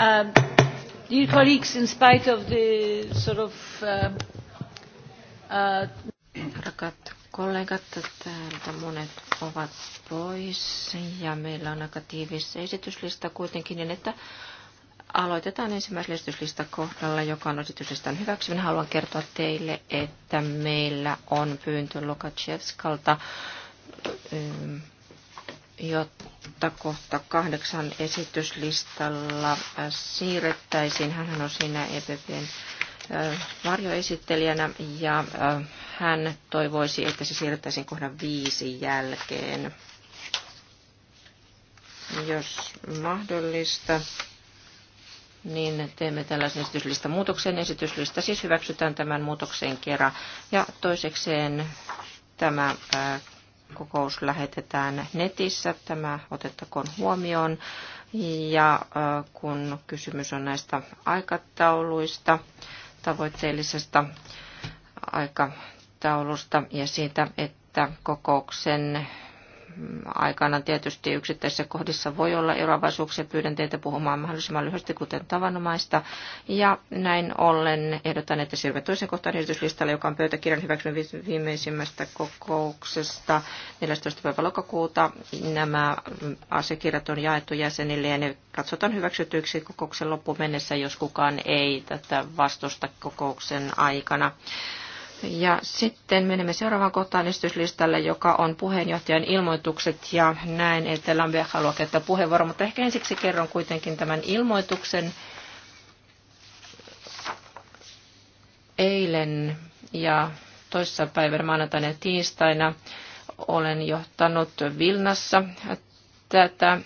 Um, dear colleagues, in spite of the sort of... Um, uh, Rakat kollegat, täältä monet ovat pois ja meillä on aika tiivis esityslista kuitenkin, niin että aloitetaan ensimmäisellä esityslista kohdalla, joka on esityslistan hyväksyminen. Haluan kertoa teille, että meillä on pyyntö Lukashevskalta jotta kohta kahdeksan esityslistalla äh, siirrettäisiin. Hän on siinä EPPn äh, varjoesittelijänä ja äh, hän toivoisi, että se siirrettäisiin kohdan viisi jälkeen. Jos mahdollista, niin teemme tällaisen esityslistan muutoksen. Esityslista siis hyväksytään tämän muutoksen kerran. Ja toisekseen tämä kokous lähetetään netissä. Tämä otettakoon huomioon. Ja kun kysymys on näistä aikatauluista, tavoitteellisesta aikataulusta ja siitä, että kokouksen aikana tietysti yksittäisissä kohdissa voi olla eroavaisuuksia. Pyydän teitä puhumaan mahdollisimman lyhyesti, kuten tavanomaista. Ja näin ollen ehdotan, että siirrymme toisen kohtaan esityslistalle, joka on pöytäkirjan hyväksymä viimeisimmästä kokouksesta 14. päivä lokakuuta. Nämä asiakirjat on jaettu jäsenille ja ne katsotaan hyväksytyiksi kokouksen loppuun mennessä, jos kukaan ei tätä vastusta kokouksen aikana. Ja sitten menemme seuraavaan kohtaan esityslistalle, joka on puheenjohtajan ilmoitukset. Ja näen, että Lambert haluaa käyttää puheenvuoron, mutta ehkä ensiksi kerron kuitenkin tämän ilmoituksen. Eilen ja päivänä maanantaina ja tiistaina olen johtanut Vilnassa tätä äh,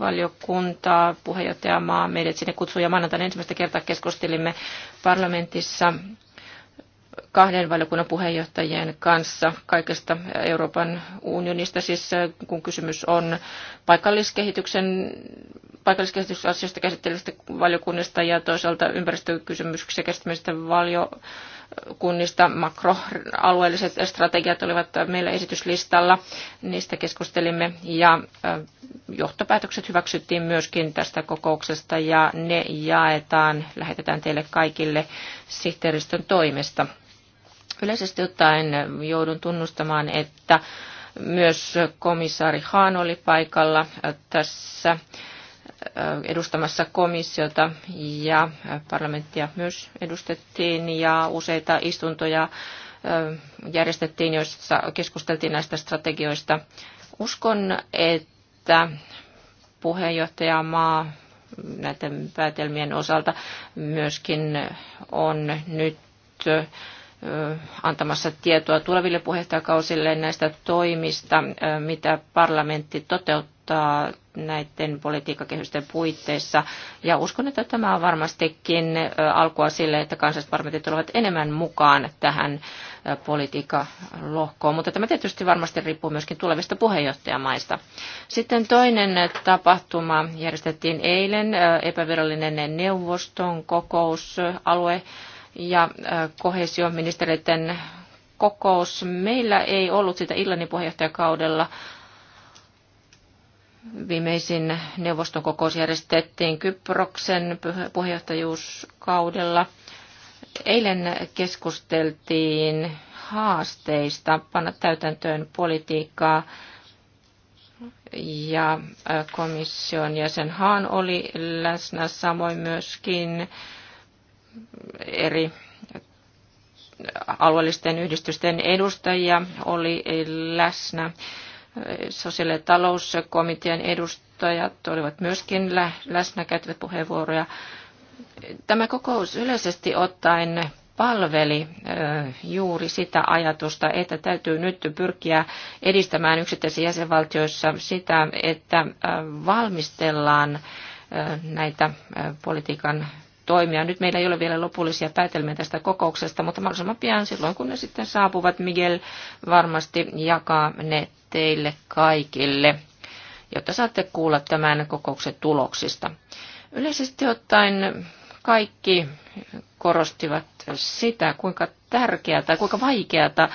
valiokuntaa, puheenjohtajamaa meidät sinne kutsuja maanantaina ensimmäistä kertaa keskustelimme parlamentissa kahden valiokunnan puheenjohtajien kanssa kaikesta Euroopan unionista, siis äh, kun kysymys on paikalliskehityksen paikalliskehitysasioista käsittelevistä valiokunnista ja toisaalta ympäristökysymyksiä käsittelevistä valiokunnista. Makroalueelliset strategiat olivat meillä esityslistalla, niistä keskustelimme ja äh, johtopäätökset hyväksyttiin myöskin tästä kokouksesta ja ne jaetaan, lähetetään teille kaikille sihteeristön toimesta. Yleisesti ottaen joudun tunnustamaan, että myös komissaari Haan oli paikalla tässä äh, edustamassa komissiota ja parlamenttia myös edustettiin ja useita istuntoja äh, järjestettiin, joissa keskusteltiin näistä strategioista. Uskon, että puheenjohtajamaa näiden päätelmien osalta myöskin on nyt äh, antamassa tietoa tuleville puheenjohtajakausille näistä toimista, mitä parlamentti toteuttaa näiden politiikkakehysten puitteissa. Ja uskon, että tämä on varmastikin alkua sille, että parlamentit tulevat enemmän mukaan tähän politiikkalohkoon, mutta tämä tietysti varmasti riippuu myöskin tulevista puheenjohtajamaista. Sitten toinen tapahtuma järjestettiin eilen, epävirallinen neuvoston kokous alue ja äh, kohesioministeriöiden kokous. Meillä ei ollut sitä Irlannin puheenjohtajakaudella. Viimeisin neuvoston kokous järjestettiin Kyproksen puheenjohtajuuskaudella. Eilen keskusteltiin haasteista panna täytäntöön politiikkaa ja äh, komission jäsen Haan oli läsnä samoin myöskin eri alueellisten yhdistysten edustajia oli läsnä. Sosiaali- ja talouskomitean edustajat olivat myöskin läsnä, käyttävät puheenvuoroja. Tämä kokous yleisesti ottaen palveli juuri sitä ajatusta, että täytyy nyt pyrkiä edistämään yksittäisissä jäsenvaltioissa sitä, että valmistellaan näitä politiikan toimia. Nyt meillä ei ole vielä lopullisia päätelmiä tästä kokouksesta, mutta mahdollisimman pian silloin, kun ne sitten saapuvat, Miguel varmasti jakaa ne teille kaikille, jotta saatte kuulla tämän kokouksen tuloksista. Yleisesti ottaen kaikki korostivat sitä, kuinka tärkeää tai kuinka vaikeata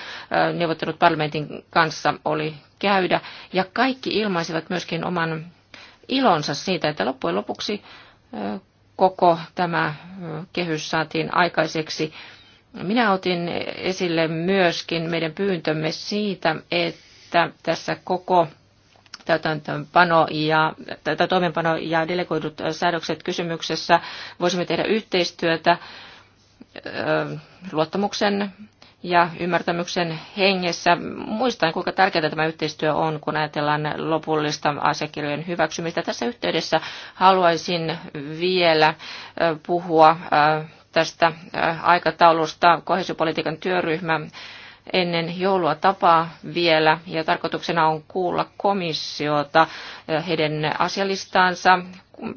neuvottelut parlamentin kanssa oli käydä. Ja kaikki ilmaisivat myöskin oman ilonsa siitä, että loppujen lopuksi koko tämä kehys saatiin aikaiseksi. Minä otin esille myöskin meidän pyyntömme siitä, että tässä koko täytäntöönpano ja, tai toimenpano ja delegoidut säädökset kysymyksessä voisimme tehdä yhteistyötä luottamuksen ja ymmärtämyksen hengessä Muistan, kuinka tärkeää tämä yhteistyö on, kun ajatellaan lopullista asiakirjojen hyväksymistä. Tässä yhteydessä haluaisin vielä puhua tästä aikataulusta. Kohesiopolitiikan työryhmä ennen joulua tapaa vielä ja tarkoituksena on kuulla komissiota eh, heidän asialistaansa mm,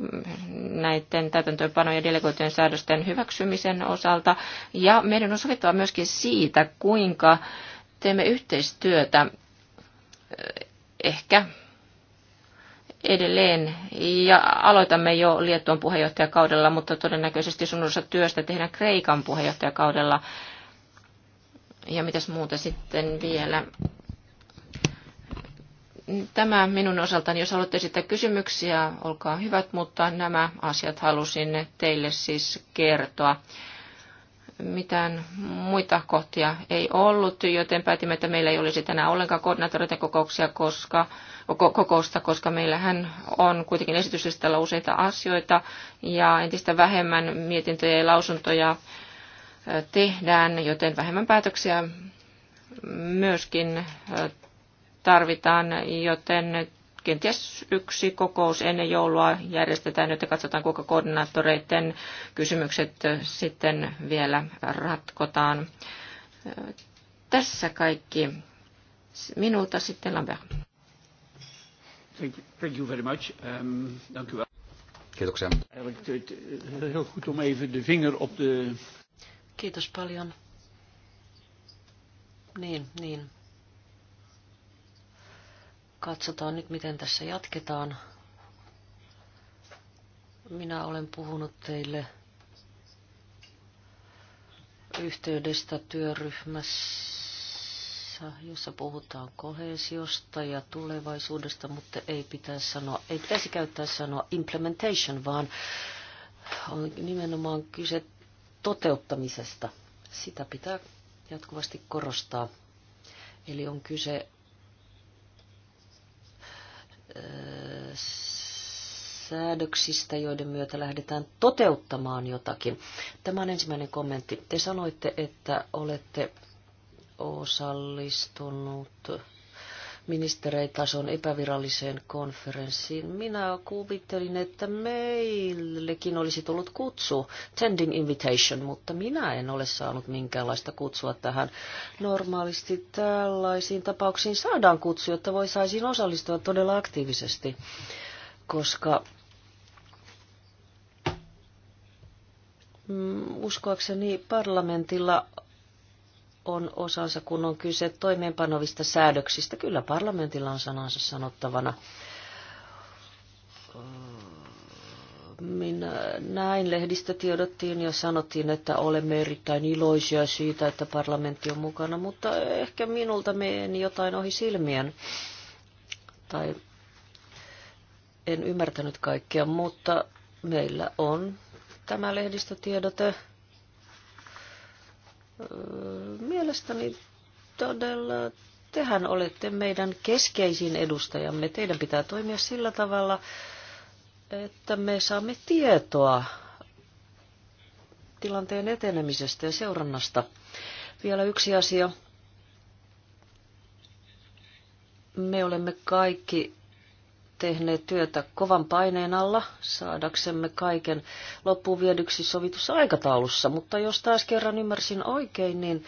näiden täytäntöönpanojen ja delegoitujen säädösten hyväksymisen osalta. Ja meidän on sovittava myöskin siitä, kuinka teemme yhteistyötä eh, ehkä edelleen ja aloitamme jo Liettuan puheenjohtajakaudella, mutta todennäköisesti sun työstä tehdään Kreikan puheenjohtajakaudella ja mitäs muuta sitten vielä? Tämä minun osaltani, jos haluatte esittää kysymyksiä, olkaa hyvät, mutta nämä asiat halusin teille siis kertoa mitään muita kohtia ei ollut, joten päätimme, että meillä ei olisi tänään ollenkaan koordinaattoreiden kokouksia, koska, kokousta, koska meillähän on kuitenkin esityslistalla useita asioita ja entistä vähemmän mietintöjä ja lausuntoja tehdään, joten vähemmän päätöksiä myöskin tarvitaan, joten kenties yksi kokous ennen joulua järjestetään, joten katsotaan kuinka koordinaattoreiden kysymykset sitten vielä ratkotaan. Tässä kaikki. Minulta sitten Lambert. Thank you, thank you very much. Um, dank u wel. Kiitoksia. Eigenlijk heel goed om even de vinger op de Kiitos paljon. Niin, niin. Katsotaan nyt, miten tässä jatketaan. Minä olen puhunut teille yhteydestä työryhmässä, jossa puhutaan kohesiosta ja tulevaisuudesta, mutta ei pitäisi sanoa, ei pitäisi käyttää sanoa implementation, vaan on nimenomaan kyse toteuttamisesta. Sitä pitää jatkuvasti korostaa. Eli on kyse äh, säädöksistä, joiden myötä lähdetään toteuttamaan jotakin. Tämä on ensimmäinen kommentti. Te sanoitte, että olette osallistunut ministereitason epäviralliseen konferenssiin. Minä kuvittelin, että meillekin olisi tullut kutsu, tending invitation, mutta minä en ole saanut minkäänlaista kutsua tähän. Normaalisti tällaisiin tapauksiin saadaan kutsu, jotta voi saisin osallistua todella aktiivisesti, koska mm, uskoakseni parlamentilla on osansa, kun on kyse toimeenpanovista säädöksistä. Kyllä parlamentilla on sanansa sanottavana. Minä näin lehdistötiedottiin ja sanottiin, että olemme erittäin iloisia siitä, että parlamentti on mukana, mutta ehkä minulta meni jotain ohi silmien. Tai en ymmärtänyt kaikkea, mutta meillä on tämä lehdistötiedote mielestäni todella tehän olette meidän keskeisin edustajamme. Teidän pitää toimia sillä tavalla, että me saamme tietoa tilanteen etenemisestä ja seurannasta. Vielä yksi asia. Me olemme kaikki tehneet työtä kovan paineen alla saadaksemme kaiken loppuun viedyksi sovitussa aikataulussa, mutta jos taas kerran ymmärsin oikein, niin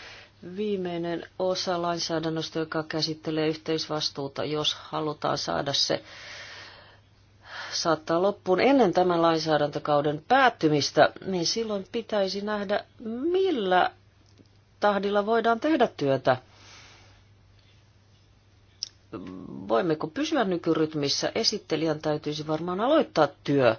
viimeinen osa lainsäädännöstä, joka käsittelee yhteisvastuuta, jos halutaan saada se saattaa loppuun ennen tämän lainsäädäntökauden päättymistä, niin silloin pitäisi nähdä, millä tahdilla voidaan tehdä työtä voimmeko pysyä nykyrytmissä? Esittelijän täytyisi varmaan aloittaa työ.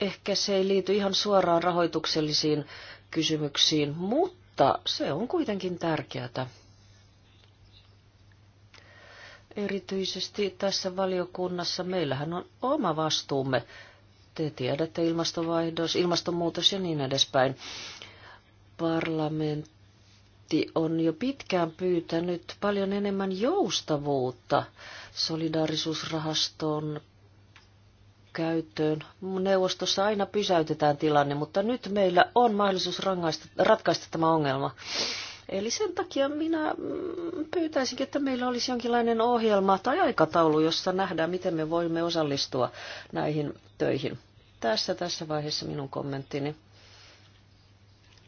Ehkä se ei liity ihan suoraan rahoituksellisiin kysymyksiin, mutta se on kuitenkin tärkeää. Erityisesti tässä valiokunnassa meillähän on oma vastuumme te tiedätte ilmastonvaihdos, ilmastonmuutos ja niin edespäin. Parlamentti on jo pitkään pyytänyt paljon enemmän joustavuutta solidaarisuusrahaston käyttöön. Neuvostossa aina pysäytetään tilanne, mutta nyt meillä on mahdollisuus rangaista, ratkaista tämä ongelma. Eli sen takia minä mm, pyytäisinkin, että meillä olisi jonkinlainen ohjelma tai aikataulu, jossa nähdään, miten me voimme osallistua näihin töihin. Tässä tässä vaiheessa minun kommenttini.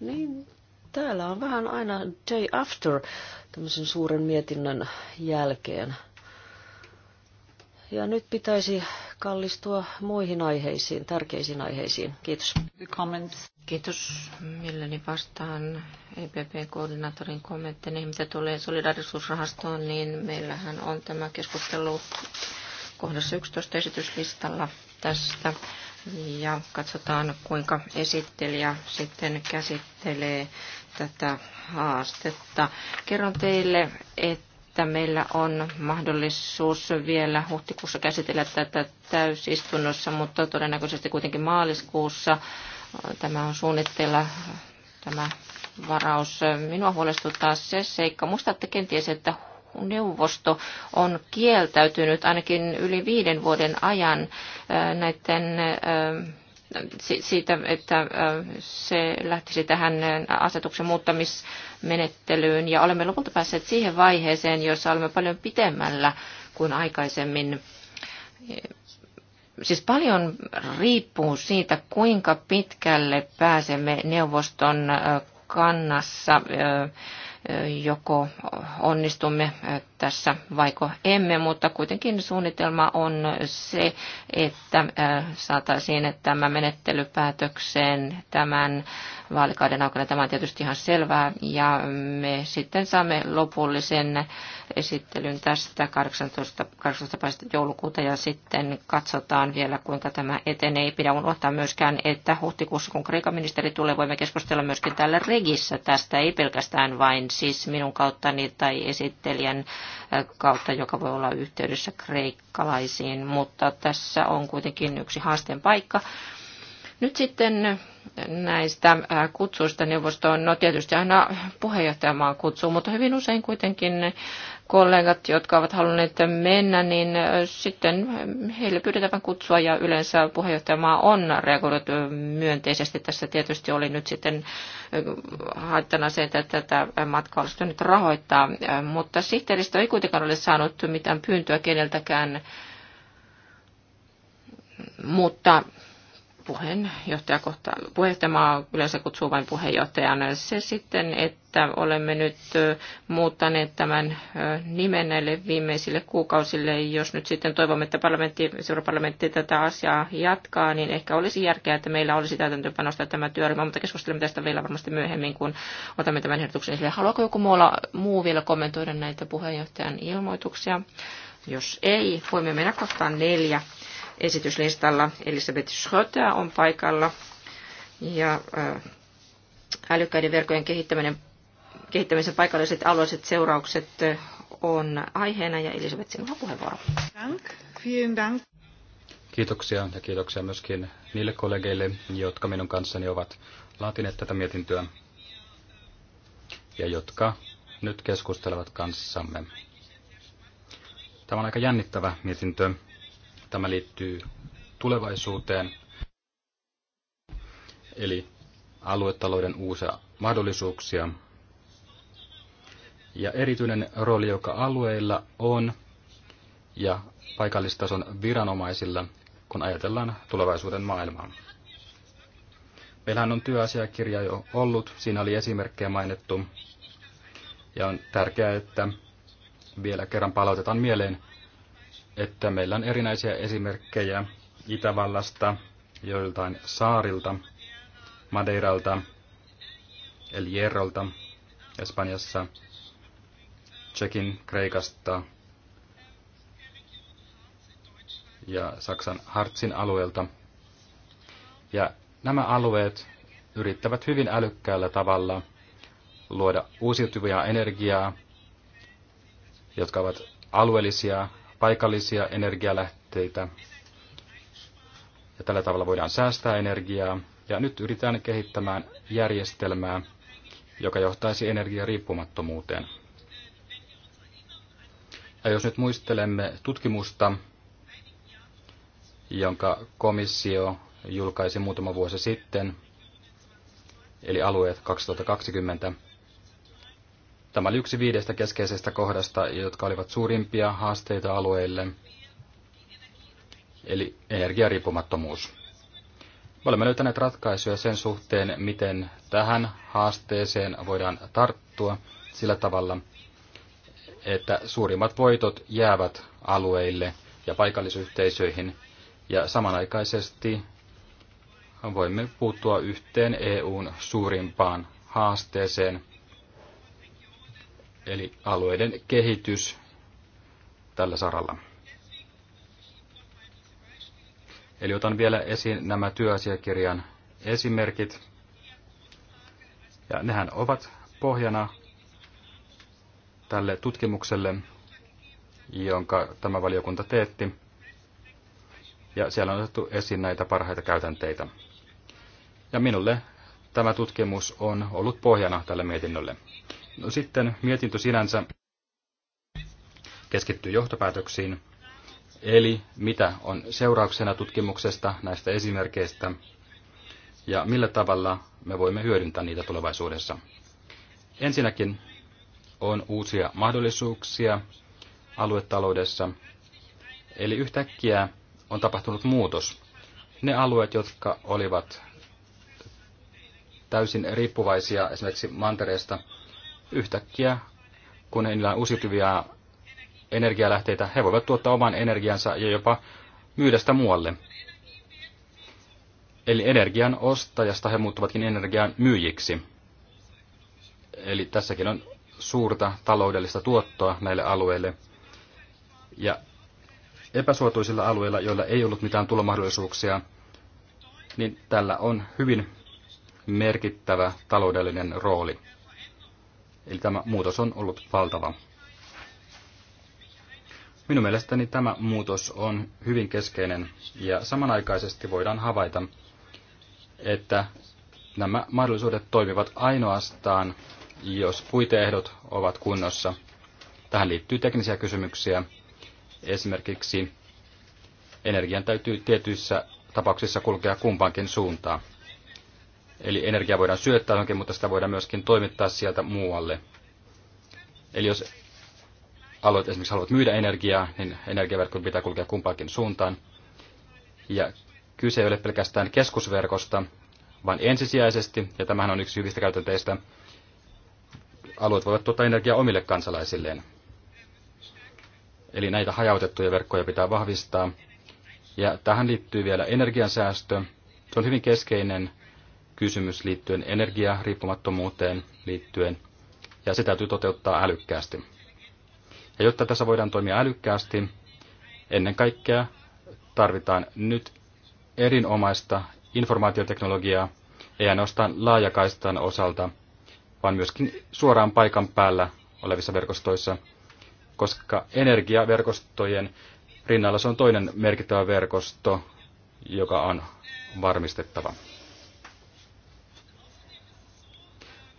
Niin täällä on vähän aina day after tämmöisen suuren mietinnön jälkeen. Ja nyt pitäisi kallistua muihin aiheisiin, tärkeisiin aiheisiin. Kiitos. Kiitos. milleni vastaan EPP-koordinaattorin kommentteihin, mitä tulee solidarisuusrahastoon, niin meillähän on tämä keskustelu kohdassa 11 esityslistalla tästä ja katsotaan, kuinka esittelijä sitten käsittelee tätä haastetta. Kerron teille, että meillä on mahdollisuus vielä huhtikuussa käsitellä tätä täysistunnossa, mutta todennäköisesti kuitenkin maaliskuussa. Tämä on suunnitteilla tämä varaus. Minua huolestuttaa se seikka. Muistatte kenties, että neuvosto on kieltäytynyt ainakin yli viiden vuoden ajan näiden siitä, että se lähtisi tähän asetuksen muuttamismenettelyyn. Ja olemme lopulta päässeet siihen vaiheeseen, jossa olemme paljon pitemmällä kuin aikaisemmin. Siis paljon riippuu siitä, kuinka pitkälle pääsemme neuvoston kannassa joko onnistumme tässä vaiko emme, mutta kuitenkin suunnitelma on se, että saataisiin tämä menettely päätökseen tämän vaalikauden aikana. Tämä on tietysti ihan selvää ja me sitten saamme lopullisen esittelyn tästä 18. 18. joulukuuta ja sitten katsotaan vielä, kuinka tämä etenee. Ei pidä unohtaa myöskään, että huhtikuussa, kun Kreikan ministeri tulee, voimme keskustella myöskin täällä Regissä tästä, ei pelkästään vain siis minun kauttani tai esittelijän äh, kautta, joka voi olla yhteydessä kreikkalaisiin, mutta tässä on kuitenkin yksi haasteen paikka nyt sitten näistä äh, kutsuista neuvostoon, no tietysti aina puheenjohtajamaan kutsuu, mutta hyvin usein kuitenkin kollegat, jotka ovat halunneet mennä, niin äh, sitten heille pyydetään kutsua ja yleensä puheenjohtajamaa on reagoinut myönteisesti. Tässä tietysti oli nyt sitten äh, haittana se, että tätä matkaa olisi nyt rahoittaa, mutta sihteeristö ei kuitenkaan ole saanut mitään pyyntöä keneltäkään, mutta puheenjohtaja puheenjohtajamaa yleensä kutsuu vain puheenjohtajana. Se sitten, että olemme nyt muuttaneet tämän nimen näille viimeisille kuukausille. Jos nyt sitten toivomme, että parlamentti, europarlamentti tätä asiaa jatkaa, niin ehkä olisi järkeä, että meillä olisi täytäntöönpanosta tämä työryhmä, mutta keskustelemme tästä vielä varmasti myöhemmin, kun otamme tämän ehdotuksen esille. Haluaako joku muu vielä kommentoida näitä puheenjohtajan ilmoituksia? Jos ei, voimme mennä kohtaan neljä esityslistalla. Elisabeth Schröter on paikalla ja äh, älykkäiden verkkojen kehittäminen, kehittämisen paikalliset alueelliset seuraukset äh, on aiheena ja Elisabeth sinulla puheenvuoro. Dank. Vielen dank. Kiitoksia ja kiitoksia myöskin niille kollegeille, jotka minun kanssani ovat laatineet tätä mietintöä ja jotka nyt keskustelevat kanssamme. Tämä on aika jännittävä mietintö, Tämä liittyy tulevaisuuteen, eli aluetalouden uusia mahdollisuuksia. Ja erityinen rooli, joka alueilla on ja paikallistason viranomaisilla, kun ajatellaan tulevaisuuden maailmaa. Meillähän on työasiakirja jo ollut, siinä oli esimerkkejä mainittu. Ja on tärkeää, että vielä kerran palautetaan mieleen, että meillä on erinäisiä esimerkkejä Itävallasta, joiltain saarilta, Madeiralta, El Hierrolta, Espanjassa, Tsekin, Kreikasta ja Saksan Hartsin alueelta. Ja nämä alueet yrittävät hyvin älykkäällä tavalla luoda uusiutuvia energiaa, jotka ovat alueellisia paikallisia energialähteitä. Ja tällä tavalla voidaan säästää energiaa. Ja nyt yritetään kehittämään järjestelmää, joka johtaisi energiariippumattomuuteen. Ja jos nyt muistelemme tutkimusta, jonka komissio julkaisi muutama vuosi sitten, eli alueet 2020, Tämä oli yksi viidestä keskeisestä kohdasta, jotka olivat suurimpia haasteita alueille, eli energiariippumattomuus. Me olemme löytäneet ratkaisuja sen suhteen, miten tähän haasteeseen voidaan tarttua sillä tavalla, että suurimmat voitot jäävät alueille ja paikallisyhteisöihin, ja samanaikaisesti voimme puuttua yhteen EUn suurimpaan haasteeseen – eli alueiden kehitys tällä saralla. Eli otan vielä esiin nämä työasiakirjan esimerkit. Ja nehän ovat pohjana tälle tutkimukselle, jonka tämä valiokunta teetti. Ja siellä on otettu esiin näitä parhaita käytänteitä. Ja minulle tämä tutkimus on ollut pohjana tälle mietinnölle. No sitten mietintö sinänsä keskittyy johtopäätöksiin, eli mitä on seurauksena tutkimuksesta näistä esimerkkeistä ja millä tavalla me voimme hyödyntää niitä tulevaisuudessa. Ensinnäkin on uusia mahdollisuuksia aluetaloudessa, eli yhtäkkiä on tapahtunut muutos. Ne alueet, jotka olivat täysin riippuvaisia esimerkiksi mantereesta, yhtäkkiä, kun heillä on uusiutuvia energialähteitä, he voivat tuottaa oman energiansa ja jopa myydä sitä muualle. Eli energian ostajasta he muuttuvatkin energian myyjiksi. Eli tässäkin on suurta taloudellista tuottoa näille alueille. Ja epäsuotuisilla alueilla, joilla ei ollut mitään tulomahdollisuuksia, niin tällä on hyvin merkittävä taloudellinen rooli. Eli tämä muutos on ollut valtava. Minun mielestäni tämä muutos on hyvin keskeinen ja samanaikaisesti voidaan havaita, että nämä mahdollisuudet toimivat ainoastaan, jos puiteehdot ovat kunnossa. Tähän liittyy teknisiä kysymyksiä. Esimerkiksi energian täytyy tietyissä tapauksissa kulkea kumpaankin suuntaan. Eli energiaa voidaan syöttää johonkin, mutta sitä voidaan myöskin toimittaa sieltä muualle. Eli jos alueet esimerkiksi haluat myydä energiaa, niin energiaverkon pitää kulkea kumpaakin suuntaan. Ja kyse ei ole pelkästään keskusverkosta, vaan ensisijaisesti, ja tämähän on yksi hyvistä käytänteistä, alueet voivat tuottaa energiaa omille kansalaisilleen. Eli näitä hajautettuja verkkoja pitää vahvistaa. Ja tähän liittyy vielä energiansäästö. Se on hyvin keskeinen kysymys liittyen energiariippumattomuuteen liittyen, ja se täytyy toteuttaa älykkäästi. Ja jotta tässä voidaan toimia älykkäästi, ennen kaikkea tarvitaan nyt erinomaista informaatioteknologiaa, ei ainoastaan laajakaistan osalta, vaan myöskin suoraan paikan päällä olevissa verkostoissa, koska energiaverkostojen rinnalla se on toinen merkittävä verkosto, joka on varmistettava.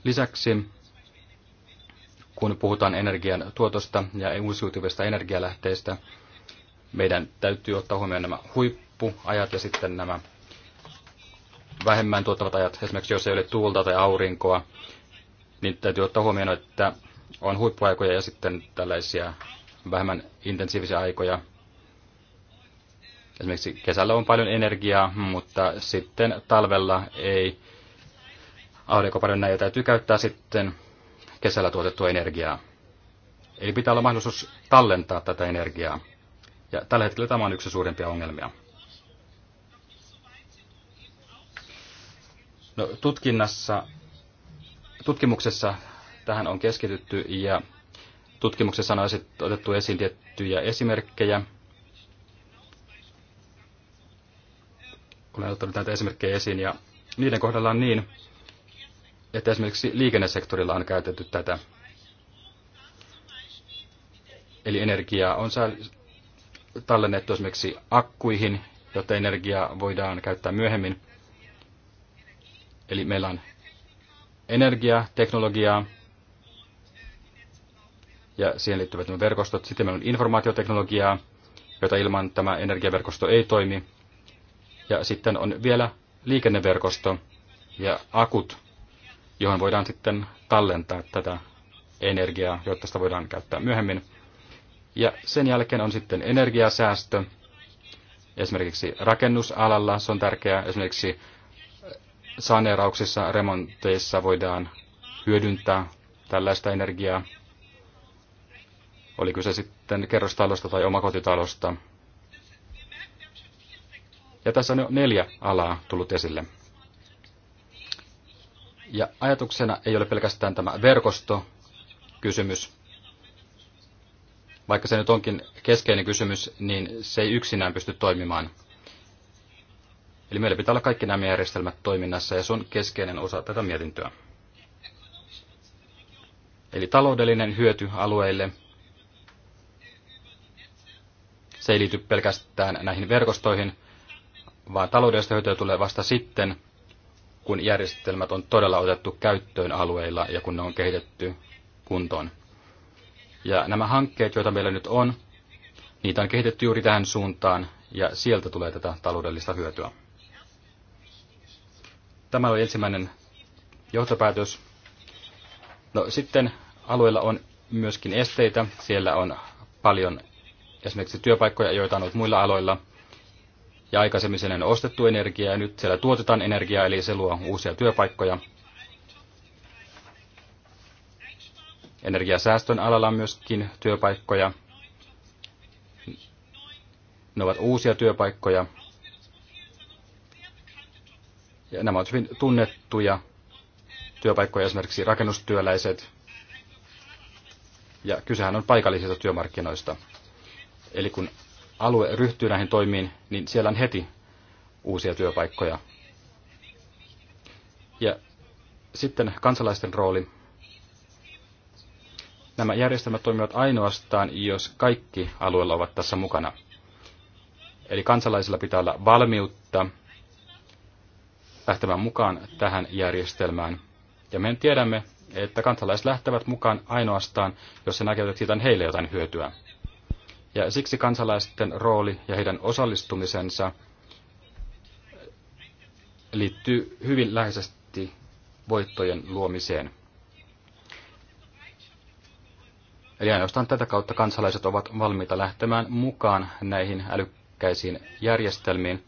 Lisäksi kun puhutaan energian tuotosta ja uusiutuvista energialähteistä, meidän täytyy ottaa huomioon nämä huippuajat ja sitten nämä vähemmän tuottavat ajat. Esimerkiksi jos ei ole tuulta tai aurinkoa, niin täytyy ottaa huomioon, että on huippuaikoja ja sitten tällaisia vähemmän intensiivisiä aikoja. Esimerkiksi kesällä on paljon energiaa, mutta sitten talvella ei näitä täytyy käyttää sitten kesällä tuotettua energiaa. Eli pitää olla mahdollisuus tallentaa tätä energiaa. Ja tällä hetkellä tämä on yksi suurimpia ongelmia. No, tutkinnassa, tutkimuksessa tähän on keskitytty ja tutkimuksessa on otettu esiin tiettyjä esimerkkejä. Olen ottanut näitä esimerkkejä esiin ja niiden kohdalla on niin, että esimerkiksi liikennesektorilla on käytetty tätä. Eli energiaa on tallennettu esimerkiksi akkuihin, jotta energiaa voidaan käyttää myöhemmin. Eli meillä on energia, teknologiaa ja siihen liittyvät verkostot. Sitten meillä on informaatioteknologiaa, jota ilman tämä energiaverkosto ei toimi. Ja sitten on vielä liikenneverkosto ja akut, johon voidaan sitten tallentaa tätä energiaa, jotta sitä voidaan käyttää myöhemmin. Ja sen jälkeen on sitten energiasäästö. Esimerkiksi rakennusalalla se on tärkeää. Esimerkiksi saneerauksissa, remonteissa voidaan hyödyntää tällaista energiaa. Oli kyse sitten kerrostalosta tai omakotitalosta. Ja tässä on jo neljä alaa tullut esille. Ja ajatuksena ei ole pelkästään tämä verkostokysymys. Vaikka se nyt onkin keskeinen kysymys, niin se ei yksinään pysty toimimaan. Eli meillä pitää olla kaikki nämä järjestelmät toiminnassa ja se on keskeinen osa tätä mietintöä. Eli taloudellinen hyöty alueille. Se ei liity pelkästään näihin verkostoihin, vaan taloudellista hyötyä tulee vasta sitten, kun järjestelmät on todella otettu käyttöön alueilla ja kun ne on kehitetty kuntoon. Ja nämä hankkeet, joita meillä nyt on, niitä on kehitetty juuri tähän suuntaan ja sieltä tulee tätä taloudellista hyötyä. Tämä oli ensimmäinen johtopäätös. No sitten alueella on myöskin esteitä. Siellä on paljon esimerkiksi työpaikkoja, joita on ollut muilla aloilla – ja aikaisemmin siellä on ostettu energiaa ja nyt siellä tuotetaan energiaa, eli se luo uusia työpaikkoja. Energiasäästön alalla on myöskin työpaikkoja. Ne ovat uusia työpaikkoja. Ja nämä ovat hyvin tunnettuja työpaikkoja, esimerkiksi rakennustyöläiset. Ja kysehän on paikallisista työmarkkinoista. Eli kun alue ryhtyy näihin toimiin, niin siellä on heti uusia työpaikkoja. Ja sitten kansalaisten rooli. Nämä järjestelmät toimivat ainoastaan, jos kaikki alueella ovat tässä mukana. Eli kansalaisilla pitää olla valmiutta lähtemään mukaan tähän järjestelmään. Ja me tiedämme, että kansalaiset lähtevät mukaan ainoastaan, jos se näkevät, että siitä on heille jotain hyötyä. Ja siksi kansalaisten rooli ja heidän osallistumisensa liittyy hyvin läheisesti voittojen luomiseen. Eli ainoastaan tätä kautta kansalaiset ovat valmiita lähtemään mukaan näihin älykkäisiin järjestelmiin.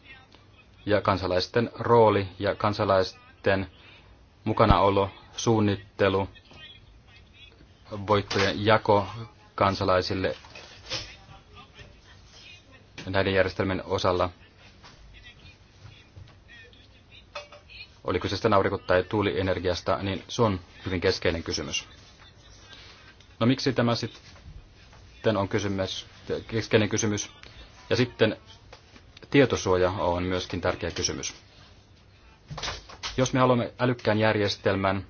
Ja kansalaisten rooli ja kansalaisten mukanaolo, suunnittelu, voittojen jako kansalaisille näiden järjestelmien osalla. oli kyseistä sitten aurinko- tai tuulienergiasta, niin se on hyvin keskeinen kysymys. No miksi tämä sitten on kysymys, keskeinen kysymys? Ja sitten tietosuoja on myöskin tärkeä kysymys. Jos me haluamme älykkään järjestelmän,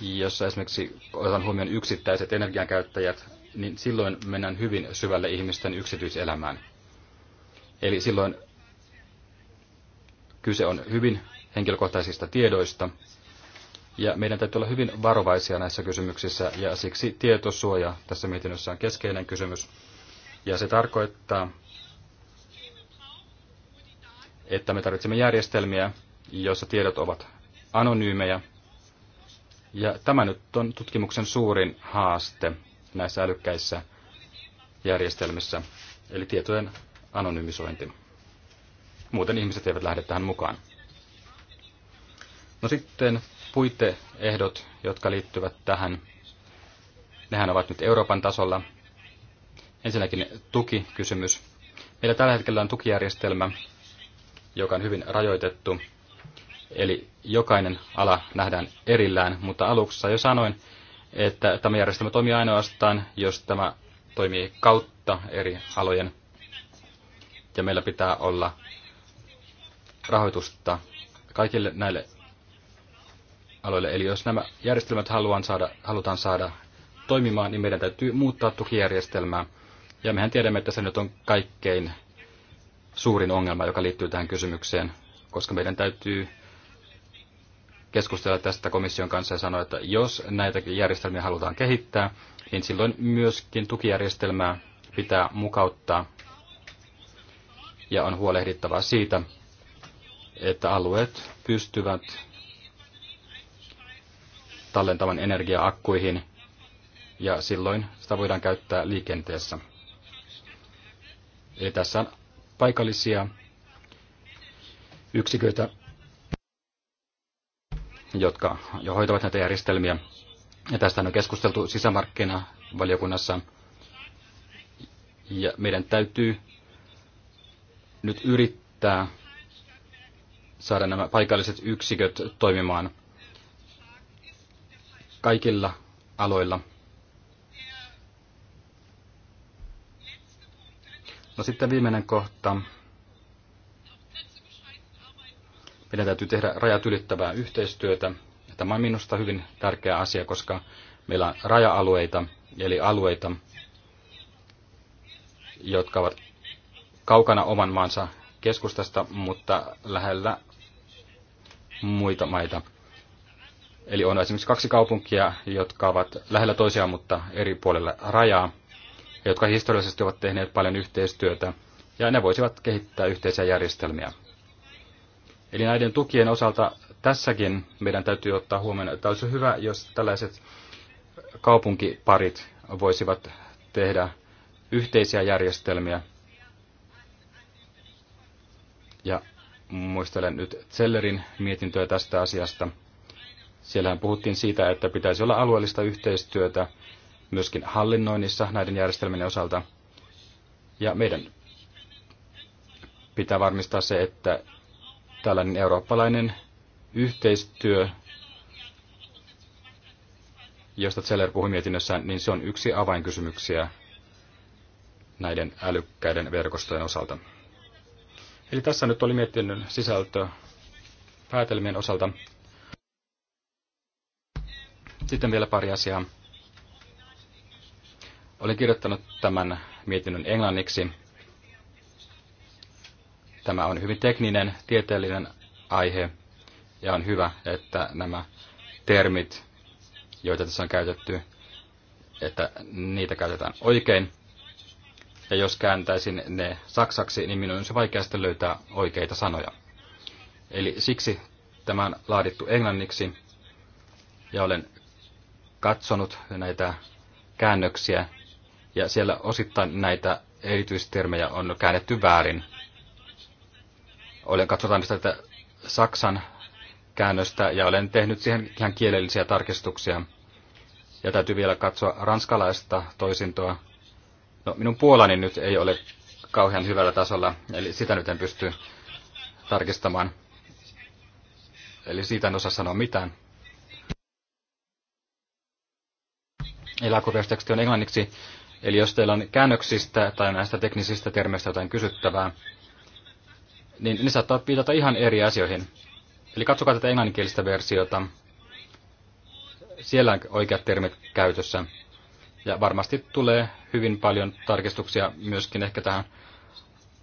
jossa esimerkiksi otetaan huomioon yksittäiset energiankäyttäjät, niin silloin mennään hyvin syvälle ihmisten yksityiselämään. Eli silloin kyse on hyvin henkilökohtaisista tiedoista, ja meidän täytyy olla hyvin varovaisia näissä kysymyksissä, ja siksi tietosuoja tässä mietinnössä on keskeinen kysymys. Ja se tarkoittaa, että me tarvitsemme järjestelmiä, joissa tiedot ovat anonyymejä. Ja tämä nyt on tutkimuksen suurin haaste näissä älykkäissä järjestelmissä, eli tietojen anonymisointi. Muuten ihmiset eivät lähde tähän mukaan. No sitten puiteehdot, jotka liittyvät tähän. Nehän ovat nyt Euroopan tasolla. Ensinnäkin tukikysymys. Meillä tällä hetkellä on tukijärjestelmä, joka on hyvin rajoitettu. Eli jokainen ala nähdään erillään, mutta aluksi jo sanoin, että tämä järjestelmä toimii ainoastaan, jos tämä toimii kautta eri alojen. Ja meillä pitää olla rahoitusta kaikille näille aloille. Eli jos nämä järjestelmät haluan saada, halutaan saada toimimaan, niin meidän täytyy muuttaa tukijärjestelmää. Ja mehän tiedämme, että se nyt on kaikkein suurin ongelma, joka liittyy tähän kysymykseen, koska meidän täytyy keskustella tästä komission kanssa ja sanoa, että jos näitä järjestelmiä halutaan kehittää, niin silloin myöskin tukijärjestelmää pitää mukauttaa ja on huolehdittava siitä, että alueet pystyvät tallentamaan energiaa akkuihin ja silloin sitä voidaan käyttää liikenteessä. Eli tässä on paikallisia yksiköitä, jotka jo hoitavat näitä järjestelmiä. Ja tästä on keskusteltu sisämarkkinavaliokunnassa. Ja meidän täytyy nyt yrittää saada nämä paikalliset yksiköt toimimaan kaikilla aloilla. No sitten viimeinen kohta Meidän täytyy tehdä rajat ylittävää yhteistyötä. tämä on minusta hyvin tärkeä asia, koska meillä on raja-alueita, eli alueita, jotka ovat kaukana oman maansa keskustasta, mutta lähellä muita maita. Eli on esimerkiksi kaksi kaupunkia, jotka ovat lähellä toisiaan, mutta eri puolella rajaa, jotka historiallisesti ovat tehneet paljon yhteistyötä, ja ne voisivat kehittää yhteisiä järjestelmiä. Eli näiden tukien osalta tässäkin meidän täytyy ottaa huomioon, että olisi hyvä, jos tällaiset kaupunkiparit voisivat tehdä yhteisiä järjestelmiä. Ja muistelen nyt Zellerin mietintöä tästä asiasta. Siellähän puhuttiin siitä, että pitäisi olla alueellista yhteistyötä myöskin hallinnoinnissa näiden järjestelmien osalta. Ja meidän pitää varmistaa se, että tällainen eurooppalainen yhteistyö, josta Zeller puhui mietinnössään, niin se on yksi avainkysymyksiä näiden älykkäiden verkostojen osalta. Eli tässä nyt oli mietinnön sisältö päätelmien osalta. Sitten vielä pari asiaa. Olen kirjoittanut tämän mietinnön englanniksi, Tämä on hyvin tekninen, tieteellinen aihe ja on hyvä, että nämä termit, joita tässä on käytetty, että niitä käytetään oikein. Ja jos kääntäisin ne saksaksi, niin minun on se vaikea sitten löytää oikeita sanoja. Eli siksi tämä on laadittu englanniksi ja olen katsonut näitä käännöksiä ja siellä osittain näitä erityistermejä on käännetty väärin. Olen katsotaan että Saksan käännöstä ja olen tehnyt siihen ihan kielellisiä tarkistuksia. Ja täytyy vielä katsoa ranskalaista toisintoa. No, minun puolani nyt ei ole kauhean hyvällä tasolla, eli sitä nyt en pysty tarkistamaan. Eli siitä en osaa sanoa mitään. Eli on englanniksi. Eli jos teillä on käännöksistä tai näistä teknisistä termeistä jotain kysyttävää, niin ne saattaa viitata ihan eri asioihin. Eli katsokaa tätä englanninkielistä versiota. Siellä on oikeat termit käytössä. Ja varmasti tulee hyvin paljon tarkistuksia myöskin ehkä tähän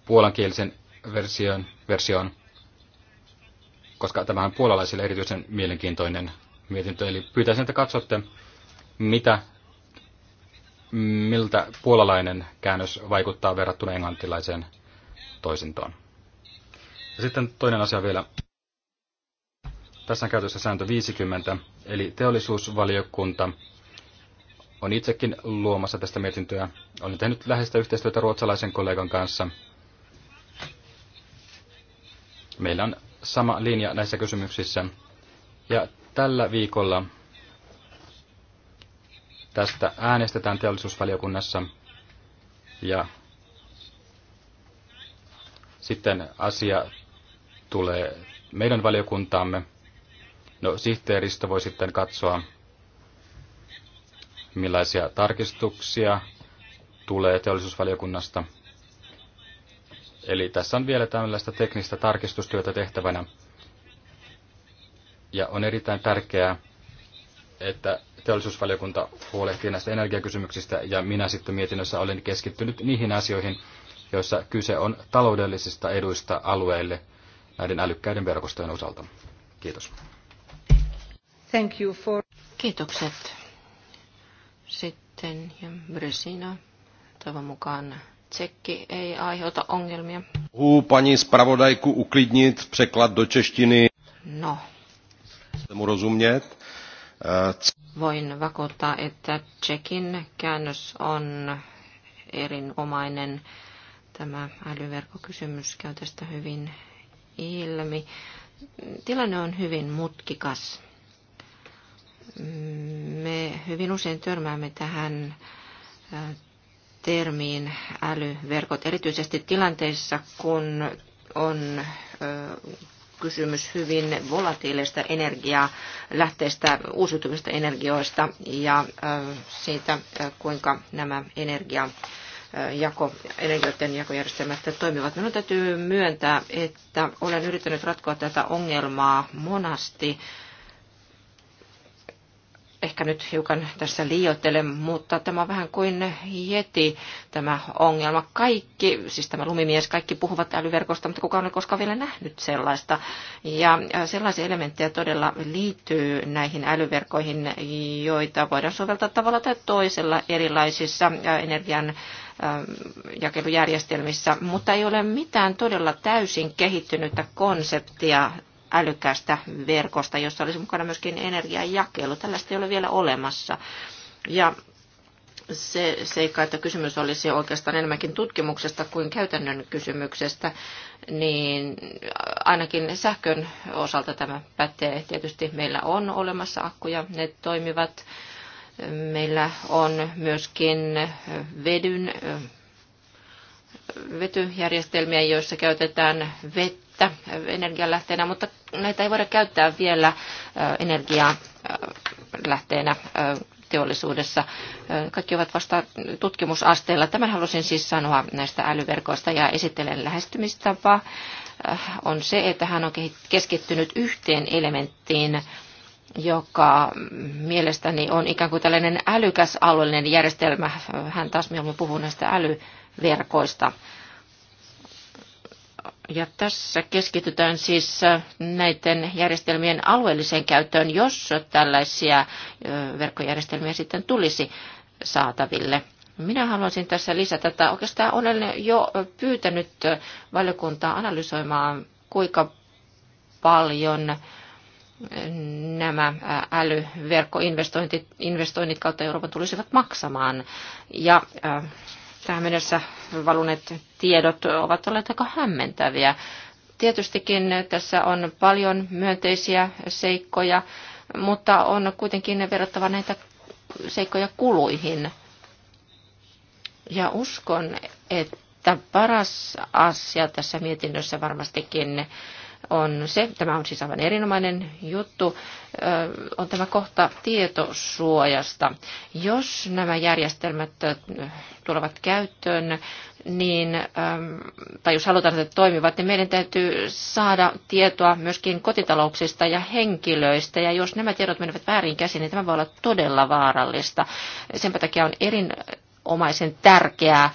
puolankielisen version, versioon, koska tämä on puolalaisille erityisen mielenkiintoinen mietintö. Eli pyytäisin, että katsotte, mitä, miltä puolalainen käännös vaikuttaa verrattuna englantilaiseen toisintoon. Ja sitten toinen asia vielä. Tässä on käytössä sääntö 50, eli teollisuusvaliokunta on itsekin luomassa tästä mietintöä. Olen tehnyt läheistä yhteistyötä ruotsalaisen kollegan kanssa. Meillä on sama linja näissä kysymyksissä. Ja tällä viikolla tästä äänestetään teollisuusvaliokunnassa ja sitten asia tulee meidän valiokuntaamme. No, sihteeristö voi sitten katsoa, millaisia tarkistuksia tulee teollisuusvaliokunnasta. Eli tässä on vielä tällaista teknistä tarkistustyötä tehtävänä. Ja on erittäin tärkeää, että teollisuusvaliokunta huolehtii näistä energiakysymyksistä ja minä sitten mietinnössä olen keskittynyt niihin asioihin, joissa kyse on taloudellisista eduista alueille näiden älykkäiden verkostojen osalta. Kiitos. Thank you for... Kiitokset. Sitten ja Brysina. toivon mukaan Tsekki ei aiheuta ongelmia. Huu paní spravodajku uklidnit překlad do češtiny. No. Mu rozumět. Eh, Voin vakuuttaa, että Tsekin käännös on erinomainen. Tämä älyverkkokysymys käy tästä hyvin ilmi. Tilanne on hyvin mutkikas. Me hyvin usein törmäämme tähän termiin älyverkot, erityisesti tilanteissa, kun on kysymys hyvin energiaa, lähteistä uusiutuvista energioista ja siitä, kuinka nämä energia jako, energioiden jakojärjestelmät toimivat. Minun täytyy myöntää, että olen yrittänyt ratkoa tätä ongelmaa monasti ehkä nyt hiukan tässä liioittelen, mutta tämä on vähän kuin jeti tämä ongelma. Kaikki, siis tämä lumimies, kaikki puhuvat älyverkosta, mutta kukaan ei koskaan vielä nähnyt sellaista. Ja sellaisia elementtejä todella liittyy näihin älyverkoihin joita voidaan soveltaa tavalla tai toisella erilaisissa energian jakelujärjestelmissä, mutta ei ole mitään todella täysin kehittynyttä konseptia älykkäästä verkosta, jossa olisi mukana myöskin energiajakelu. Tällaista ei ole vielä olemassa. Ja se seikka, että kysymys olisi oikeastaan enemmänkin tutkimuksesta kuin käytännön kysymyksestä, niin ainakin sähkön osalta tämä pätee. Tietysti meillä on olemassa akkuja, ne toimivat. Meillä on myöskin vedyn vetyjärjestelmiä, joissa käytetään vettä vettä energialähteenä, mutta näitä ei voida käyttää vielä energialähteenä teollisuudessa. Kaikki ovat vasta tutkimusasteella. Tämän halusin siis sanoa näistä älyverkoista ja esittelen lähestymistapa on se, että hän on keskittynyt yhteen elementtiin, joka mielestäni on ikään kuin tällainen älykäs alueellinen järjestelmä. Hän taas mieluummin puhuu näistä älyverkoista. Ja tässä keskitytään siis äh, näiden järjestelmien alueelliseen käyttöön, jos tällaisia äh, verkkojärjestelmiä sitten tulisi saataville. Minä haluaisin tässä lisätä, että oikeastaan olen jo pyytänyt valiokuntaa analysoimaan, kuinka paljon nämä äh, älyverkkoinvestoinnit kautta Euroopan tulisivat maksamaan. Ja tähän mennessä valuneet tiedot ovat olleet aika hämmentäviä. Tietystikin tässä on paljon myönteisiä seikkoja, mutta on kuitenkin verrattava näitä seikkoja kuluihin. Ja uskon, että paras asia tässä mietinnössä varmastikin on se, tämä on siis aivan erinomainen juttu, on tämä kohta tietosuojasta. Jos nämä järjestelmät tulevat käyttöön, niin, tai jos halutaan, että toimivat, niin meidän täytyy saada tietoa myöskin kotitalouksista ja henkilöistä. Ja jos nämä tiedot menevät väärin käsiin, niin tämä voi olla todella vaarallista. Sen takia on erinomaisen tärkeää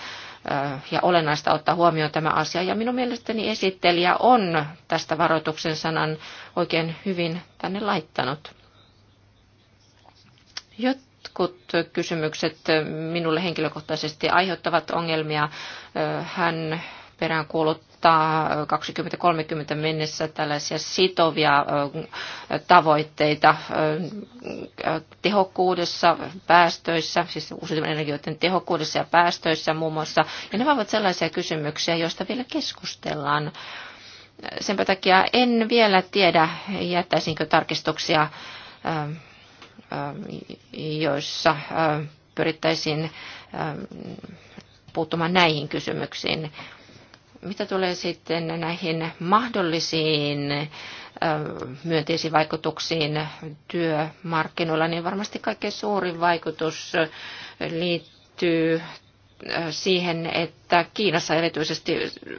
Äh, ja olennaista ottaa huomioon tämä asia. Ja minun mielestäni esittelijä on tästä varoituksen sanan oikein hyvin tänne laittanut. Jotkut kysymykset minulle henkilökohtaisesti aiheuttavat ongelmia. Äh, hän perään kuuluttaa 2030 mennessä tällaisia sitovia tavoitteita tehokkuudessa, päästöissä, siis uusiutuvien energioiden tehokkuudessa ja päästöissä muun muassa. Ja nämä ovat sellaisia kysymyksiä, joista vielä keskustellaan. Sen takia en vielä tiedä, jättäisinkö tarkistuksia, joissa pyrittäisiin puuttumaan näihin kysymyksiin. Mitä tulee sitten näihin mahdollisiin myönteisiin vaikutuksiin työmarkkinoilla, niin varmasti kaikkein suurin vaikutus liittyy siihen, että Kiinassa erityisesti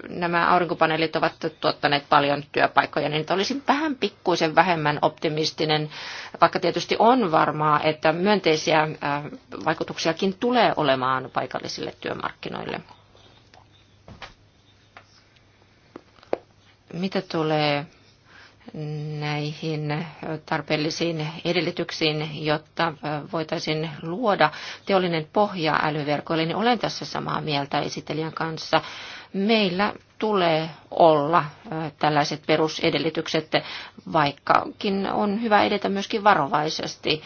nämä aurinkopaneelit ovat tuottaneet paljon työpaikkoja, niin olisin vähän pikkuisen vähemmän optimistinen, vaikka tietysti on varmaa, että myönteisiä vaikutuksiakin tulee olemaan paikallisille työmarkkinoille. Mitä tulee näihin tarpeellisiin edellytyksiin, jotta voitaisiin luoda teollinen pohja älyverkoille, niin olen tässä samaa mieltä esittelijän kanssa. Meillä tulee olla tällaiset perusedellytykset, vaikkakin on hyvä edetä myöskin varovaisesti.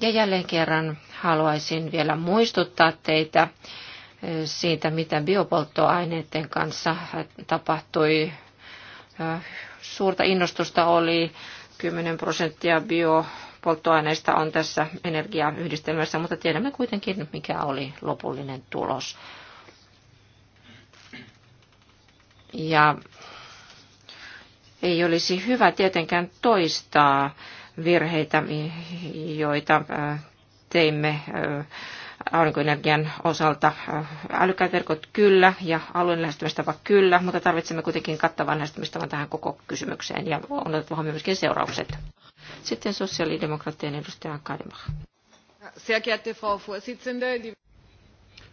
Ja jälleen kerran haluaisin vielä muistuttaa teitä siitä, mitä biopolttoaineiden kanssa tapahtui Suurta innostusta oli 10 prosenttia biopolttoaineista on tässä energiayhdistelmässä, mutta tiedämme kuitenkin, mikä oli lopullinen tulos. Ja ei olisi hyvä tietenkään toistaa virheitä, joita teimme aurinkoenergian osalta. Äh, älykkäät verkot kyllä ja alueen lähestymistapa kyllä, mutta tarvitsemme kuitenkin kattavan lähestymistavan tähän koko kysymykseen ja on otettu huomioon myöskin seuraukset. Sitten sosiaalidemokraattien edustaja Kademach.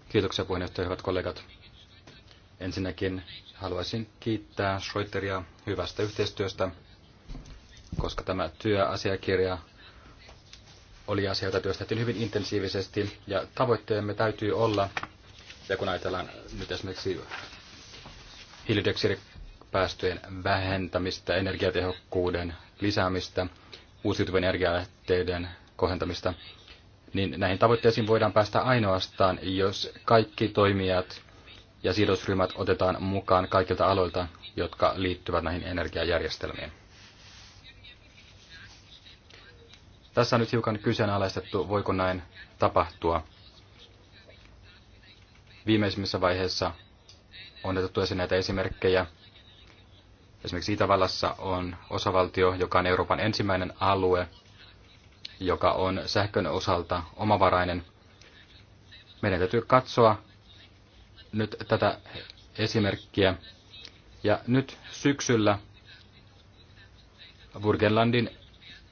Kiitoksia puheenjohtaja, hyvät kollegat. Ensinnäkin haluaisin kiittää Schroederia hyvästä yhteistyöstä, koska tämä työasiakirja oli asia, jota työstettiin hyvin intensiivisesti ja tavoitteemme täytyy olla, ja kun ajatellaan nyt esimerkiksi hiilidioksidipäästöjen vähentämistä, energiatehokkuuden lisäämistä, uusiutuvien energialähteiden kohentamista, niin näihin tavoitteisiin voidaan päästä ainoastaan, jos kaikki toimijat ja sidosryhmät otetaan mukaan kaikilta aloilta, jotka liittyvät näihin energiajärjestelmiin. Tässä on nyt hiukan kyseenalaistettu, voiko näin tapahtua. Viimeisimmässä vaiheessa on otettu esiin näitä esimerkkejä. Esimerkiksi Itävallassa on osavaltio, joka on Euroopan ensimmäinen alue, joka on sähkön osalta omavarainen. Meidän täytyy katsoa nyt tätä esimerkkiä. Ja nyt syksyllä Burgenlandin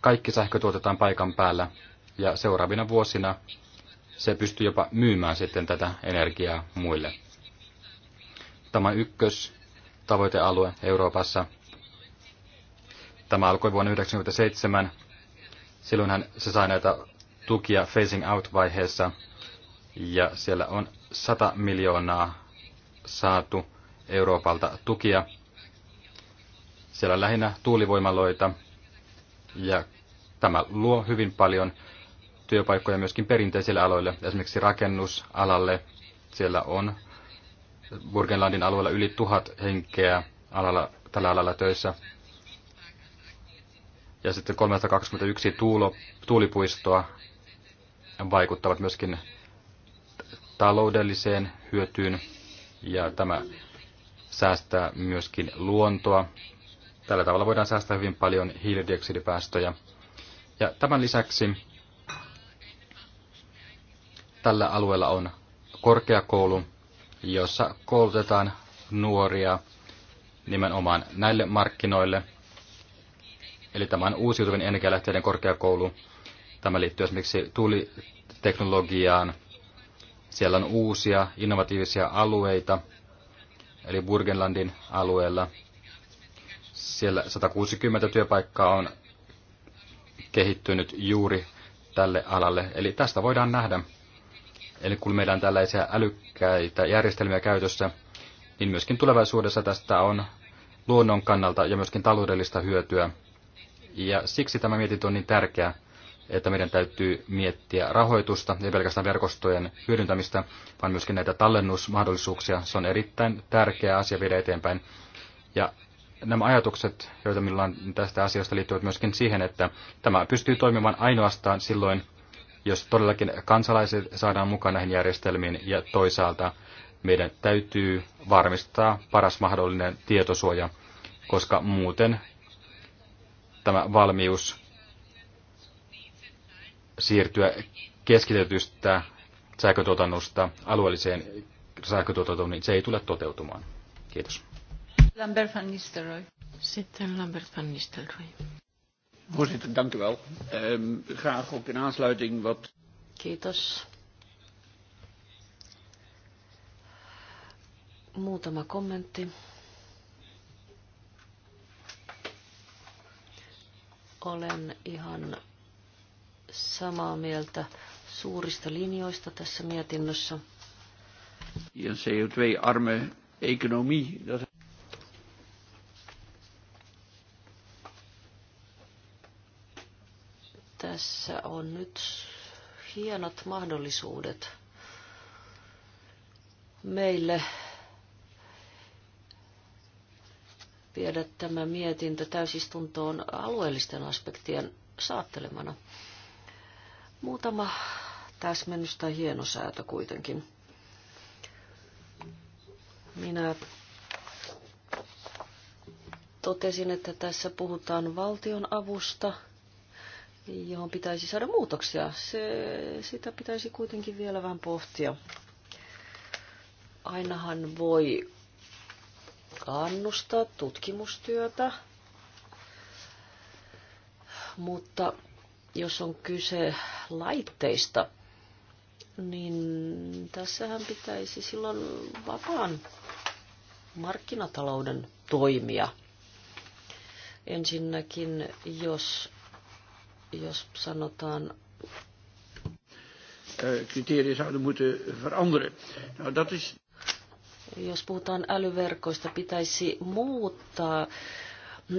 kaikki sähkö tuotetaan paikan päällä ja seuraavina vuosina se pystyy jopa myymään sitten tätä energiaa muille. Tämä ykkös tavoitealue Euroopassa. Tämä alkoi vuonna 1997. Silloinhan se sai näitä tukia phasing out-vaiheessa ja siellä on 100 miljoonaa saatu Euroopalta tukia. Siellä on lähinnä tuulivoimaloita ja Tämä luo hyvin paljon työpaikkoja myöskin perinteisille aloille, esimerkiksi rakennusalalle. Siellä on Burgenlandin alueella yli tuhat henkeä alalla, tällä alalla töissä. Ja sitten 321 tuulo, tuulipuistoa vaikuttavat myöskin taloudelliseen hyötyyn ja tämä säästää myöskin luontoa. Tällä tavalla voidaan säästää hyvin paljon hiilidioksidipäästöjä. Ja tämän lisäksi tällä alueella on korkeakoulu, jossa koulutetaan nuoria nimenomaan näille markkinoille. Eli tämä on uusiutuvien energialähteiden korkeakoulu. Tämä liittyy esimerkiksi tuuliteknologiaan. Siellä on uusia innovatiivisia alueita, eli Burgenlandin alueella. Siellä 160 työpaikkaa on kehittynyt juuri tälle alalle. Eli tästä voidaan nähdä. Eli kun meillä on tällaisia älykkäitä järjestelmiä käytössä, niin myöskin tulevaisuudessa tästä on luonnon kannalta ja myöskin taloudellista hyötyä. Ja siksi tämä mietintö on niin tärkeä, että meidän täytyy miettiä rahoitusta, ei pelkästään verkostojen hyödyntämistä, vaan myöskin näitä tallennusmahdollisuuksia. Se on erittäin tärkeä asia viedä eteenpäin. Ja nämä ajatukset, joita minulla on tästä asiasta, liittyvät myöskin siihen, että tämä pystyy toimimaan ainoastaan silloin, jos todellakin kansalaiset saadaan mukaan näihin järjestelmiin ja toisaalta meidän täytyy varmistaa paras mahdollinen tietosuoja, koska muuten tämä valmius siirtyä keskitetystä sähkötuotannosta alueelliseen sähkötuotantoon, niin se ei tule toteutumaan. Kiitos. Lambert van Nistelrooy. Sitten Lambert van Nistelrooy. Voorzitter, dank u wel. Um, graag ook in aansluiting wat... Kiitos. Muutama kommentti. Olen ihan samaa mieltä suurista linjoista tässä mietinnössä. Ja CO2-arme economie. on nyt hienot mahdollisuudet meille viedä tämä mietintö täysistuntoon alueellisten aspektien saattelemana. Muutama täsmennys tai säätö kuitenkin. Minä totesin, että tässä puhutaan valtion avusta – johon pitäisi saada muutoksia. Se, sitä pitäisi kuitenkin vielä vähän pohtia. Ainahan voi kannustaa tutkimustyötä, mutta jos on kyse laitteista, niin tässähän pitäisi silloin vapaan markkinatalouden toimia. Ensinnäkin, jos jos sanotaan eh, kriteeriä zouden moeten veranderen. Nou, dat is... Jos puhutaan älyverkoista, pitäisi muuttaa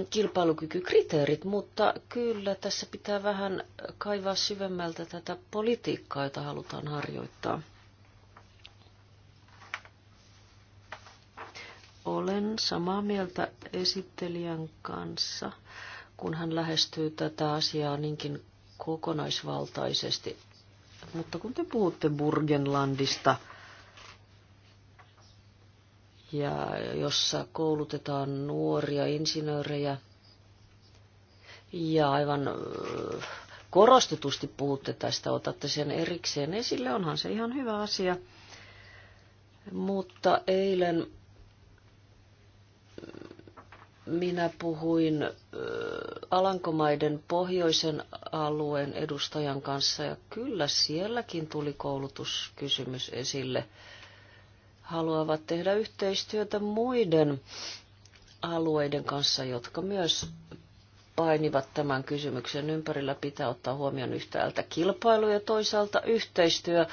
kilpailukykykriteerit, mutta kyllä tässä pitää vähän kaivaa syvemmältä tätä politiikkaa, jota halutaan harjoittaa. Olen samaa mieltä esittelijän kanssa kun hän lähestyy tätä asiaa niinkin kokonaisvaltaisesti. Mutta kun te puhutte Burgenlandista, ja jossa koulutetaan nuoria insinöörejä, ja aivan korostetusti puhutte tästä, otatte sen erikseen esille, onhan se ihan hyvä asia. Mutta eilen minä puhuin Alankomaiden pohjoisen alueen edustajan kanssa ja kyllä sielläkin tuli koulutuskysymys esille. Haluavat tehdä yhteistyötä muiden alueiden kanssa, jotka myös painivat tämän kysymyksen ympärillä. Pitää ottaa huomioon yhtäältä kilpailu ja toisaalta yhteistyö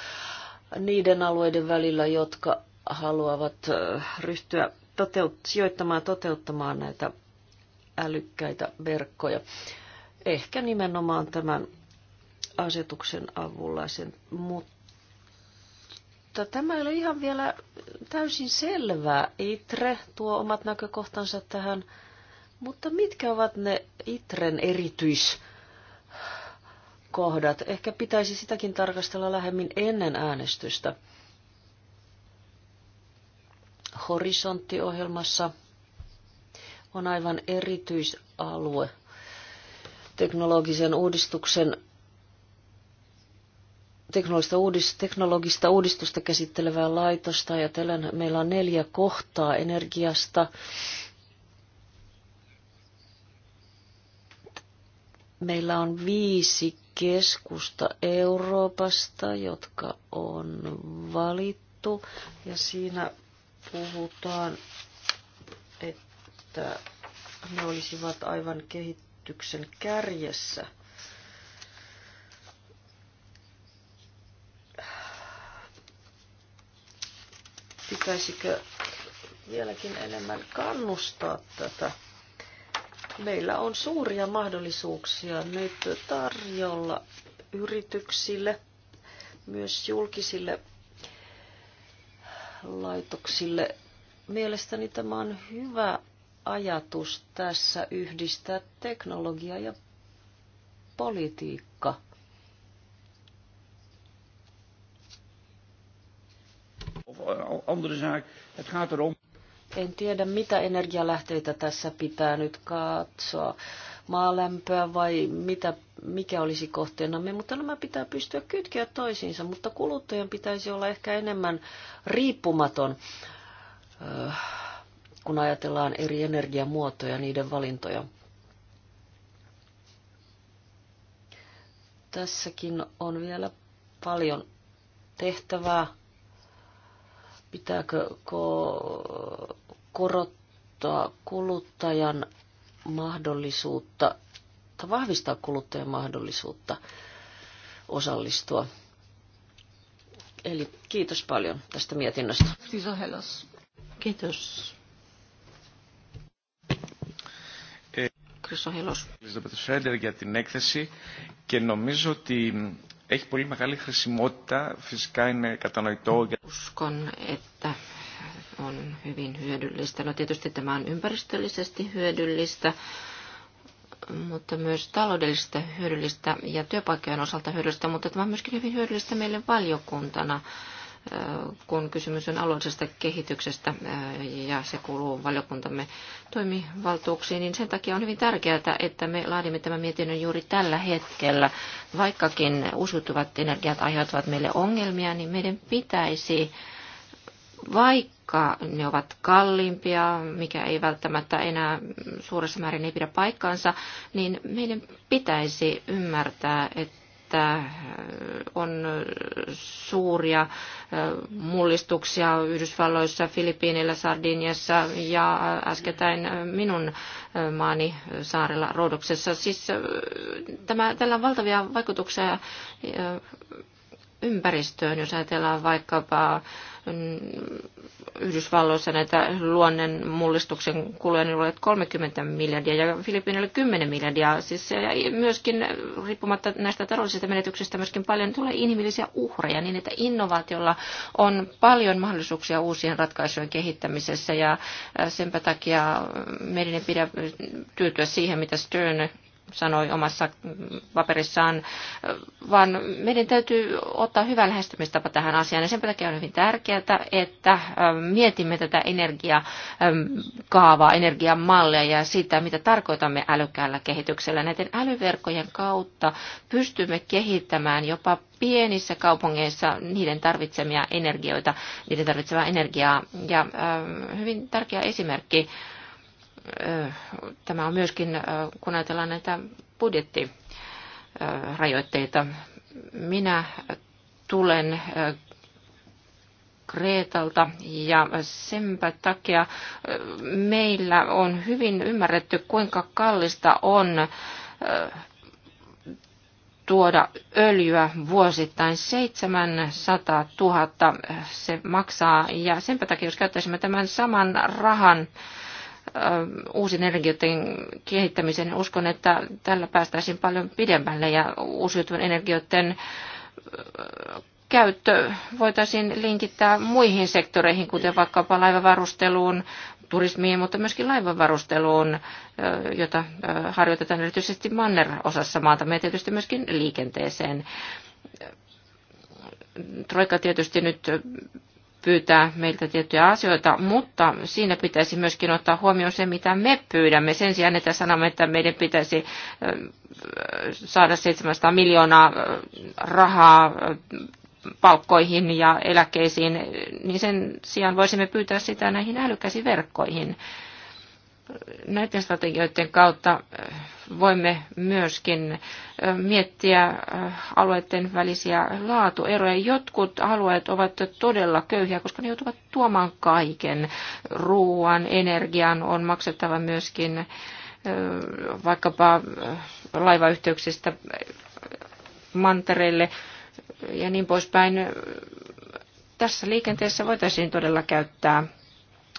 niiden alueiden välillä, jotka haluavat ryhtyä toteut- sijoittamaan toteuttamaan näitä älykkäitä verkkoja. Ehkä nimenomaan tämän asetuksen avulla sen, mutta tämä ei ole ihan vielä täysin selvää. ITRE tuo omat näkökohtansa tähän, mutta mitkä ovat ne ITREn erityis kohdat. Ehkä pitäisi sitäkin tarkastella lähemmin ennen äänestystä. Horisonttiohjelmassa on aivan erityisalue teknologisen uudistuksen teknologista, uudist, teknologista uudistusta käsittelevää laitosta. Ajatellen, meillä on neljä kohtaa energiasta. Meillä on viisi keskusta Euroopasta, jotka on valittu. Ja siinä puhutaan, että ne olisivat aivan kehityksen kärjessä. Pitäisikö vieläkin enemmän kannustaa tätä? Meillä on suuria mahdollisuuksia nyt tarjolla yrityksille, myös julkisille laitoksille. Mielestäni tämä on hyvä ajatus tässä yhdistää teknologia ja politiikka. Eh, en tiedä, mitä energialähteitä tässä pitää nyt katsoa maalämpöä vai mitä, mikä olisi me mutta nämä pitää pystyä kytkeä toisiinsa, mutta kuluttajan pitäisi olla ehkä enemmän riippumaton, äh, kun ajatellaan eri energiamuotoja, niiden valintoja. Tässäkin on vielä paljon tehtävää. Pitääkö korottaa kuluttajan mahdollisuutta, tai vahvistaa kuluttajan mahdollisuutta osallistua. Eli kiitos paljon tästä mietinnöstä. Kiitos. Χρυσοχελός. την έκθεση και νομίζω ότι έχει πολύ μεγάλη χρησιμότητα. Φυσικά είναι κατανοητό. Uskon, että on hyvin hyödyllistä. No tietysti tämä on ympäristöllisesti hyödyllistä, mutta myös taloudellisesti hyödyllistä ja työpaikkojen osalta hyödyllistä, mutta tämä on myöskin hyvin hyödyllistä meille valiokuntana kun kysymys on alueellisesta kehityksestä ja se kuuluu valiokuntamme toimivaltuuksiin, niin sen takia on hyvin tärkeää, että me laadimme tämän mietinnön juuri tällä hetkellä. Vaikkakin uusiutuvat energiat aiheuttavat meille ongelmia, niin meidän pitäisi vaikka ne ovat kalliimpia, mikä ei välttämättä enää suuressa määrin ei pidä paikkaansa, niin meidän pitäisi ymmärtää, että että on suuria mullistuksia Yhdysvalloissa, Filippiineillä, Sardiniassa ja äskettäin minun maani saarella Rodoksessa. Siis tämä, tällä on valtavia vaikutuksia ympäristöön. Jos ajatellaan vaikkapa mm, Yhdysvalloissa näitä luonnon mullistuksen kuluja, niin olet 30 miljardia ja Filippiinille 10 miljardia. Siis ja myöskin riippumatta näistä taloudellisista menetyksistä myöskin paljon tulee inhimillisiä uhreja niin, että innovaatiolla on paljon mahdollisuuksia uusien ratkaisujen kehittämisessä ja äh, senpä takia meidän ei pidä tyytyä siihen, mitä Stern sanoi omassa paperissaan, vaan meidän täytyy ottaa hyvä lähestymistapa tähän asiaan. Ja sen takia on hyvin tärkeää, että ähm, mietimme tätä energiakaavaa, ähm, energiamallia ja sitä, mitä tarkoitamme älykkäällä kehityksellä. Näiden älyverkkojen kautta pystymme kehittämään jopa pienissä kaupungeissa niiden tarvitsemia energioita, niiden tarvitsemaa energiaa. Ja ähm, hyvin tärkeä esimerkki tämä on myöskin, kun ajatellaan näitä budjettirajoitteita. Minä tulen Kreetalta ja senpä takia meillä on hyvin ymmärretty, kuinka kallista on tuoda öljyä vuosittain 700 000 se maksaa ja senpä takia jos käyttäisimme tämän saman rahan uusien energioiden kehittämisen. Uskon, että tällä päästäisiin paljon pidemmälle ja uusiutuvan energioiden käyttö voitaisiin linkittää muihin sektoreihin, kuten vaikkapa laivavarusteluun, turismiin, mutta myöskin laivavarusteluun, jota harjoitetaan erityisesti Manner-osassa maata, ja tietysti myöskin liikenteeseen. Troika tietysti nyt pyytää meiltä tiettyjä asioita, mutta siinä pitäisi myöskin ottaa huomioon se, mitä me pyydämme. Sen sijaan, että sanomme, että meidän pitäisi saada 700 miljoonaa rahaa palkkoihin ja eläkkeisiin, niin sen sijaan voisimme pyytää sitä näihin älykkäisiin verkkoihin näiden strategioiden kautta äh, voimme myöskin äh, miettiä äh, alueiden välisiä laatueroja. Jotkut alueet ovat todella köyhiä, koska ne joutuvat tuomaan kaiken. Ruoan, energian on maksettava myöskin vaikkapa laivayhteyksistä mantereille ja niin poispäin. Tässä liikenteessä voitaisiin todella käyttää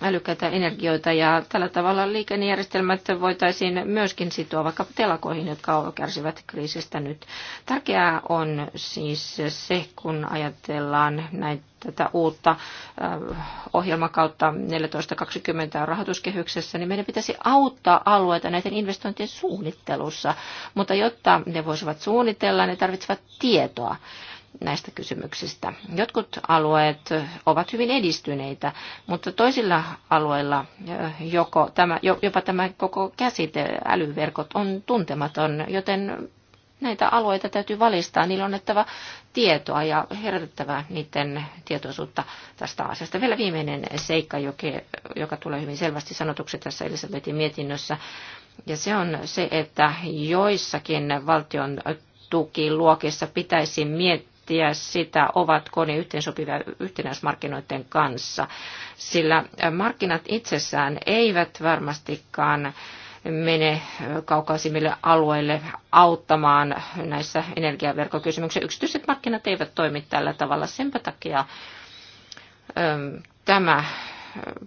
älykkäitä energioita ja tällä tavalla liikennejärjestelmät voitaisiin myöskin sitoa vaikka telakoihin, jotka kärsivät kriisistä nyt. Tärkeää on siis se, kun ajatellaan näitä tätä uutta äh, ohjelmakautta 14.20 rahoituskehyksessä, niin meidän pitäisi auttaa alueita näiden investointien suunnittelussa. Mutta jotta ne voisivat suunnitella, ne tarvitsevat tietoa näistä kysymyksistä. Jotkut alueet ovat hyvin edistyneitä, mutta toisilla alueilla eh, joko tämä, jopa tämä koko käsite älyverkot on tuntematon, joten näitä alueita täytyy valistaa. Niillä on annettava tietoa ja herätettävä niiden tietoisuutta tästä asiasta. Vielä viimeinen seikka, joka tulee hyvin selvästi sanotuksi tässä Elisabetin mietinnössä, ja se on se, että joissakin valtion tukiluokissa pitäisi miettiä, miettiä sitä, ovatko ne yhteensopivia yhtenäismarkkinoiden kanssa, sillä markkinat itsessään eivät varmastikaan mene kaukaisimmille alueille auttamaan näissä energiaverkkokysymyksissä. Yksityiset markkinat eivät toimi tällä tavalla. Senpä takia tämä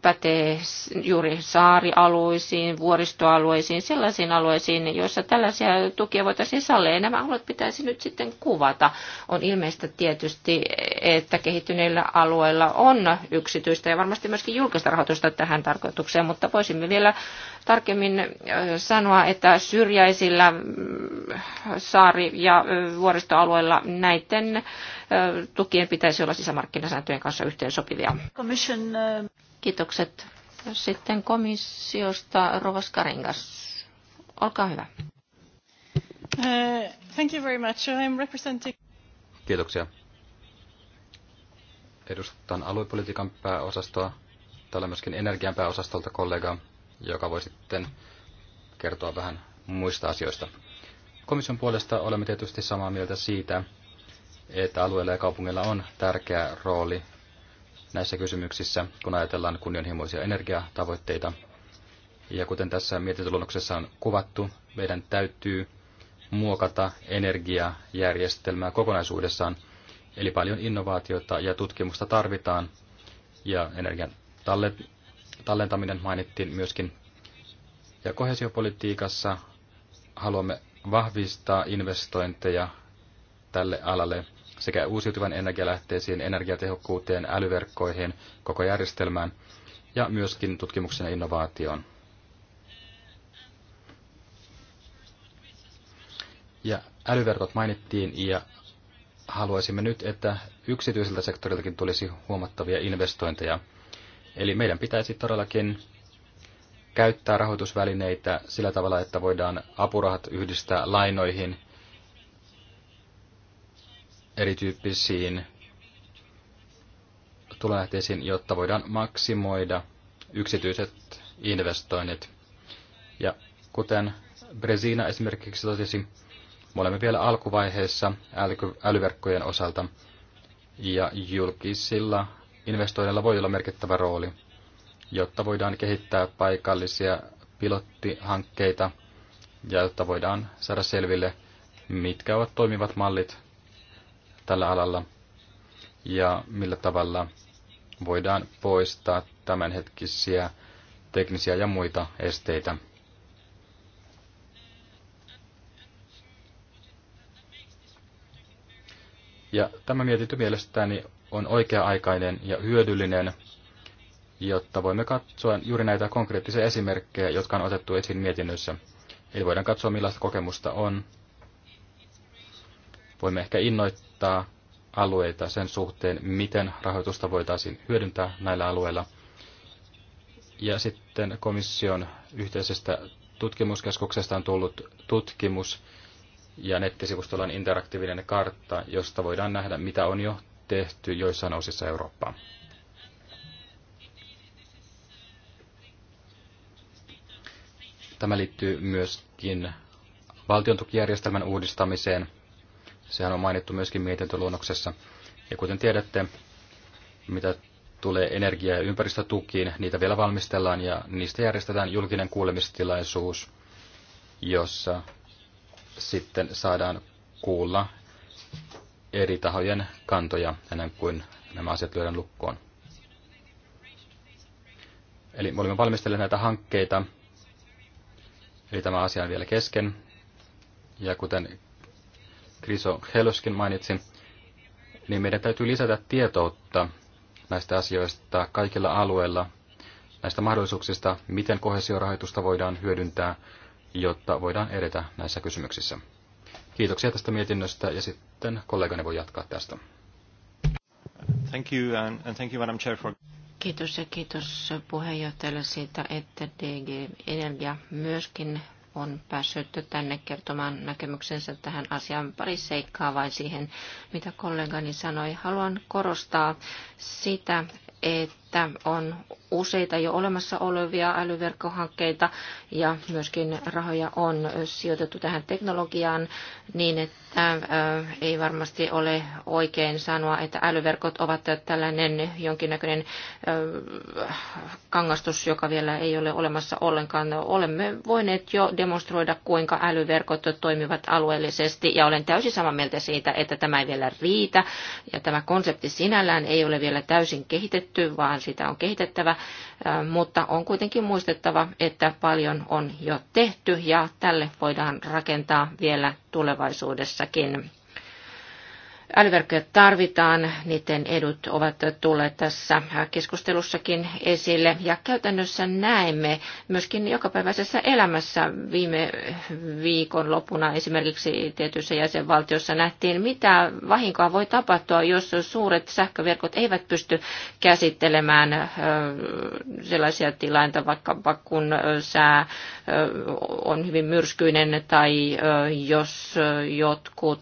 pätee juuri saarialueisiin, vuoristoalueisiin, sellaisiin alueisiin, joissa tällaisia tukia voitaisiin sallia. Nämä alueet pitäisi nyt sitten kuvata. On ilmeistä tietysti, että kehittyneillä alueilla on yksityistä ja varmasti myöskin julkista rahoitusta tähän tarkoitukseen, mutta voisimme vielä tarkemmin sanoa, että syrjäisillä saari- ja vuoristoalueilla näiden tukien pitäisi olla sisämarkkinasääntöjen kanssa yhteensopivia. Commission, Kiitokset. Sitten komissiosta Rovas Karingas. Olkaa hyvä. thank you very much. I'm representing... Kiitoksia. Edustan aluepolitiikan pääosastoa. Täällä myöskin energian pääosastolta kollega joka voi sitten kertoa vähän muista asioista. Komission puolesta olemme tietysti samaa mieltä siitä, että alueella ja kaupungilla on tärkeä rooli näissä kysymyksissä, kun ajatellaan kunnianhimoisia energiatavoitteita. Ja kuten tässä mietintöluonnoksessa on kuvattu, meidän täytyy muokata energiajärjestelmää kokonaisuudessaan. Eli paljon innovaatiota ja tutkimusta tarvitaan, ja energian tallentaminen mainittiin myöskin. Ja kohesiopolitiikassa haluamme vahvistaa investointeja tälle alalle sekä uusiutuvan energialähteisiin, energiatehokkuuteen, älyverkkoihin, koko järjestelmään ja myöskin tutkimuksen ja innovaatioon. Ja älyverkot mainittiin ja haluaisimme nyt, että yksityiseltä sektoriltakin tulisi huomattavia investointeja. Eli meidän pitäisi todellakin käyttää rahoitusvälineitä sillä tavalla, että voidaan apurahat yhdistää lainoihin erityyppisiin tulolähteisiin, jotta voidaan maksimoida yksityiset investoinnit. Ja kuten Brezina esimerkiksi totesi, me olemme vielä alkuvaiheessa älyverkkojen osalta ja julkisilla investoinnilla voi olla merkittävä rooli, jotta voidaan kehittää paikallisia pilottihankkeita ja jotta voidaan saada selville, mitkä ovat toimivat mallit tällä alalla ja millä tavalla voidaan poistaa tämänhetkisiä teknisiä ja muita esteitä. Ja tämä mietintö mielestäni on oikea-aikainen ja hyödyllinen, jotta voimme katsoa juuri näitä konkreettisia esimerkkejä, jotka on otettu esiin mietinnössä. Eli voidaan katsoa, millaista kokemusta on. Voimme ehkä innoittaa alueita sen suhteen, miten rahoitusta voitaisiin hyödyntää näillä alueilla. Ja sitten komission yhteisestä tutkimuskeskuksesta on tullut tutkimus, ja nettisivustolla on interaktiivinen kartta, josta voidaan nähdä, mitä on jo tehty joissain osissa Eurooppaa. Tämä liittyy myöskin valtiontukijärjestelmän uudistamiseen. Sehän on mainittu myöskin mietintöluonnoksessa. Ja kuten tiedätte, mitä tulee energia- ja ympäristötukiin, niitä vielä valmistellaan ja niistä järjestetään julkinen kuulemistilaisuus, jossa sitten saadaan kuulla eri tahojen kantoja ennen kuin nämä asiat lyödään lukkoon. Eli me olimme valmistelleet näitä hankkeita, eli tämä asia on vielä kesken. Ja kuten Kriso Heloskin mainitsi, niin meidän täytyy lisätä tietoutta näistä asioista kaikilla alueilla, näistä mahdollisuuksista, miten kohesiorahoitusta voidaan hyödyntää, jotta voidaan edetä näissä kysymyksissä. Kiitoksia tästä mietinnöstä ja sitten kollegani voi jatkaa tästä. Thank you and, and thank you, Madam Chair, for... Kiitos ja kiitos puheenjohtajalle siitä, että DG Energia myöskin on päässyt tänne kertomaan näkemyksensä tähän asiaan. Pari seikkaa vai siihen, mitä kollegani sanoi. Haluan korostaa sitä, että että on useita jo olemassa olevia älyverkkohankkeita ja myöskin rahoja on sijoitettu tähän teknologiaan niin, että äh, ei varmasti ole oikein sanoa, että älyverkot ovat tällainen jonkinnäköinen äh, kangastus, joka vielä ei ole olemassa ollenkaan. No, olemme voineet jo demonstroida, kuinka älyverkot toimivat alueellisesti ja olen täysin samaa mieltä siitä, että tämä ei vielä riitä ja tämä konsepti sinällään ei ole vielä täysin kehitetty, vaan vaan sitä on kehitettävä, mutta on kuitenkin muistettava, että paljon on jo tehty ja tälle voidaan rakentaa vielä tulevaisuudessakin. Älyverkkoja tarvitaan, niiden edut ovat tulleet tässä keskustelussakin esille ja käytännössä näemme myöskin jokapäiväisessä elämässä viime viikon lopuna esimerkiksi tietyissä jäsenvaltiossa nähtiin, mitä vahinkoa voi tapahtua, jos suuret sähköverkot eivät pysty käsittelemään sellaisia tilanteita, vaikkapa kun sää on hyvin myrskyinen tai jos jotkut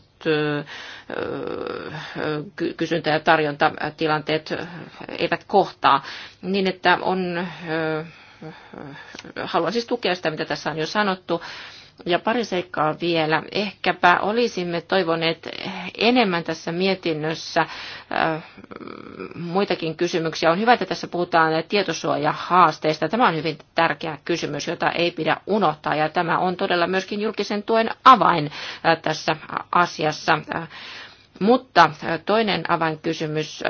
kysyntä- ja tarjontatilanteet eivät kohtaa, niin että on, haluan siis tukea sitä, mitä tässä on jo sanottu, ja pari seikkaa vielä. Ehkäpä olisimme toivoneet enemmän tässä mietinnössä äh, muitakin kysymyksiä. On hyvä, että tässä puhutaan tietosuojahaasteista. Tämä on hyvin tärkeä kysymys, jota ei pidä unohtaa. Ja tämä on todella myöskin julkisen tuen avain äh, tässä asiassa äh, mutta toinen avainkysymys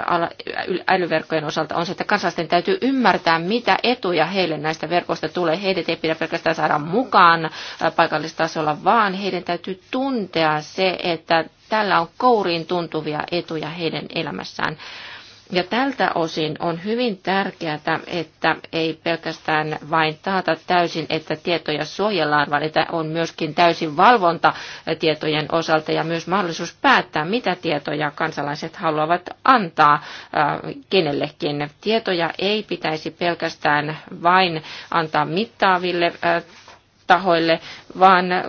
älyverkkojen osalta on se, että kansalaisten täytyy ymmärtää, mitä etuja heille näistä verkoista tulee. Heidät ei pidä pelkästään saada mukaan paikallistasolla, vaan heidän täytyy tuntea se, että tällä on kouriin tuntuvia etuja heidän elämässään. Ja tältä osin on hyvin tärkeää, että ei pelkästään vain taata täysin, että tietoja suojellaan, vaan että on myöskin täysin valvonta tietojen osalta ja myös mahdollisuus päättää, mitä tietoja kansalaiset haluavat antaa äh, kenellekin. Tietoja ei pitäisi pelkästään vain antaa mittaaville äh, tahoille, vaan äh,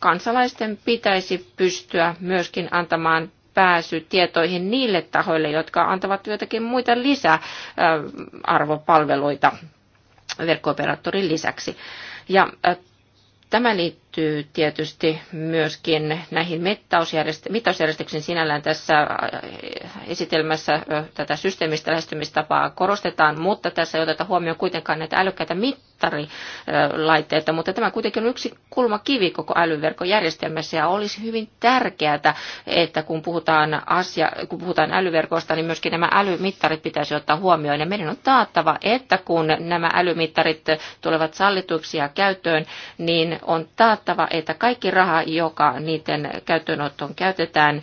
kansalaisten pitäisi pystyä myöskin antamaan pääsy tietoihin niille tahoille, jotka antavat joitakin muita lisäarvopalveluita verkkooperaattorin lisäksi. Ja tämä liittyy tietysti myöskin näihin mittausjärjest- mittausjärjestyksiin sinällään tässä esitelmässä tätä systeemistä lähestymistapaa korostetaan, mutta tässä ei oteta huomioon kuitenkaan näitä älykkäitä mittauksia mittarilaitteita, mutta tämä kuitenkin on yksi kulmakivi koko älyverkkojärjestelmässä ja olisi hyvin tärkeää, että kun puhutaan, asia, kun puhutaan älyverkosta, niin myöskin nämä älymittarit pitäisi ottaa huomioon ja meidän on taattava, että kun nämä älymittarit tulevat sallituiksi ja käyttöön, niin on taattava, että kaikki raha, joka niiden käyttöönottoon käytetään,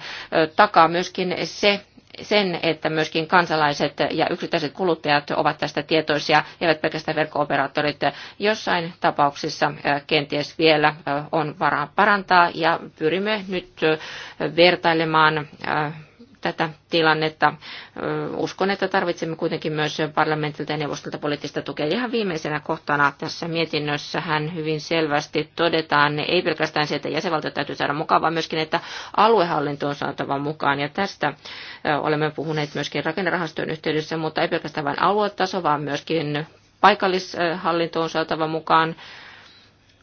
takaa myöskin se, sen, että myöskin kansalaiset ja yksittäiset kuluttajat ovat tästä tietoisia, eivät pelkästään verkko-operaattorit. Jossain tapauksissa kenties vielä on varaa parantaa ja pyrimme nyt vertailemaan tätä tilannetta. Uskon, että tarvitsemme kuitenkin myös parlamentilta ja neuvostolta poliittista tukea. Ihan viimeisenä kohtana tässä mietinnössä hän hyvin selvästi todetaan, ei pelkästään se, että jäsenvaltio täytyy saada mukaan, vaan myöskin, että aluehallinto on saatava mukaan. Ja tästä olemme puhuneet myöskin rakennerahastojen yhteydessä, mutta ei pelkästään vain aluetaso, vaan myöskin paikallishallinto on saatava mukaan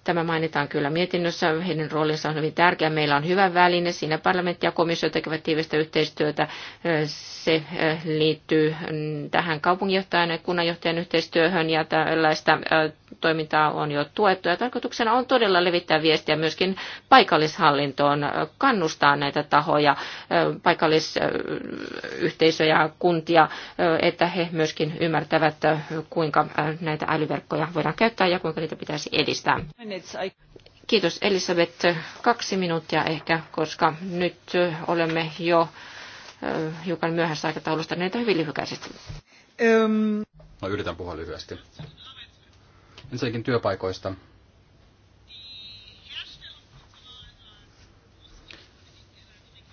Tämä mainitaan kyllä mietinnössä. Heidän roolinsa on hyvin tärkeä. Meillä on hyvä väline. Siinä parlamentti ja komissio tekevät tiivistä yhteistyötä. Se liittyy mm, tähän kaupunginjohtajan ja kunnanjohtajan yhteistyöhön ja tällaista toimintaa on jo tuettu. Ja tarkoituksena on todella levittää viestiä myöskin paikallishallintoon, kannustaa näitä tahoja, paikallisyhteisöjä ja kuntia, että he myöskin ymmärtävät, kuinka näitä älyverkkoja voidaan käyttää ja kuinka niitä pitäisi edistää. Kiitos Elisabeth. Kaksi minuuttia ehkä, koska nyt olemme jo eh, hiukan myöhässä aikataulusta näitä hyvin lyhykäisesti. Um... No, yritän puhua lyhyesti. Ensinnäkin työpaikoista.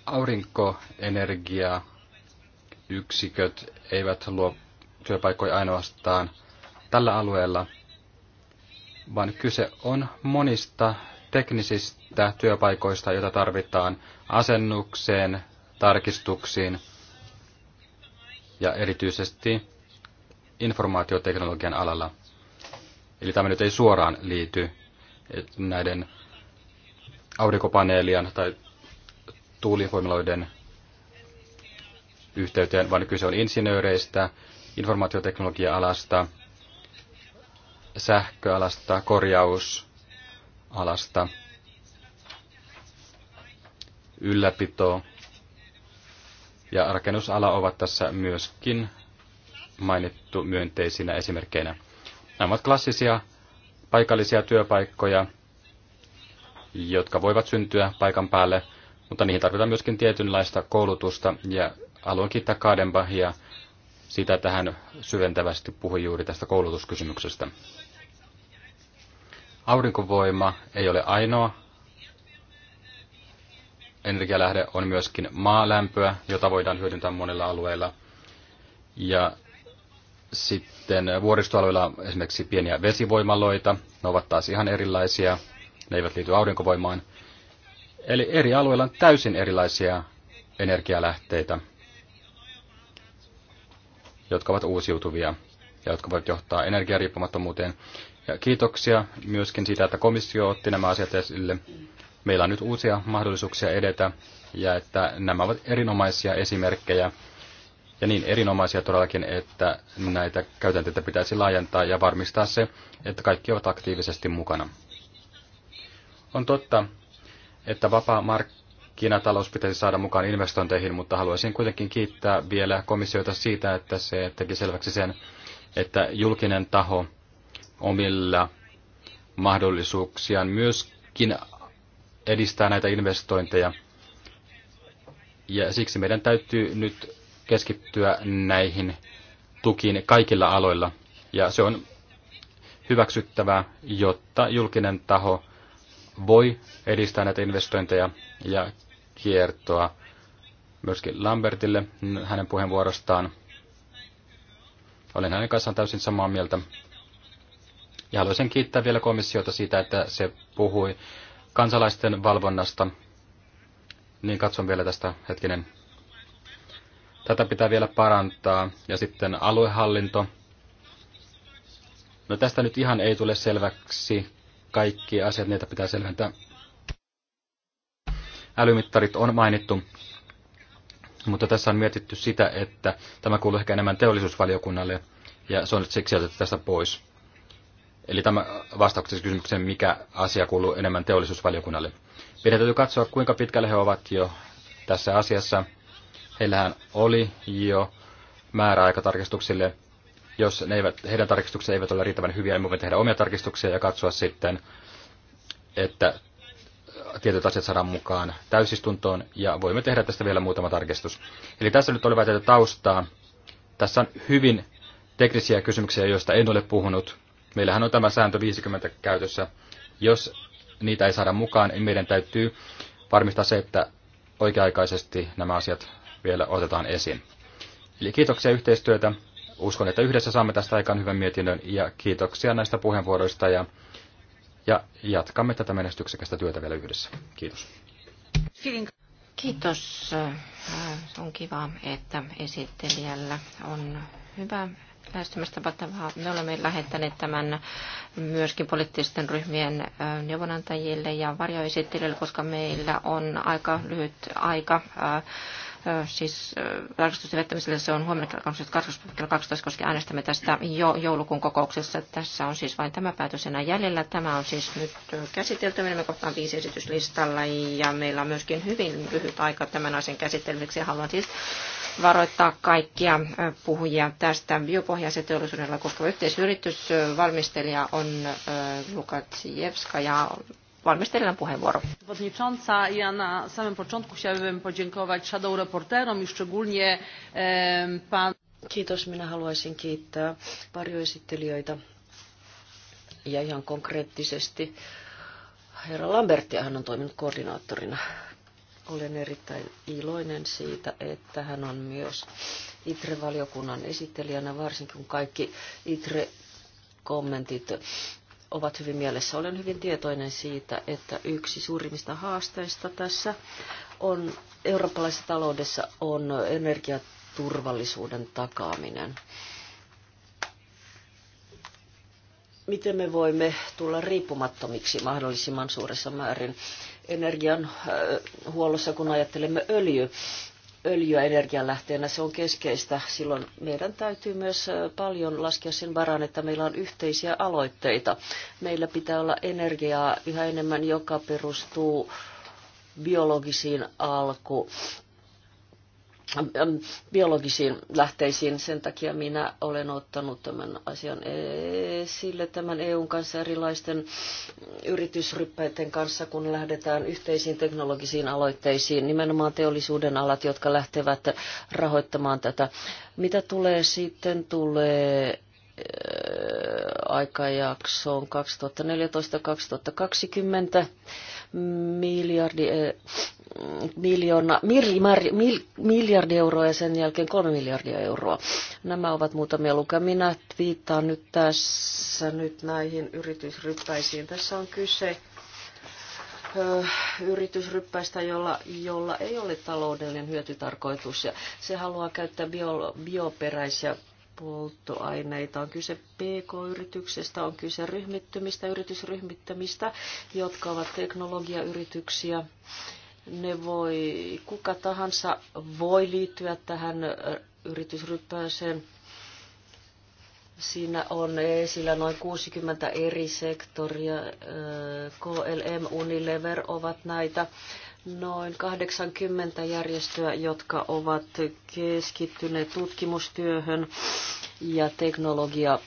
Aurinkoenergia yksiköt eivät luo työpaikkoja ainoastaan tällä alueella, vaan kyse on monista teknisistä työpaikoista, joita tarvitaan asennukseen, tarkistuksiin ja erityisesti informaatioteknologian alalla. Eli tämä nyt ei suoraan liity näiden aurinkopaneelien tai tuulivoimaloiden yhteyteen, vaan kyse on insinööreistä, informaatioteknologia-alasta – sähköalasta, korjausalasta, ylläpito ja rakennusala ovat tässä myöskin mainittu myönteisinä esimerkkeinä. Nämä ovat klassisia paikallisia työpaikkoja, jotka voivat syntyä paikan päälle, mutta niihin tarvitaan myöskin tietynlaista koulutusta ja haluan kiittää Kadenbahia siitä, että hän syventävästi puhui juuri tästä koulutuskysymyksestä. Aurinkovoima ei ole ainoa energialähde, on myöskin maalämpöä, jota voidaan hyödyntää monilla alueilla. Ja sitten vuoristoalueilla on esimerkiksi pieniä vesivoimaloita, ne ovat taas ihan erilaisia, ne eivät liity aurinkovoimaan. Eli eri alueilla on täysin erilaisia energialähteitä, jotka ovat uusiutuvia ja jotka voivat johtaa energiariippumattomuuteen. Ja kiitoksia myöskin siitä, että komissio otti nämä asiat esille. Meillä on nyt uusia mahdollisuuksia edetä ja että nämä ovat erinomaisia esimerkkejä ja niin erinomaisia todellakin, että näitä käytänteitä pitäisi laajentaa ja varmistaa se, että kaikki ovat aktiivisesti mukana. On totta, että vapaa markkinatalous pitäisi saada mukaan investointeihin, mutta haluaisin kuitenkin kiittää vielä komissiota siitä, että se teki selväksi sen, että julkinen taho omilla mahdollisuuksiaan myöskin edistää näitä investointeja. Ja siksi meidän täytyy nyt keskittyä näihin tukiin kaikilla aloilla. Ja se on hyväksyttävää, jotta julkinen taho voi edistää näitä investointeja ja kiertoa myöskin Lambertille hänen puheenvuorostaan. Olen hänen kanssaan täysin samaa mieltä. Ja haluaisin kiittää vielä komissiota siitä, että se puhui kansalaisten valvonnasta. Niin katson vielä tästä hetkinen. Tätä pitää vielä parantaa. Ja sitten aluehallinto. No tästä nyt ihan ei tule selväksi kaikki asiat, niitä pitää selventää. Älymittarit on mainittu, mutta tässä on mietitty sitä, että tämä kuuluu ehkä enemmän teollisuusvaliokunnalle, ja se on nyt siksi otettu tästä pois. Eli tämä vastauksessa kysymykseen, mikä asia kuuluu enemmän teollisuusvaliokunnalle. Meidän täytyy katsoa, kuinka pitkälle he ovat jo tässä asiassa. Heillähän oli jo määräaikatarkistuksille. Jos ne eivät, heidän tarkistuksensa eivät ole riittävän hyviä, niin voi tehdä omia tarkistuksia ja katsoa sitten, että tietyt asiat saadaan mukaan täysistuntoon ja voimme tehdä tästä vielä muutama tarkistus. Eli tässä nyt oli tätä taustaa. Tässä on hyvin teknisiä kysymyksiä, joista en ole puhunut. Meillähän on tämä sääntö 50 käytössä. Jos niitä ei saada mukaan, niin meidän täytyy varmistaa se, että oikea-aikaisesti nämä asiat vielä otetaan esiin. Eli kiitoksia yhteistyötä. Uskon, että yhdessä saamme tästä aikaan hyvän mietinnön ja kiitoksia näistä puheenvuoroista ja, ja jatkamme tätä menestyksekästä työtä vielä yhdessä. Kiitos. Kiitos. Äh, on kiva, että esittelijällä on hyvä lähestymistapaa. Me olemme lähettäneet tämän myöskin poliittisten ryhmien neuvonantajille ja varjoesittelijöille, koska meillä on aika lyhyt aika siis tarkastusten vettämiselle se on huomenna kello 12, koska äänestämme tästä jo joulukuun kokouksessa. Tässä on siis vain tämä päätös enää jäljellä. Tämä on siis nyt käsitelty. Menemme kohtaan viisi esityslistalla ja meillä on myöskin hyvin lyhyt aika tämän asian käsittelemiseksi. haluan siis varoittaa kaikkia puhujia tästä. Biopohjaisen teollisuudella koskeva yhteisyritys valmistelija on Lukatsievska ja valmistelijan puheenvuoro. Przewodnicząca, ja na samym początku chciałbym podziękować shadow reporterom i szczególnie pan... Kiitos, minä haluaisin kiittää varjoesittelijöitä ja ihan konkreettisesti herra Lambertia, hän on toiminut koordinaattorina olen erittäin iloinen siitä, että hän on myös ITRE-valiokunnan esittelijänä, varsinkin kun kaikki ITRE-kommentit ovat hyvin mielessä. Olen hyvin tietoinen siitä, että yksi suurimmista haasteista tässä on eurooppalaisessa taloudessa on energiaturvallisuuden takaaminen. Miten me voimme tulla riippumattomiksi mahdollisimman suuressa määrin energian äh, huollossa, kun ajattelemme öljy, öljyä energianlähteenä. Se on keskeistä. Silloin meidän täytyy myös äh, paljon laskea sen varaan, että meillä on yhteisiä aloitteita. Meillä pitää olla energiaa yhä enemmän, joka perustuu biologisiin alku Ähm, biologisiin lähteisiin. Sen takia minä olen ottanut tämän asian esille tämän EUn kanssa erilaisten yritysryppäiden kanssa, kun lähdetään yhteisiin teknologisiin aloitteisiin, nimenomaan teollisuuden alat, jotka lähtevät rahoittamaan tätä. Mitä tulee sitten tulee aikajaksoon 2014-2020 miljardi, eh, miljoona, mir, mar, mil, miljardi euroa ja sen jälkeen kolme miljardia euroa. Nämä ovat muutamia lukuja. Minä viittaan nyt tässä nyt näihin yritysryppäisiin. Tässä on kyse eh, yritysryppäistä, jolla, jolla ei ole taloudellinen hyötytarkoitus ja se haluaa käyttää bio, bioperäisiä polttoaineita. On kyse PK-yrityksestä, on kyse ryhmittymistä, yritysryhmittämistä, jotka ovat teknologiayrityksiä. Ne voi, kuka tahansa voi liittyä tähän yritysryppäiseen. Siinä on esillä noin 60 eri sektoria. KLM, Unilever ovat näitä noin 80 järjestöä, jotka ovat keskittyneet tutkimustyöhön ja teknologia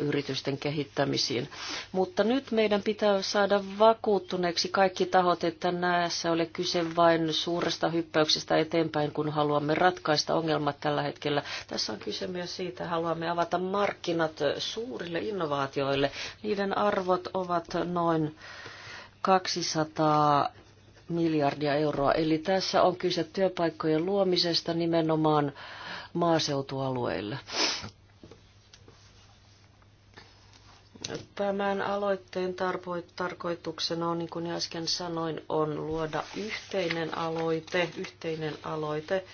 yritysten kehittämisiin. Mutta nyt meidän pitää saada vakuuttuneeksi kaikki tahot, että näissä ole kyse vain suuresta hyppäyksestä eteenpäin, kun haluamme ratkaista ongelmat tällä hetkellä. Tässä on kyse myös siitä, että haluamme avata markkinat suurille innovaatioille. Niiden arvot ovat noin 200 miljardia euroa. Eli tässä on kyse työpaikkojen luomisesta nimenomaan maaseutualueille. Tämän aloitteen tarkoituksena on, niin kuin äsken sanoin, on luoda yhteinen aloite, yhteinen aloite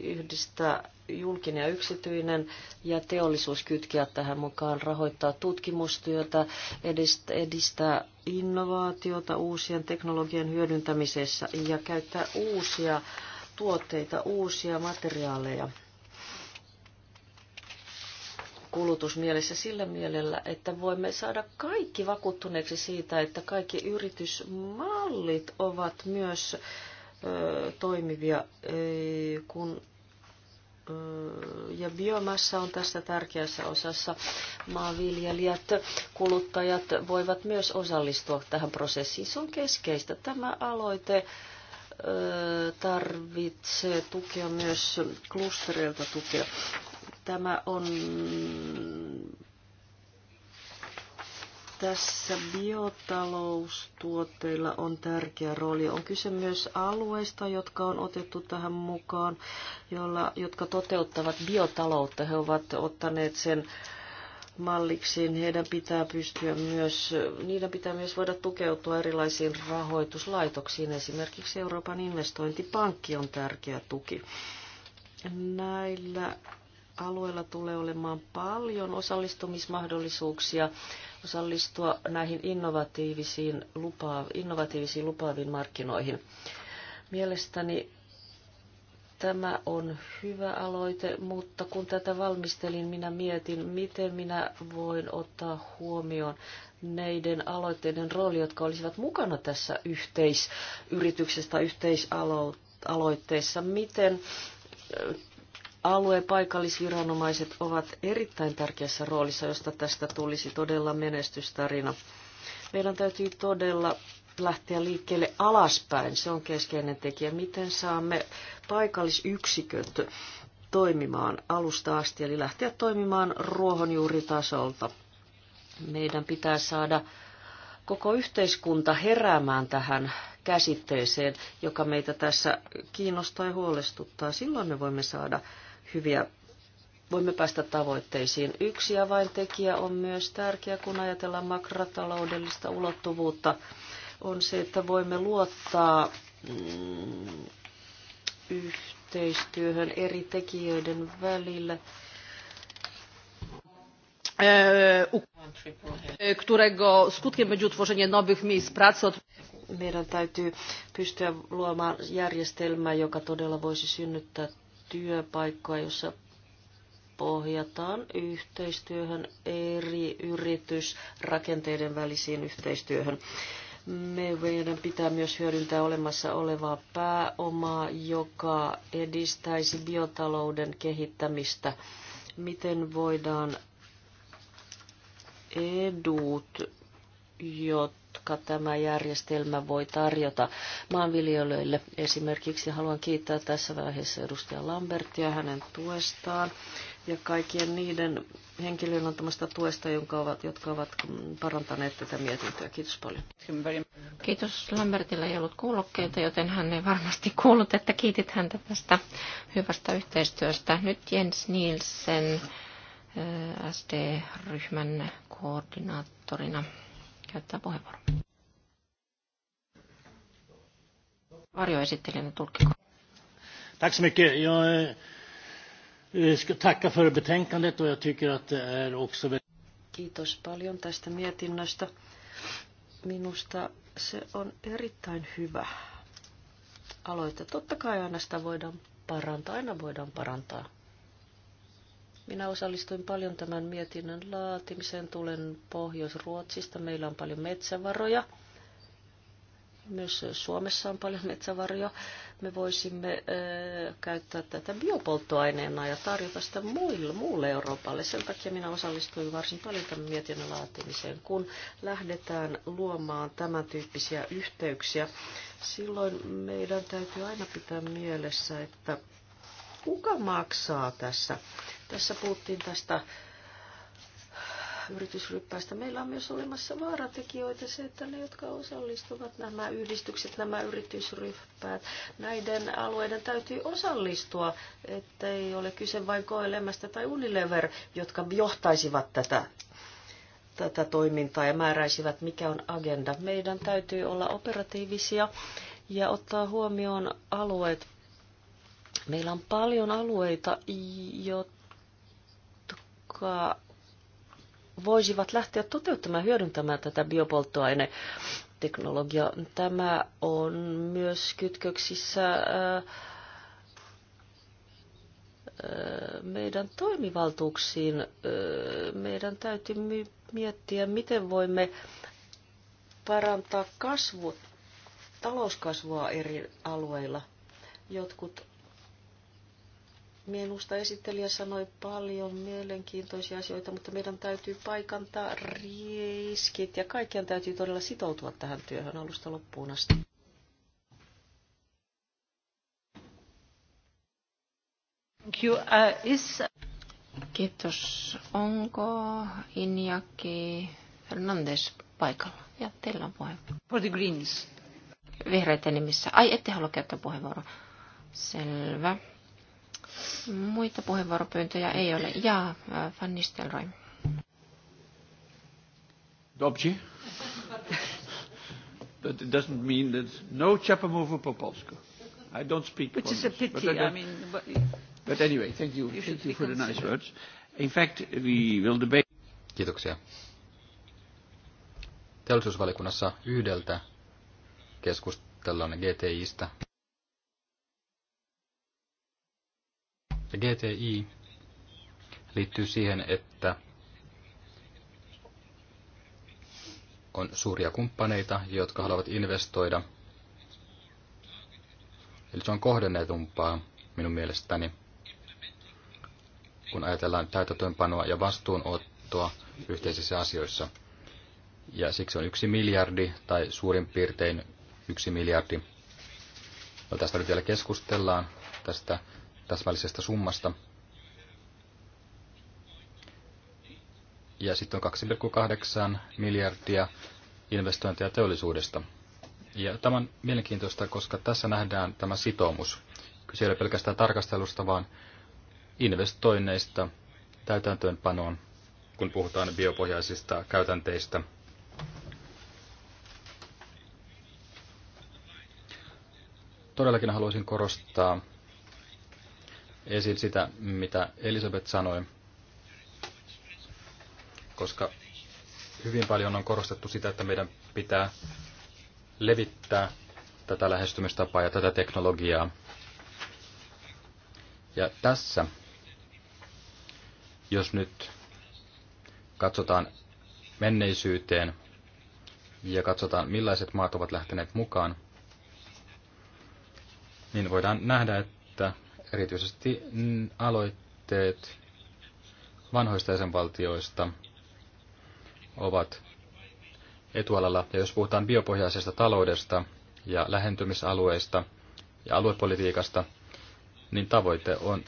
yhdistää julkinen ja yksityinen ja teollisuus kytkeä tähän mukaan, rahoittaa tutkimustyötä, edistää, edistää innovaatiota uusien teknologian hyödyntämisessä ja käyttää uusia tuotteita, uusia materiaaleja kulutusmielessä sillä mielellä, että voimme saada kaikki vakuuttuneeksi siitä, että kaikki yritysmallit ovat myös ö, toimivia, ö, kun ja biomassa on tässä tärkeässä osassa. Maanviljelijät, kuluttajat voivat myös osallistua tähän prosessiin. Se on keskeistä. Tämä aloite tarvitsee tukea myös klustereilta tukea. Tämä on tässä biotaloustuotteilla on tärkeä rooli. On kyse myös alueista, jotka on otettu tähän mukaan, joilla, jotka toteuttavat biotaloutta. He ovat ottaneet sen malliksiin. Heidän pitää pystyä myös, niiden pitää myös voida tukeutua erilaisiin rahoituslaitoksiin. Esimerkiksi Euroopan investointipankki on tärkeä tuki. Näillä alueilla tulee olemaan paljon osallistumismahdollisuuksia osallistua näihin innovatiivisiin, lupaa, innovatiivisiin lupaaviin markkinoihin. Mielestäni tämä on hyvä aloite, mutta kun tätä valmistelin, minä mietin, miten minä voin ottaa huomioon neiden aloitteiden rooli, jotka olisivat mukana tässä yhteisyrityksessä tai yhteisaloitteessa. Miten Alueen paikallisviranomaiset ovat erittäin tärkeässä roolissa, josta tästä tulisi todella menestystarina. Meidän täytyy todella lähteä liikkeelle alaspäin. Se on keskeinen tekijä. Miten saamme paikallisyksiköt toimimaan alusta asti, eli lähteä toimimaan ruohonjuuritasolta. Meidän pitää saada koko yhteiskunta heräämään tähän käsitteeseen, joka meitä tässä kiinnostaa ja huolestuttaa. Silloin me voimme saada hyviä voimme päästä tavoitteisiin. Yksi avaintekijä on myös tärkeä, kun ajatellaan makrotaloudellista ulottuvuutta, on se, että voimme luottaa mm, yhteistyöhön eri tekijöiden välillä. którego skutkiem będzie utworzenie nowych miejsc pracy. Meidän täytyy pystyä luomaan järjestelmää, joka todella voisi synnyttää työpaikkoja, jossa pohjataan yhteistyöhön eri yritysrakenteiden välisiin yhteistyöhön. Meidän pitää myös hyödyntää olemassa olevaa pääomaa, joka edistäisi biotalouden kehittämistä. Miten voidaan edut, jot jotka tämä järjestelmä voi tarjota maanviljelijöille. Esimerkiksi haluan kiittää tässä vaiheessa edustaja Lambertia hänen tuestaan ja kaikkien niiden henkilöiden antamasta tuesta, jonka ovat, jotka ovat parantaneet tätä mietintöä. Kiitos paljon. Kiitos. Lambertilla ei ollut kuulokkeita, joten hän ei varmasti kuullut, että kiitit häntä tästä hyvästä yhteistyöstä. Nyt Jens Nielsen SD-ryhmän koordinaattorina käyttää puheenvuoron. Varjo esitteli ne tulkiko. Tack så mycket. Jag eh, ska tacka för betänkandet och jag tycker att det är också Kiitos paljon tästä mietinnöstä. Minusta se on erittäin hyvä aloite. Totta kai aina sitä voidaan parantaa, aina voidaan parantaa minä osallistuin paljon tämän mietinnön laatimiseen. Tulen Pohjois-Ruotsista. Meillä on paljon metsävaroja. Myös Suomessa on paljon metsävaroja. Me voisimme äh, käyttää tätä biopolttoaineena ja tarjota sitä muille, muulle Euroopalle. Sen takia minä osallistuin varsin paljon tämän mietinnön laatimiseen. Kun lähdetään luomaan tämän tyyppisiä yhteyksiä, silloin meidän täytyy aina pitää mielessä, että Kuka maksaa tässä? Tässä puhuttiin tästä yritysryppäistä. Meillä on myös olemassa vaaratekijöitä se, että ne, jotka osallistuvat nämä yhdistykset, nämä yritysryppäät, näiden alueiden täytyy osallistua, ettei ole kyse vain koelemästä tai Unilever, jotka johtaisivat tätä tätä toimintaa ja määräisivät, mikä on agenda. Meidän täytyy olla operatiivisia ja ottaa huomioon alueet, Meillä on paljon alueita, jotka voisivat lähteä toteuttamaan hyödyntämään tätä biopolttoaineteknologiaa. Tämä on myös kytköksissä äh, äh, meidän toimivaltuuksiin. Äh, meidän täytyy miettiä, miten voimme parantaa kasvu, talouskasvua eri alueilla. Jotkut Minusta esittelijä sanoi paljon mielenkiintoisia asioita, mutta meidän täytyy paikantaa riskit ja kaikkien täytyy todella sitoutua tähän työhön alusta loppuun asti. Uh, uh, Kiitos. Onko Injaki Fernandes paikalla? Ja teillä on puheenvuoro. For the Greens. Vihreiden nimissä. Ai, ette halua käyttää puheenvuoroa. Selvä. Muita puheenvuoropyyntöjä ei ole. Ja äh, Van Nistelrooy. Dobji. But it doesn't mean that no Chapamovo Popolsko. I don't speak Which Polish, is a pity. But I, I mean, but, but anyway, thank you, you thank you for the nice words. In fact, we will debate. Kiitoksia. Teollisuusvalikunnassa yhdeltä keskustellaan GTIstä. GTI liittyy siihen, että on suuria kumppaneita, jotka haluavat investoida. Eli se on kohdennetumpaa minun mielestäni, kun ajatellaan täytäntöönpanoa ja vastuunottoa yhteisissä asioissa. Ja siksi on yksi miljardi tai suurin piirtein yksi miljardi. No tästä nyt vielä keskustellaan, tästä täsmällisestä summasta. Ja sitten on 2,8 miljardia investointeja teollisuudesta. Ja tämä on mielenkiintoista, koska tässä nähdään tämä sitoumus. Kyse ei ole pelkästään tarkastelusta, vaan investoinneista täytäntöönpanoon, kun puhutaan biopohjaisista käytänteistä. Todellakin haluaisin korostaa esiin sitä, mitä Elisabeth sanoi, koska hyvin paljon on korostettu sitä, että meidän pitää levittää tätä lähestymistapaa ja tätä teknologiaa. Ja tässä, jos nyt katsotaan menneisyyteen ja katsotaan millaiset maat ovat lähteneet mukaan, niin voidaan nähdä, että erityisesti aloitteet vanhoista jäsenvaltioista ovat etualalla. Ja jos puhutaan biopohjaisesta taloudesta ja lähentymisalueista ja aluepolitiikasta, niin tavoite on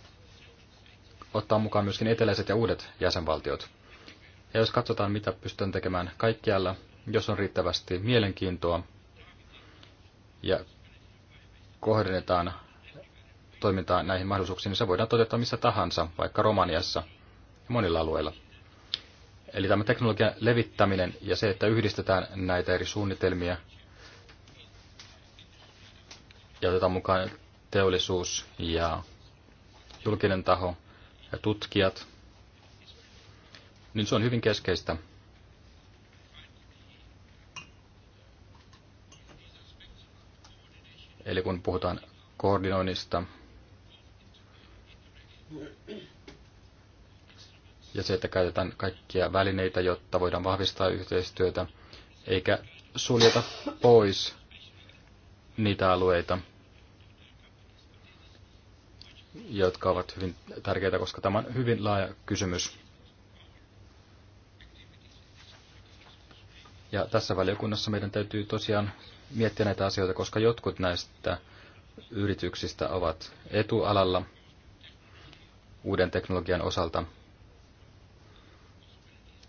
ottaa mukaan myöskin eteläiset ja uudet jäsenvaltiot. Ja jos katsotaan, mitä pystytään tekemään kaikkialla, jos on riittävästi mielenkiintoa ja kohdennetaan toimintaa näihin mahdollisuuksiin, niin se voidaan toteuttaa missä tahansa, vaikka Romaniassa ja monilla alueilla. Eli tämä teknologian levittäminen ja se, että yhdistetään näitä eri suunnitelmia ja otetaan mukaan teollisuus ja julkinen taho ja tutkijat, niin se on hyvin keskeistä. Eli kun puhutaan koordinoinnista ja se, että käytetään kaikkia välineitä, jotta voidaan vahvistaa yhteistyötä, eikä suljeta pois niitä alueita, jotka ovat hyvin tärkeitä, koska tämä on hyvin laaja kysymys. Ja tässä valiokunnassa meidän täytyy tosiaan miettiä näitä asioita, koska jotkut näistä yrityksistä ovat etualalla – uuden teknologian osalta,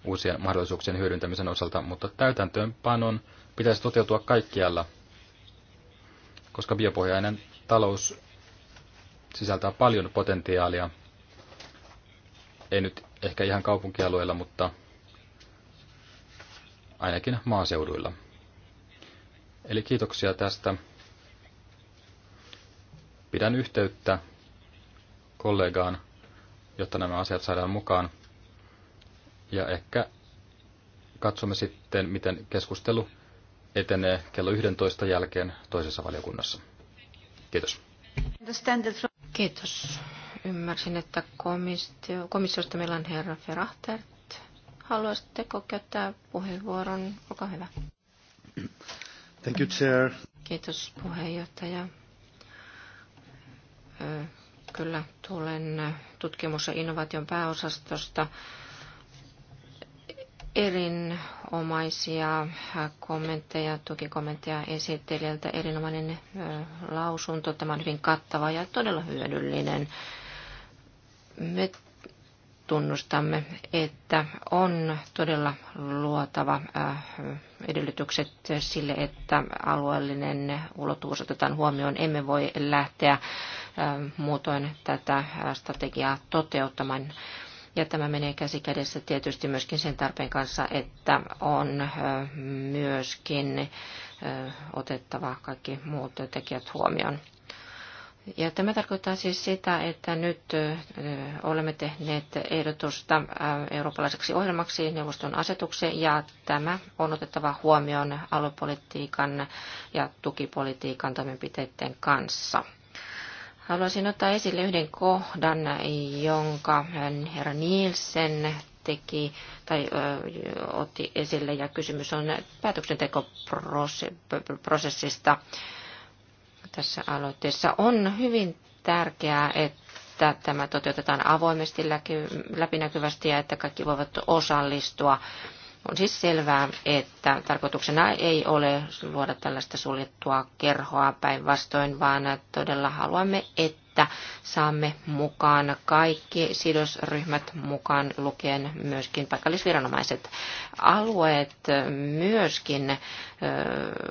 uusien mahdollisuuksien hyödyntämisen osalta, mutta täytäntöönpanon pitäisi toteutua kaikkialla, koska biopohjainen talous sisältää paljon potentiaalia. Ei nyt ehkä ihan kaupunkialueilla, mutta ainakin maaseuduilla. Eli kiitoksia tästä. Pidän yhteyttä kollegaan jotta nämä asiat saadaan mukaan. Ja ehkä katsomme sitten, miten keskustelu etenee kello 11 jälkeen toisessa valiokunnassa. Kiitos. Kiitos. Ymmärsin, että komissio, komissiosta meillä on herra Ferahtert. Haluaisitteko käyttää puheenvuoron? Olkaa hyvä. Thank you, chair. Kiitos puheenjohtaja. Kyllä, tulen tutkimus- ja innovaation pääosastosta erinomaisia kommentteja, tukikommentteja esittelijältä. Erinomainen lausunto. Tämä on hyvin kattava ja todella hyödyllinen. Me tunnustamme, että on todella luotava äh, edellytykset sille, että alueellinen ulottuvuus otetaan huomioon. Emme voi lähteä äh, muutoin tätä äh, strategiaa toteuttamaan. Ja tämä menee käsi kädessä tietysti myöskin sen tarpeen kanssa, että on myöskin otettava kaikki muut tekijät huomioon. Ja tämä tarkoittaa siis sitä, että nyt olemme tehneet ehdotusta eurooppalaiseksi ohjelmaksi neuvoston asetukseen ja tämä on otettava huomioon aluepolitiikan ja tukipolitiikan toimenpiteiden kanssa. Haluaisin ottaa esille yhden kohdan, jonka herra Nielsen teki tai ö, otti esille ja kysymys on päätöksentekoprosessista. Pros- tässä aloitteessa. On hyvin tärkeää, että tämä toteutetaan avoimesti, läpinäkyvästi ja että kaikki voivat osallistua. On siis selvää, että tarkoituksena ei ole luoda tällaista suljettua kerhoa päinvastoin, vaan todella haluamme, että että saamme mukaan kaikki sidosryhmät mukaan lukien myöskin paikallisviranomaiset. Alueet myöskin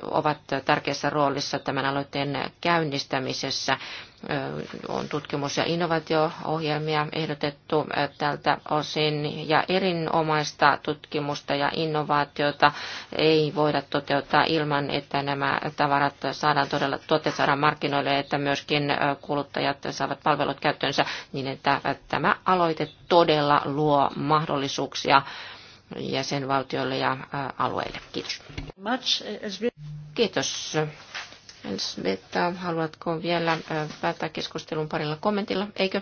ovat tärkeässä roolissa tämän aloitteen käynnistämisessä on tutkimus- ja innovaatio-ohjelmia ehdotettu tältä osin, ja erinomaista tutkimusta ja innovaatiota ei voida toteuttaa ilman, että nämä tavarat saadaan todella, tuotteet saadaan markkinoille, että myöskin kuluttaja asiakkaat saavat palvelut käyttöönsä, niin että tämä aloite todella luo mahdollisuuksia jäsenvaltioille ja alueille. Kiitos. Kiitos. Elzbieta, haluatko vielä päättää keskustelun parilla kommentilla, eikö?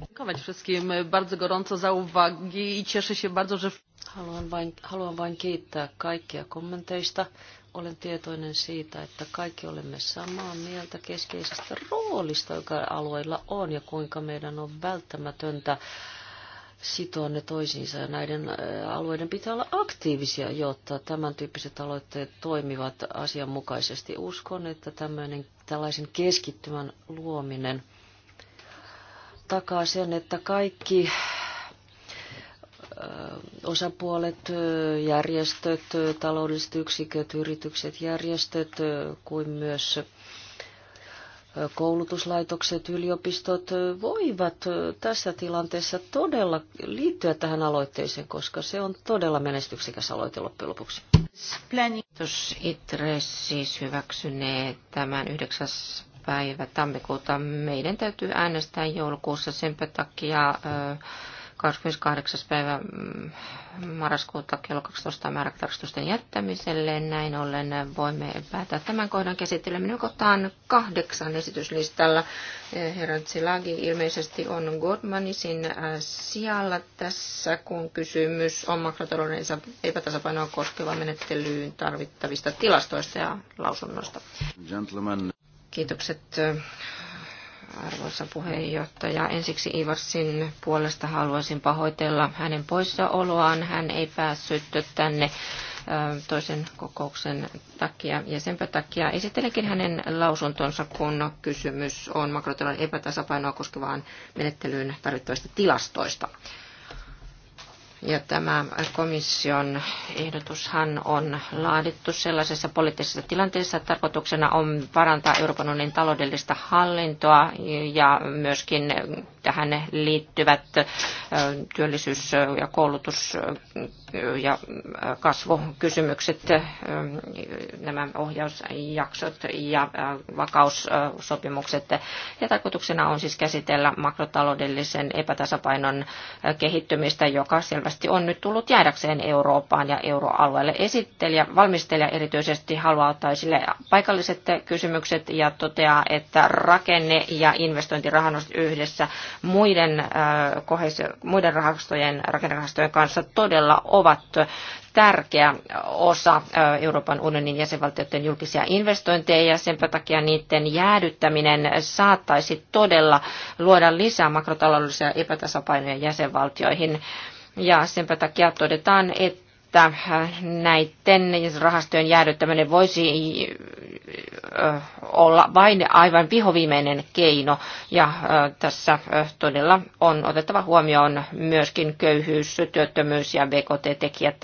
Dziękować wszystkim bardzo gorąco za uwagi i cieszę się bardzo, że... Haluan vain, haluan vain kiittää kaikkia kommenteista. Olen tietoinen siitä, että kaikki olemme samaa mieltä keskeisestä roolista, joka alueilla on ja kuinka meidän on välttämätöntä sitoa ne toisiinsa ja näiden äh, alueiden pitää olla aktiivisia, jotta tämän tyyppiset aloitteet toimivat asianmukaisesti. Uskon, että tämmöinen, tällaisen keskittymän luominen takaa sen, että kaikki osapuolet, järjestöt, taloudelliset yksiköt, yritykset, järjestöt kuin myös koulutuslaitokset, yliopistot voivat tässä tilanteessa todella liittyä tähän aloitteeseen, koska se on todella menestyksekäs aloite loppujen lopuksi. Planitus siis hyväksynee tämän 9. päivä tammikuuta. Meidän täytyy äänestää joulukuussa senpä takia 28. päivä mm, marraskuuta kello 12 määrätarkistusten jättämiselle. Näin ollen voimme päättää tämän kohdan Minun kohtaan kahdeksan esityslistalla. Herra Zilagi ilmeisesti on Godmanisin äh, sijalla tässä, kun kysymys on makrotalouden epätasapainoa koskeva menettelyyn tarvittavista tilastoista ja lausunnoista. Gentlemen. Kiitokset äh, arvoisa puheenjohtaja. Ensiksi Ivarsin puolesta haluaisin pahoitella hänen poissaoloaan. Hän ei päässyt tänne toisen kokouksen takia ja senpä takia esittelenkin hänen lausuntonsa, kun kysymys on makrotilan epätasapainoa koskevaan menettelyyn tarvittavista tilastoista. Ja tämä komission ehdotushan on laadittu sellaisessa poliittisessa tilanteessa, että tarkoituksena on parantaa Euroopan unionin taloudellista hallintoa ja myöskin tähän liittyvät työllisyys- ja koulutus- ja kasvukysymykset, nämä ohjausjaksot ja vakaussopimukset. Ja tarkoituksena on siis käsitellä makrotaloudellisen epätasapainon kehittymistä, joka selvästi on nyt tullut jäädäkseen Eurooppaan ja euroalueelle. Esittelijä, valmistelija erityisesti haluaa ottaa esille paikalliset kysymykset ja toteaa, että rakenne- ja investointirahastot yhdessä muiden, äh, kohesio, muiden rahastojen, rakennerahastojen kanssa todella ovat tärkeä osa äh, Euroopan unionin jäsenvaltioiden julkisia investointeja ja sen takia niiden jäädyttäminen saattaisi todella luoda lisää makrotaloudellisia epätasapainoja jäsenvaltioihin. Ja senpä takia todetaan, että äh, näiden rahastojen jäädyttäminen voisi äh, olla vain aivan vihoviimeinen keino. Ja äh, tässä todella on otettava huomioon myöskin köyhyys, työttömyys ja BKT-tekijät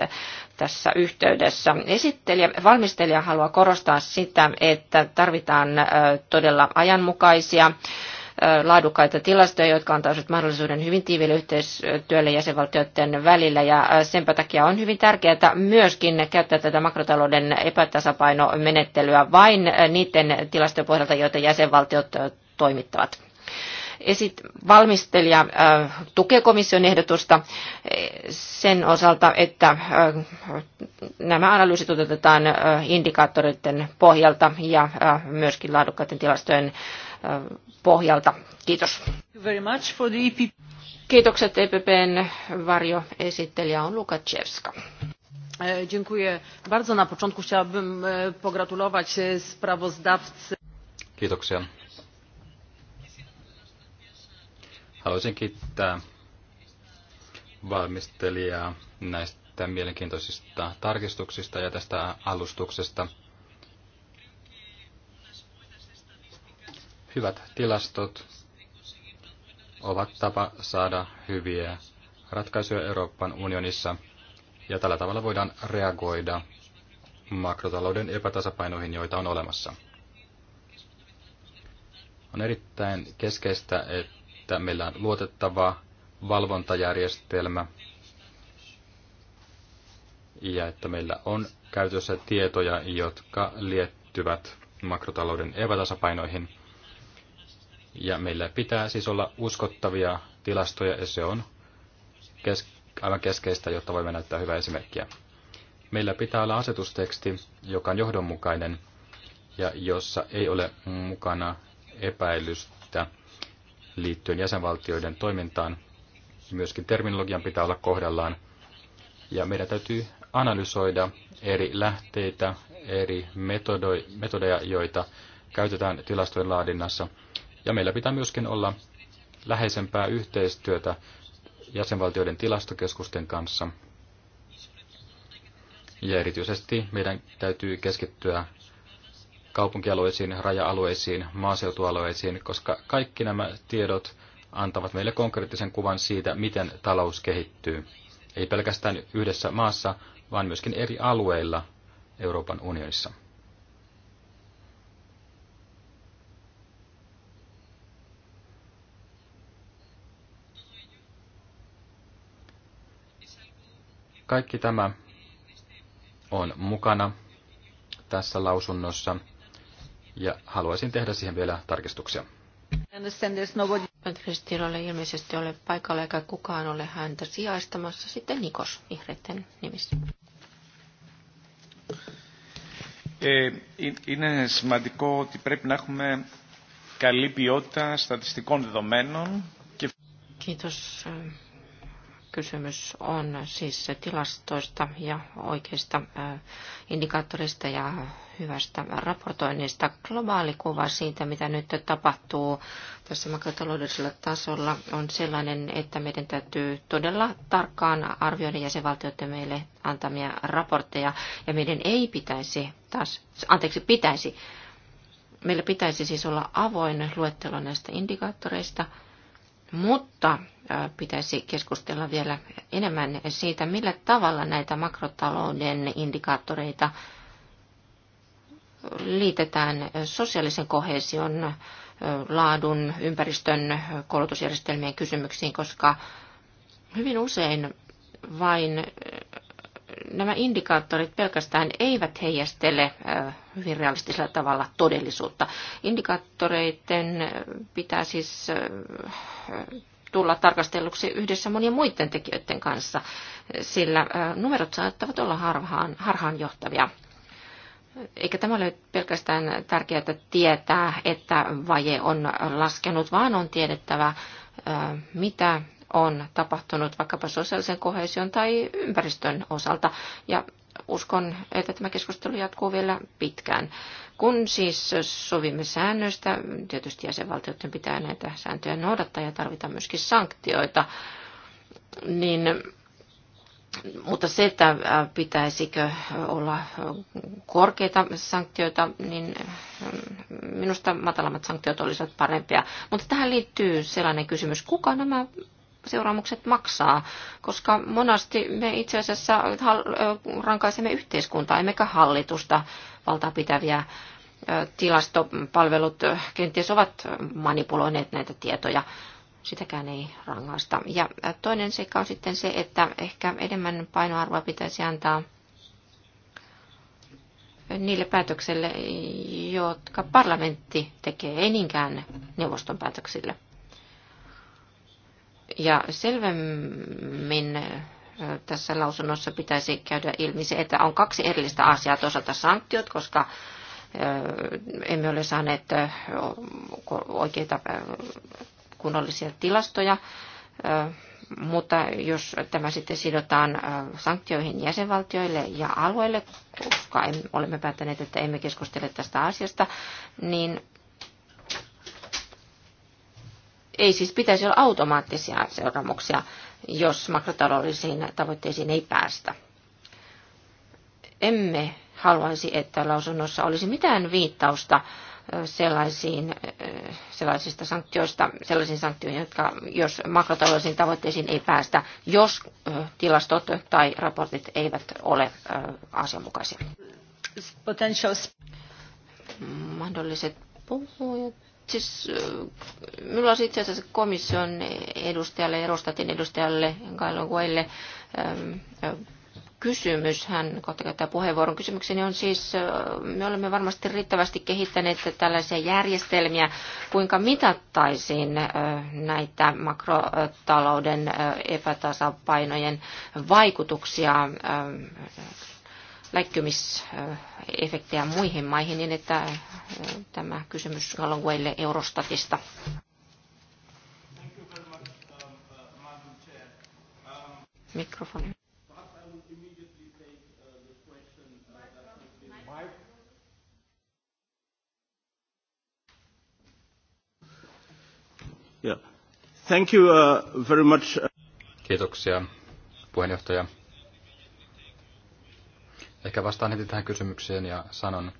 tässä yhteydessä. Esittelijä, valmistelija haluaa korostaa sitä, että tarvitaan todella ajanmukaisia laadukkaita tilastoja, jotka antaisivat mahdollisuuden hyvin tiiville yhteistyölle jäsenvaltioiden välillä. Ja sen takia on hyvin tärkeää myöskin käyttää tätä makrotalouden epätasapainomenettelyä vain niiden tilastojen pohjalta, joita jäsenvaltiot toimittavat esit, valmistelija tukee komission ehdotusta e, sen osalta, että nämä analyysit otetaan indikaattoreiden pohjalta ja myöskin laadukkaiden tilastojen pohjalta. Kiitos. E Kiitokset EPPn varjoesittelijä on Lukaczewska. E, dziękuję bardzo. Na początku chciałabym e, pogratulować sprawozdawcy. Kiitoksia. Haluaisin kiittää valmistelijaa näistä mielenkiintoisista tarkistuksista ja tästä alustuksesta – Hyvät tilastot ovat tapa saada hyviä ratkaisuja Euroopan unionissa, ja tällä tavalla voidaan reagoida makrotalouden epätasapainoihin, joita on olemassa. On erittäin keskeistä, että meillä on luotettava valvontajärjestelmä ja että meillä on käytössä tietoja, jotka liittyvät makrotalouden epätasapainoihin – ja meillä pitää siis olla uskottavia tilastoja ja se on kes- aivan keskeistä, jotta voimme näyttää hyvää esimerkkiä. Meillä pitää olla asetusteksti, joka on johdonmukainen ja jossa ei ole mukana epäilystä liittyen jäsenvaltioiden toimintaan. Myöskin terminologian pitää olla kohdallaan. Ja meidän täytyy analysoida eri lähteitä, eri metodeja, joita käytetään tilastojen laadinnassa – ja meillä pitää myöskin olla läheisempää yhteistyötä jäsenvaltioiden tilastokeskusten kanssa. Ja erityisesti meidän täytyy keskittyä kaupunkialueisiin, raja-alueisiin, maaseutualueisiin, koska kaikki nämä tiedot antavat meille konkreettisen kuvan siitä, miten talous kehittyy. Ei pelkästään yhdessä maassa, vaan myöskin eri alueilla Euroopan unionissa. Kaikki tämä on mukana tässä lausunnossa ja haluaisin tehdä siihen vielä tarkistuksia. Kristillä ilmeisesti ole paikalla eikä kukaan ole häntä sijaistamassa. Sitten Nikos vihreiden nimissä. Eh, είναι σημαντικό ότι πρέπει να έχουμε καλή ποιότητα στατιστικών δεδομένων. Kiitos. Kysymys on siis tilastoista ja oikeista indikaattoreista ja hyvästä raportoinnista. Globaali kuva siitä, mitä nyt tapahtuu tässä makrotaloudellisella tasolla, on sellainen, että meidän täytyy todella tarkkaan arvioida jäsenvaltioiden meille antamia raportteja, ja meidän ei pitäisi taas, anteeksi, pitäisi, meillä pitäisi siis olla avoin luettelo näistä indikaattoreista – mutta pitäisi keskustella vielä enemmän siitä, millä tavalla näitä makrotalouden indikaattoreita liitetään sosiaalisen kohesion, laadun, ympäristön, koulutusjärjestelmien kysymyksiin, koska hyvin usein vain nämä indikaattorit pelkästään eivät heijastele hyvin realistisella tavalla todellisuutta. Indikaattoreiden pitää siis tulla tarkastelluksi yhdessä monien muiden tekijöiden kanssa, sillä numerot saattavat olla harhaan, harhaanjohtavia. Eikä tämä ole pelkästään tärkeää tietää, että vaje on laskenut, vaan on tiedettävä, mitä on tapahtunut vaikkapa sosiaalisen kohesion tai ympäristön osalta. Ja uskon, että tämä keskustelu jatkuu vielä pitkään. Kun siis sovimme säännöistä, tietysti jäsenvaltioiden pitää näitä sääntöjä noudattaa ja tarvitaan myöskin sanktioita, niin mutta se, että pitäisikö olla korkeita sanktioita, niin minusta matalammat sanktiot olisivat parempia. Mutta tähän liittyy sellainen kysymys, kuka nämä seuraamukset maksaa, koska monasti me itse asiassa rankaisemme yhteiskuntaa, emmekä hallitusta pitäviä tilastopalvelut kenties ovat manipuloineet näitä tietoja. Sitäkään ei rangaista. Ja toinen seikka on sitten se, että ehkä enemmän painoarvoa pitäisi antaa niille päätöksille, jotka parlamentti tekee, ei niinkään neuvoston päätöksille. Ja selvemmin tässä lausunnossa pitäisi käydä ilmi se, että on kaksi erillistä asiaa. Toisaalta sanktiot, koska emme ole saaneet oikeita kunnollisia tilastoja, mutta jos tämä sitten sidotaan sanktioihin jäsenvaltioille ja alueille, koska olemme päättäneet, että emme keskustele tästä asiasta, niin ei siis pitäisi olla automaattisia seuraamuksia, jos makrotaloudellisiin tavoitteisiin ei päästä. Emme haluaisi, että lausunnossa olisi mitään viittausta sellaisiin, sellaisista sanktioista, sellaisiin sanktioihin, jotka, jos makrotaloudellisiin tavoitteisiin ei päästä, jos tilastot tai raportit eivät ole asianmukaisia. Potentials. Mahdolliset puhujat siis äh, minulla olisi siis itse asiassa komission edustajalle, Erostatin edustajalle, Kailon Kuelle, ähm, äh, kysymys, hän kohta käyttää puheenvuoron. Kysymykseni on siis, äh, me olemme varmasti riittävästi kehittäneet tällaisia järjestelmiä, kuinka mitattaisiin näitä makrotalouden epätasapainojen vaikutuksia ähm, läikkymisefektejä muihin maihin, niin että äh, tämä kysymys Galongueille Eurostatista. Mikrofoni. Yeah. Thank you, uh, very much. Kiitoksia puheenjohtaja. Ehkä vastaan heti tähän kysymykseen ja sanon,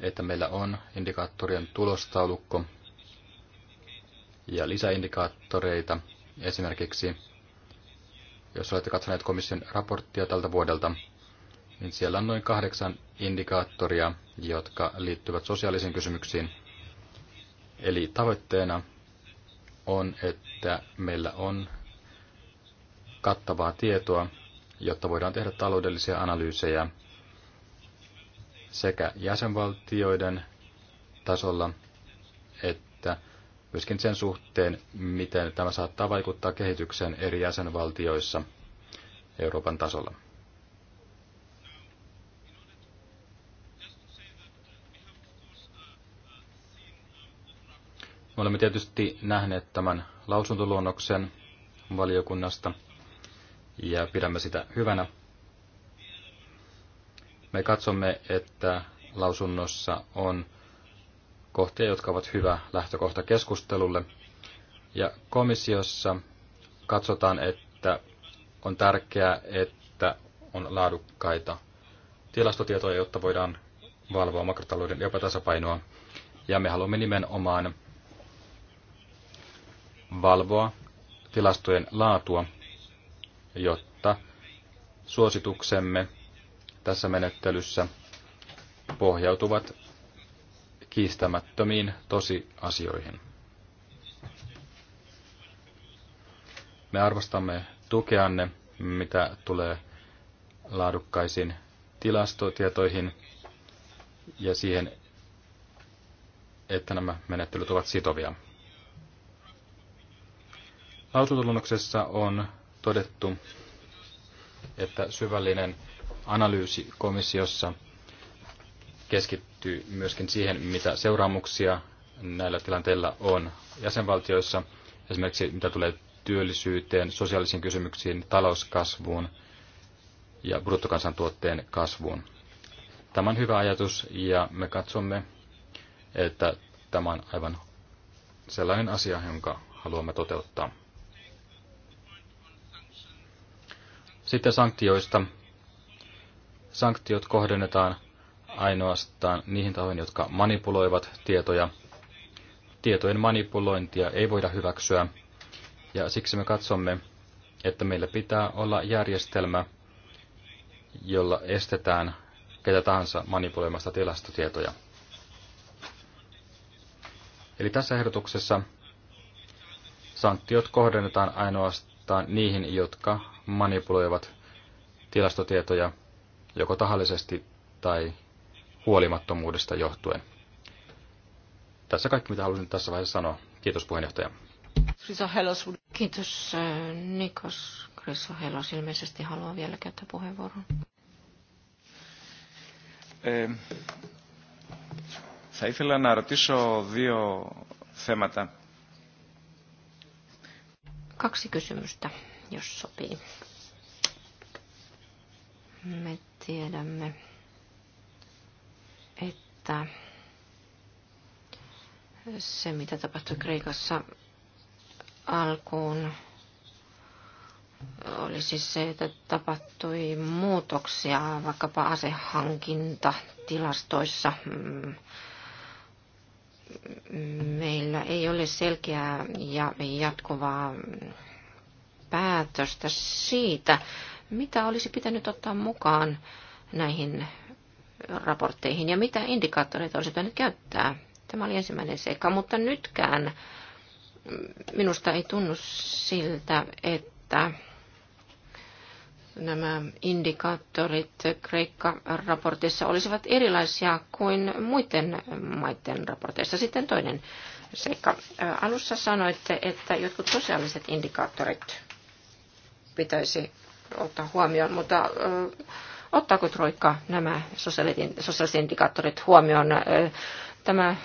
että meillä on indikaattorien tulostaulukko ja lisäindikaattoreita. Esimerkiksi, jos olette katsoneet komission raporttia tältä vuodelta, niin siellä on noin kahdeksan indikaattoria, jotka liittyvät sosiaalisiin kysymyksiin. Eli tavoitteena on, että meillä on kattavaa tietoa, jotta voidaan tehdä taloudellisia analyysejä sekä jäsenvaltioiden tasolla että myöskin sen suhteen, miten tämä saattaa vaikuttaa kehitykseen eri jäsenvaltioissa Euroopan tasolla. Me olemme tietysti nähneet tämän lausuntoluonnoksen valiokunnasta ja pidämme sitä hyvänä. Me katsomme, että lausunnossa on kohtia, jotka ovat hyvä lähtökohta keskustelulle. Ja komissiossa katsotaan, että on tärkeää, että on laadukkaita tilastotietoja, jotta voidaan valvoa makrotalouden epätasapainoa. Ja me haluamme nimenomaan valvoa tilastojen laatua, jotta suosituksemme tässä menettelyssä pohjautuvat kiistämättömiin tosiasioihin. Me arvostamme tukeanne, mitä tulee laadukkaisiin tilastotietoihin ja siihen, että nämä menettelyt ovat sitovia. Lausuntolunnoksessa on todettu, että syvällinen analyysi komissiossa keskittyy myöskin siihen, mitä seuraamuksia näillä tilanteilla on jäsenvaltioissa, esimerkiksi mitä tulee työllisyyteen, sosiaalisiin kysymyksiin, talouskasvuun ja bruttokansantuotteen kasvuun. Tämä on hyvä ajatus ja me katsomme, että tämä on aivan sellainen asia, jonka haluamme toteuttaa. Sitten sanktioista. Sanktiot kohdennetaan ainoastaan niihin tahoihin, jotka manipuloivat tietoja. Tietojen manipulointia ei voida hyväksyä, ja siksi me katsomme, että meillä pitää olla järjestelmä, jolla estetään ketä tahansa manipuloimasta tilastotietoja. Eli tässä ehdotuksessa sanktiot kohdennetaan ainoastaan niihin, jotka manipuloivat tilastotietoja joko tahallisesti tai huolimattomuudesta johtuen. Tässä kaikki, mitä halusin tässä vaiheessa sanoa. Kiitos puheenjohtaja. Kiitos äh, Nikos. Krisohelos ilmeisesti haluaa vielä käyttää puheenvuoron. Ähm, θα ήθελα να ρωτήσω δύο θέματα. Kaksi kysymystä jos sopii. Me tiedämme, että se, mitä tapahtui Kreikassa alkuun, oli siis se, että tapahtui muutoksia vaikkapa asehankinta tilastoissa. Meillä ei ole selkeää ja jatkuvaa päätöstä siitä, mitä olisi pitänyt ottaa mukaan näihin raportteihin ja mitä indikaattoreita olisi pitänyt käyttää. Tämä oli ensimmäinen seikka, mutta nytkään minusta ei tunnu siltä, että nämä indikaattorit Kreikka-raportissa olisivat erilaisia kuin muiden maiden raporteissa. Sitten toinen seikka. Alussa sanoitte, että jotkut sosiaaliset indikaattorit pitäisi ottaa huomioon, mutta ottaako Troikka nämä sosiaaliset indikaattorit huomioon Tämä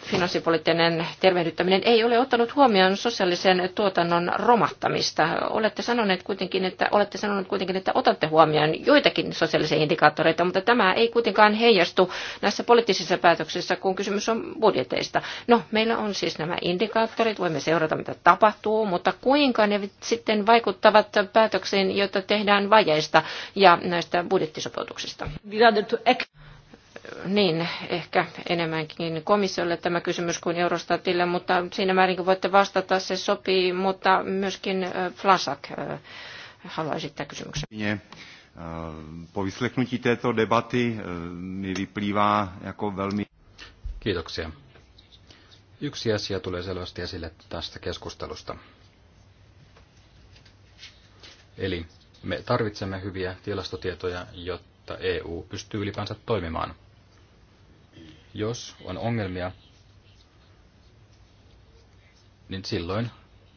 finanssipoliittinen tervehdyttäminen ei ole ottanut huomioon sosiaalisen tuotannon romahtamista. Olette sanoneet kuitenkin, että, olette sanoneet kuitenkin, että otatte huomioon joitakin sosiaalisia indikaattoreita, mutta tämä ei kuitenkaan heijastu näissä poliittisissa päätöksissä, kun kysymys on budjeteista. No, meillä on siis nämä indikaattorit, voimme seurata mitä tapahtuu, mutta kuinka ne sitten vaikuttavat päätöksiin, joita tehdään vajeista ja näistä budjettisopeutuksista? niin ehkä enemmänkin komissiolle tämä kysymys kuin Eurostatille, mutta siinä määrin kun voitte vastata, se sopii, mutta myöskin Flasak haluaa esittää kysymyksen. Po vyslechnutí této debaty mi vyplývá jako velmi... Kiitoksia. Yksi asia tulee selvästi esille tästä keskustelusta. Eli me tarvitsemme hyviä tilastotietoja, jotta EU pystyy ylipäänsä toimimaan – jos on ongelmia, niin silloin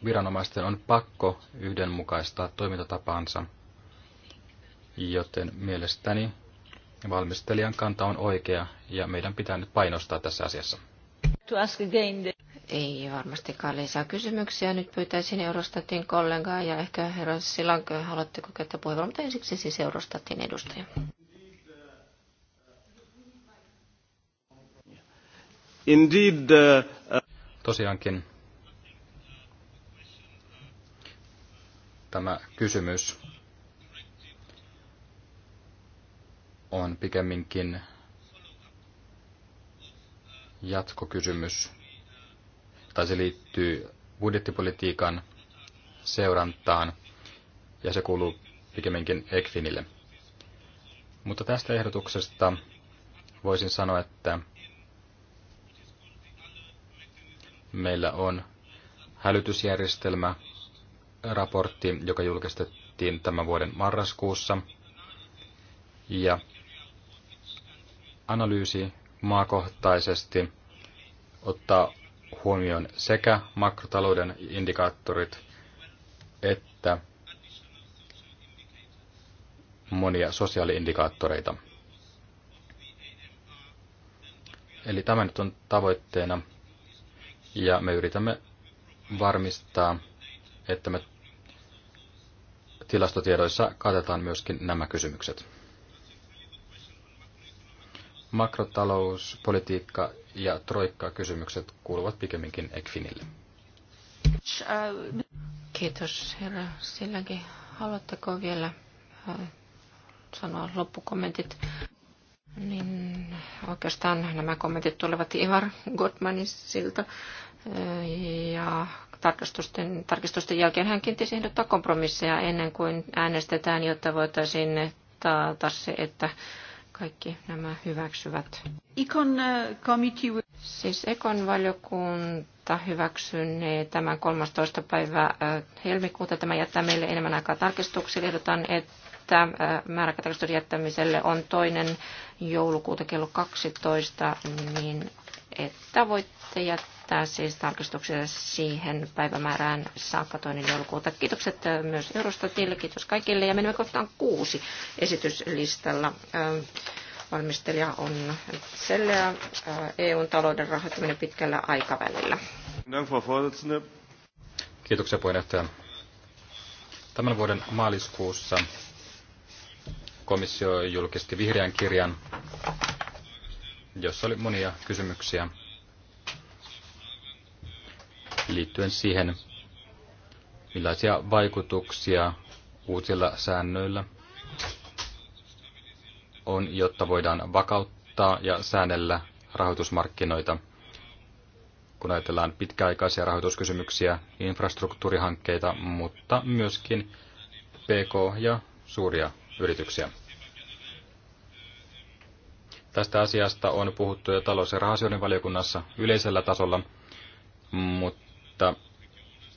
viranomaisten on pakko yhdenmukaistaa toimintatapaansa, joten mielestäni valmistelijan kanta on oikea ja meidän pitää nyt painostaa tässä asiassa. Ei varmastikaan lisää kysymyksiä. Nyt pyytäisin Eurostatin kollegaa ja ehkä herra Silankö, haluatteko käyttää puheenvuoron, mutta ensiksi siis Eurostatin edustaja. Indeed, uh, Tosiaankin tämä kysymys on pikemminkin jatkokysymys, tai se liittyy budjettipolitiikan seurantaan, ja se kuuluu pikemminkin ECFINille. Mutta tästä ehdotuksesta voisin sanoa, että meillä on hälytysjärjestelmä raportti, joka julkistettiin tämän vuoden marraskuussa. Ja analyysi maakohtaisesti ottaa huomioon sekä makrotalouden indikaattorit että monia sosiaaliindikaattoreita. Eli tämä nyt on tavoitteena ja me yritämme varmistaa, että me tilastotiedoissa katetaan myöskin nämä kysymykset. Makrotalouspolitiikka ja troikka-kysymykset kuuluvat pikemminkin ekfinille. Kiitos herra Silläkin. Haluatteko vielä äh, sanoa loppukommentit? Niin oikeastaan nämä kommentit tulevat Ivar Gottmanisilta. Ja tarkistusten, tarkistusten jälkeen hän kiinnitti ehdottaa kompromisseja ennen kuin äänestetään, jotta voitaisiin taata se, että kaikki nämä hyväksyvät. Econ committee... Siis Ekon valiokunta hyväksynee tämän 13. päivä helmikuuta. Tämä jättää meille enemmän aikaa tarkistuksille. Ehdotan, että että äh, määräkatarkastus jättämiselle on toinen joulukuuta kello 12, niin että voitte jättää siis tarkistuksia siihen päivämäärään saakka toinen joulukuuta. Kiitokset äh, myös Eurostatille, kiitos kaikille ja menemme kohtaan kuusi esityslistalla äh, valmistelija on Selleä EUn talouden rahoittaminen pitkällä aikavälillä. Kiitoksia puheenjohtaja. Tämän vuoden maaliskuussa komissio julkisti vihreän kirjan, jossa oli monia kysymyksiä liittyen siihen, millaisia vaikutuksia uusilla säännöillä on, jotta voidaan vakauttaa ja säännellä rahoitusmarkkinoita. Kun ajatellaan pitkäaikaisia rahoituskysymyksiä, infrastruktuurihankkeita, mutta myöskin PK- ja suuria yrityksiä. Tästä asiasta on puhuttu jo talous- ja rahasioiden valiokunnassa yleisellä tasolla, mutta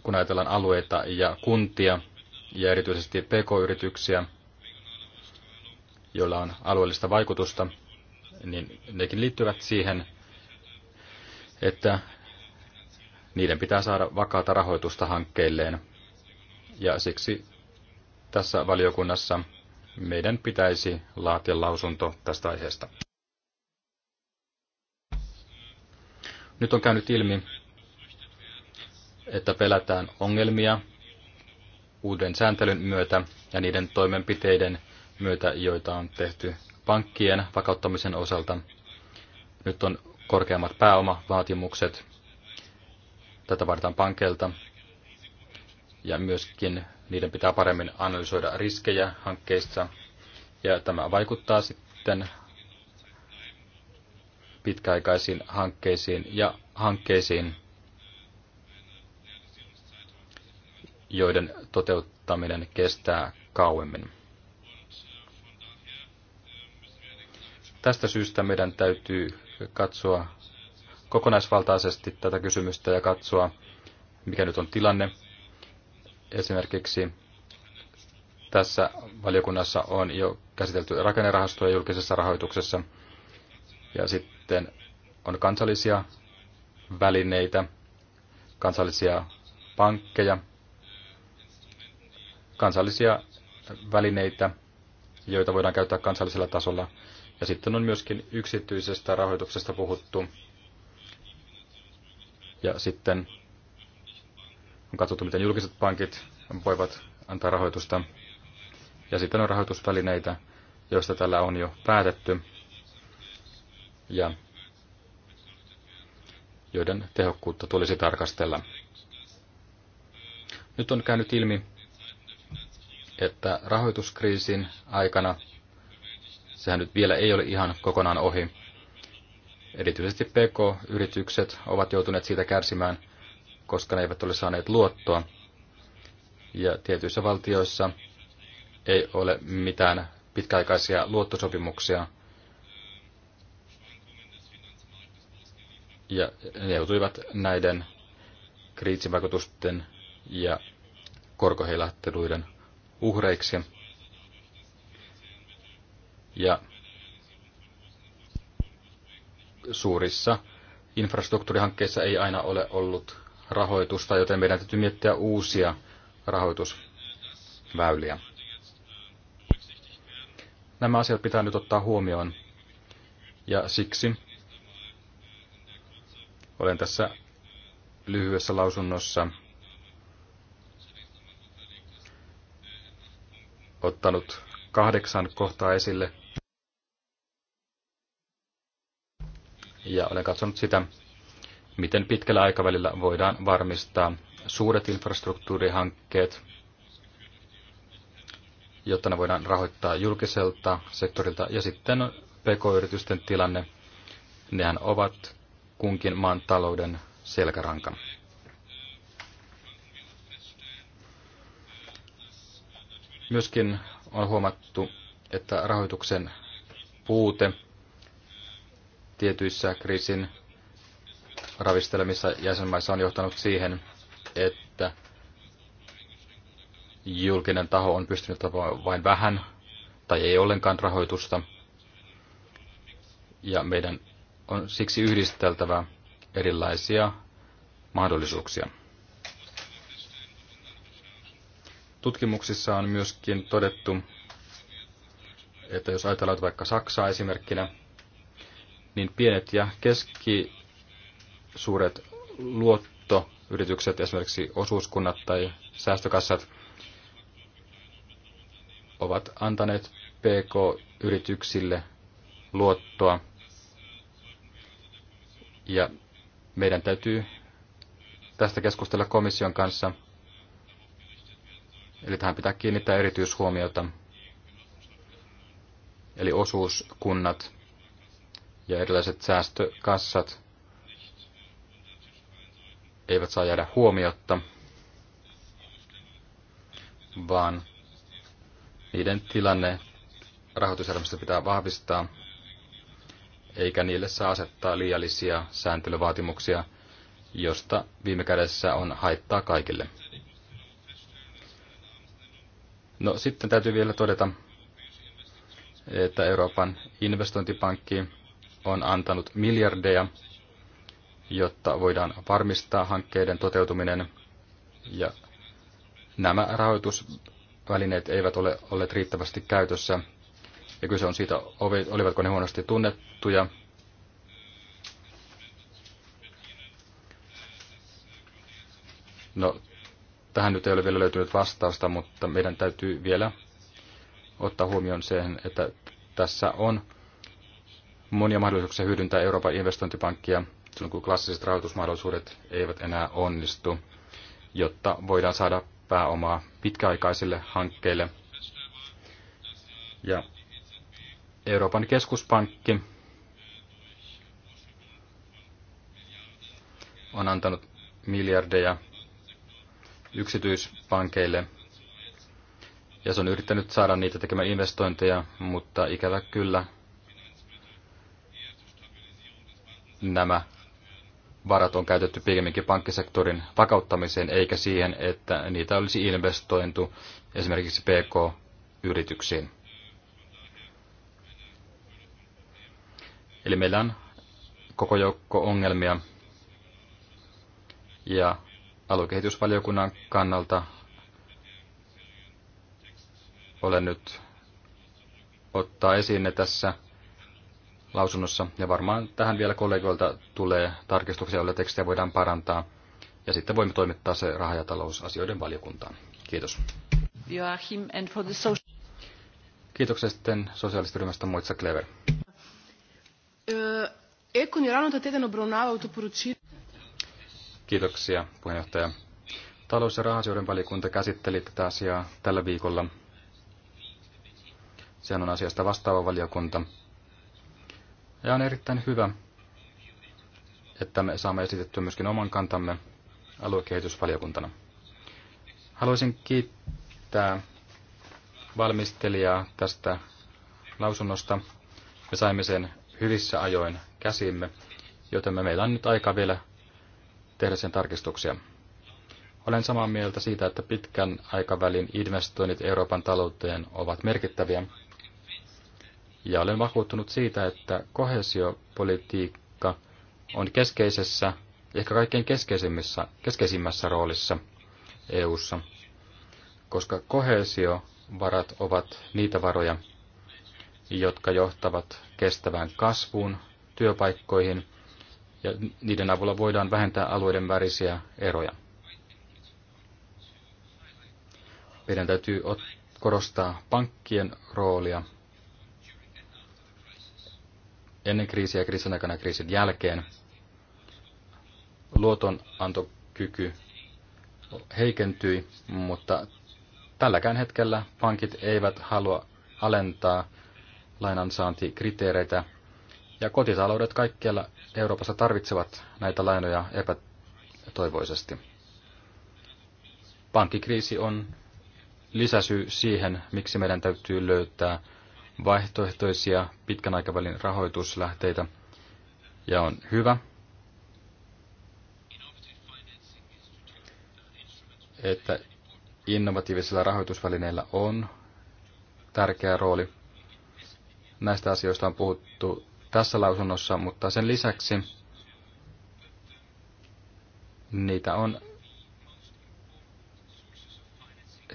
kun ajatellaan alueita ja kuntia ja erityisesti pk-yrityksiä, joilla on alueellista vaikutusta, niin nekin liittyvät siihen, että niiden pitää saada vakaata rahoitusta hankkeilleen. Ja siksi tässä valiokunnassa meidän pitäisi laatia lausunto tästä aiheesta. Nyt on käynyt ilmi, että pelätään ongelmia uuden sääntelyn myötä ja niiden toimenpiteiden myötä, joita on tehty pankkien vakauttamisen osalta. Nyt on korkeammat pääomavaatimukset. Tätä vaaditaan pankeilta. Ja myöskin niiden pitää paremmin analysoida riskejä hankkeissa, ja tämä vaikuttaa sitten pitkäaikaisiin hankkeisiin ja hankkeisiin, joiden toteuttaminen kestää kauemmin. Tästä syystä meidän täytyy katsoa kokonaisvaltaisesti tätä kysymystä ja katsoa, mikä nyt on tilanne Esimerkiksi tässä valiokunnassa on jo käsitelty rakennerahastoja julkisessa rahoituksessa ja sitten on kansallisia välineitä, kansallisia pankkeja, kansallisia välineitä, joita voidaan käyttää kansallisella tasolla. Ja sitten on myöskin yksityisestä rahoituksesta puhuttu. Ja sitten on katsottu, miten julkiset pankit voivat antaa rahoitusta. Ja sitten on rahoitusvälineitä, joista tällä on jo päätetty ja joiden tehokkuutta tulisi tarkastella. Nyt on käynyt ilmi, että rahoituskriisin aikana, sehän nyt vielä ei ole ihan kokonaan ohi, erityisesti PK-yritykset ovat joutuneet siitä kärsimään, koska ne eivät ole saaneet luottoa. Ja tietyissä valtioissa ei ole mitään pitkäaikaisia luottosopimuksia. Ja ne joutuivat näiden kriisivaikutusten ja korkoheilahteluiden uhreiksi. Ja suurissa infrastruktuurihankkeissa ei aina ole ollut rahoitusta, joten meidän täytyy miettiä uusia rahoitusväyliä. Nämä asiat pitää nyt ottaa huomioon ja siksi olen tässä lyhyessä lausunnossa ottanut kahdeksan kohtaa esille. Ja olen katsonut sitä, miten pitkällä aikavälillä voidaan varmistaa suuret infrastruktuurihankkeet, jotta ne voidaan rahoittaa julkiselta sektorilta. Ja sitten pk-yritysten tilanne, nehän ovat kunkin maan talouden selkäranka. Myöskin on huomattu, että rahoituksen puute tietyissä kriisin ravistelemissa jäsenmaissa on johtanut siihen, että julkinen taho on pystynyt vain vähän tai ei ollenkaan rahoitusta. Ja meidän on siksi yhdisteltävä erilaisia mahdollisuuksia. Tutkimuksissa on myöskin todettu, että jos ajatellaan vaikka Saksaa esimerkkinä, niin pienet ja keski suuret luottoyritykset, esimerkiksi osuuskunnat tai säästökassat, ovat antaneet PK-yrityksille luottoa. Ja meidän täytyy tästä keskustella komission kanssa. Eli tähän pitää kiinnittää erityishuomiota. Eli osuuskunnat ja erilaiset säästökassat eivät saa jäädä huomiotta, vaan niiden tilanne rahoitusjärjestelmästä pitää vahvistaa, eikä niille saa asettaa liiallisia sääntelyvaatimuksia, josta viime kädessä on haittaa kaikille. No sitten täytyy vielä todeta, että Euroopan investointipankki on antanut miljardeja jotta voidaan varmistaa hankkeiden toteutuminen. Ja nämä rahoitusvälineet eivät ole olleet riittävästi käytössä. Ja kyse on siitä, olivatko ne huonosti tunnettuja. No, tähän nyt ei ole vielä löytynyt vastausta, mutta meidän täytyy vielä ottaa huomioon sen, että tässä on monia mahdollisuuksia hyödyntää Euroopan investointipankkia – silloin kun klassiset rahoitusmahdollisuudet eivät enää onnistu, jotta voidaan saada pääomaa pitkäaikaisille hankkeille. Ja Euroopan keskuspankki on antanut miljardeja yksityispankeille ja se on yrittänyt saada niitä tekemään investointeja, mutta ikävä kyllä nämä varat on käytetty pikemminkin pankkisektorin vakauttamiseen, eikä siihen, että niitä olisi investointu esimerkiksi PK-yrityksiin. Eli meillä on koko joukko ongelmia. Ja aluekehitysvaliokunnan kannalta olen nyt ottaa esiin ne tässä – lausunnossa, ja varmaan tähän vielä kollegoilta tulee tarkistuksia, joilla tekstiä voidaan parantaa, ja sitten voimme toimittaa se raha- ja talousasioiden valiokuntaan. Kiitos. Joachim, and for the social... Kiitoksia sitten ryhmästä Moitsa Klever. Eh, Kiitoksia, puheenjohtaja. Talous- ja rahasioiden valiokunta käsitteli tätä asiaa tällä viikolla. Sehän on asiasta vastaava valiokunta. Ja on erittäin hyvä, että me saamme esitettyä myöskin oman kantamme aluekehitysvaliokuntana. Haluaisin kiittää valmistelijaa tästä lausunnosta. Me saimme sen hyvissä ajoin käsimme, joten me meillä on nyt aika vielä tehdä sen tarkistuksia. Olen samaa mieltä siitä, että pitkän aikavälin investoinnit Euroopan talouteen ovat merkittäviä, ja olen vakuuttunut siitä, että kohesiopolitiikka on keskeisessä, ehkä kaikkein keskeisimmässä, keskeisimmässä roolissa EU:ssa, koska kohesiovarat ovat niitä varoja, jotka johtavat kestävään kasvuun, työpaikkoihin, ja niiden avulla voidaan vähentää alueiden värisiä eroja. Meidän täytyy korostaa pankkien roolia ennen kriisiä, kriisin aikana ja kriisin jälkeen. Luotonantokyky heikentyi, mutta tälläkään hetkellä pankit eivät halua alentaa lainansaantikriteereitä, ja kotitaloudet kaikkialla Euroopassa tarvitsevat näitä lainoja epätoivoisesti. Pankkikriisi on lisäsyy siihen, miksi meidän täytyy löytää vaihtoehtoisia pitkän aikavälin rahoituslähteitä. Ja on hyvä, että innovatiivisilla rahoitusvälineillä on tärkeä rooli. Näistä asioista on puhuttu tässä lausunnossa, mutta sen lisäksi niitä on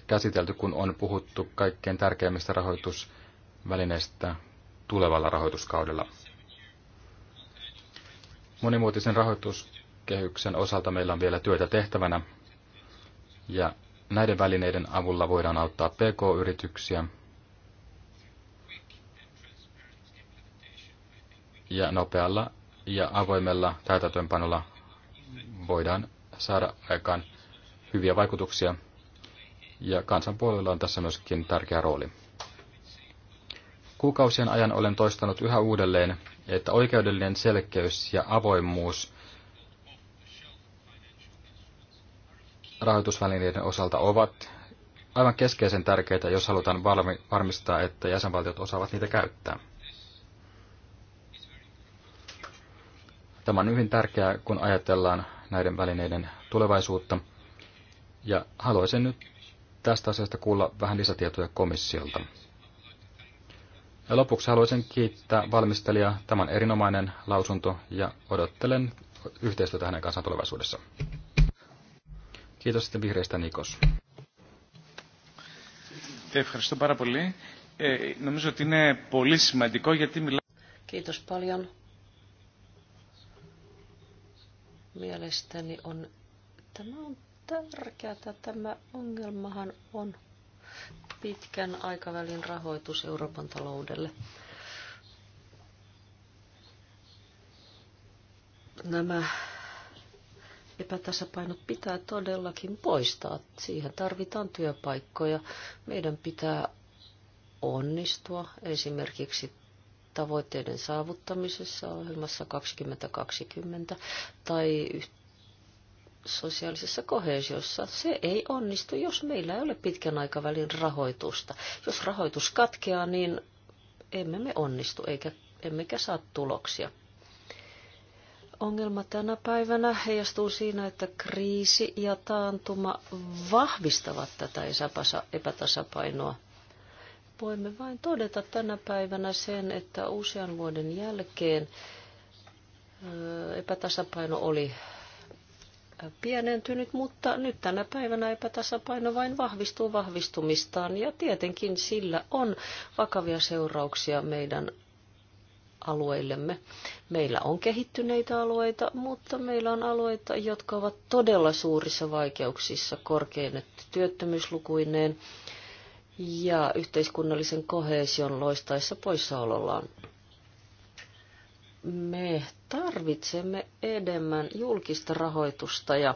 käsitelty, kun on puhuttu kaikkein tärkeimmistä rahoitus välineistä tulevalla rahoituskaudella. Monimuotisen rahoituskehyksen osalta meillä on vielä työtä tehtävänä, ja näiden välineiden avulla voidaan auttaa PK-yrityksiä ja nopealla ja avoimella täytäntöönpanolla voidaan saada aikaan hyviä vaikutuksia, ja kansanpuolella on tässä myöskin tärkeä rooli. Kuukausien ajan olen toistanut yhä uudelleen, että oikeudellinen selkeys ja avoimuus rahoitusvälineiden osalta ovat aivan keskeisen tärkeitä, jos halutaan varmistaa, että jäsenvaltiot osaavat niitä käyttää. Tämä on hyvin tärkeää, kun ajatellaan näiden välineiden tulevaisuutta. Ja haluaisin nyt tästä asiasta kuulla vähän lisätietoja komissiolta. Ja lopuksi haluaisin kiittää valmistelijaa. tämän erinomainen lausunto ja odottelen yhteistyötä hänen kanssaan tulevaisuudessa. Kiitos sitten vihreistä Nikos. Kiitos paljon. Mielestäni on, tämä on tärkeää. Tämä ongelmahan on pitkän aikavälin rahoitus Euroopan taloudelle. Nämä epätasapainot pitää todellakin poistaa. Siihen tarvitaan työpaikkoja. Meidän pitää onnistua esimerkiksi tavoitteiden saavuttamisessa ohjelmassa 2020 tai sosiaalisessa kohesiossa. Se ei onnistu, jos meillä ei ole pitkän aikavälin rahoitusta. Jos rahoitus katkeaa, niin emme me onnistu eikä, emmekä saa tuloksia. Ongelma tänä päivänä heijastuu siinä, että kriisi ja taantuma vahvistavat tätä epätasapainoa. Voimme vain todeta tänä päivänä sen, että usean vuoden jälkeen epätasapaino oli pienentynyt, mutta nyt tänä päivänä epätasapaino vain vahvistuu vahvistumistaan ja tietenkin sillä on vakavia seurauksia meidän alueillemme. Meillä on kehittyneitä alueita, mutta meillä on alueita, jotka ovat todella suurissa vaikeuksissa korkein työttömyyslukuineen ja yhteiskunnallisen kohesion loistaessa poissaolollaan me tarvitsemme enemmän julkista rahoitusta ja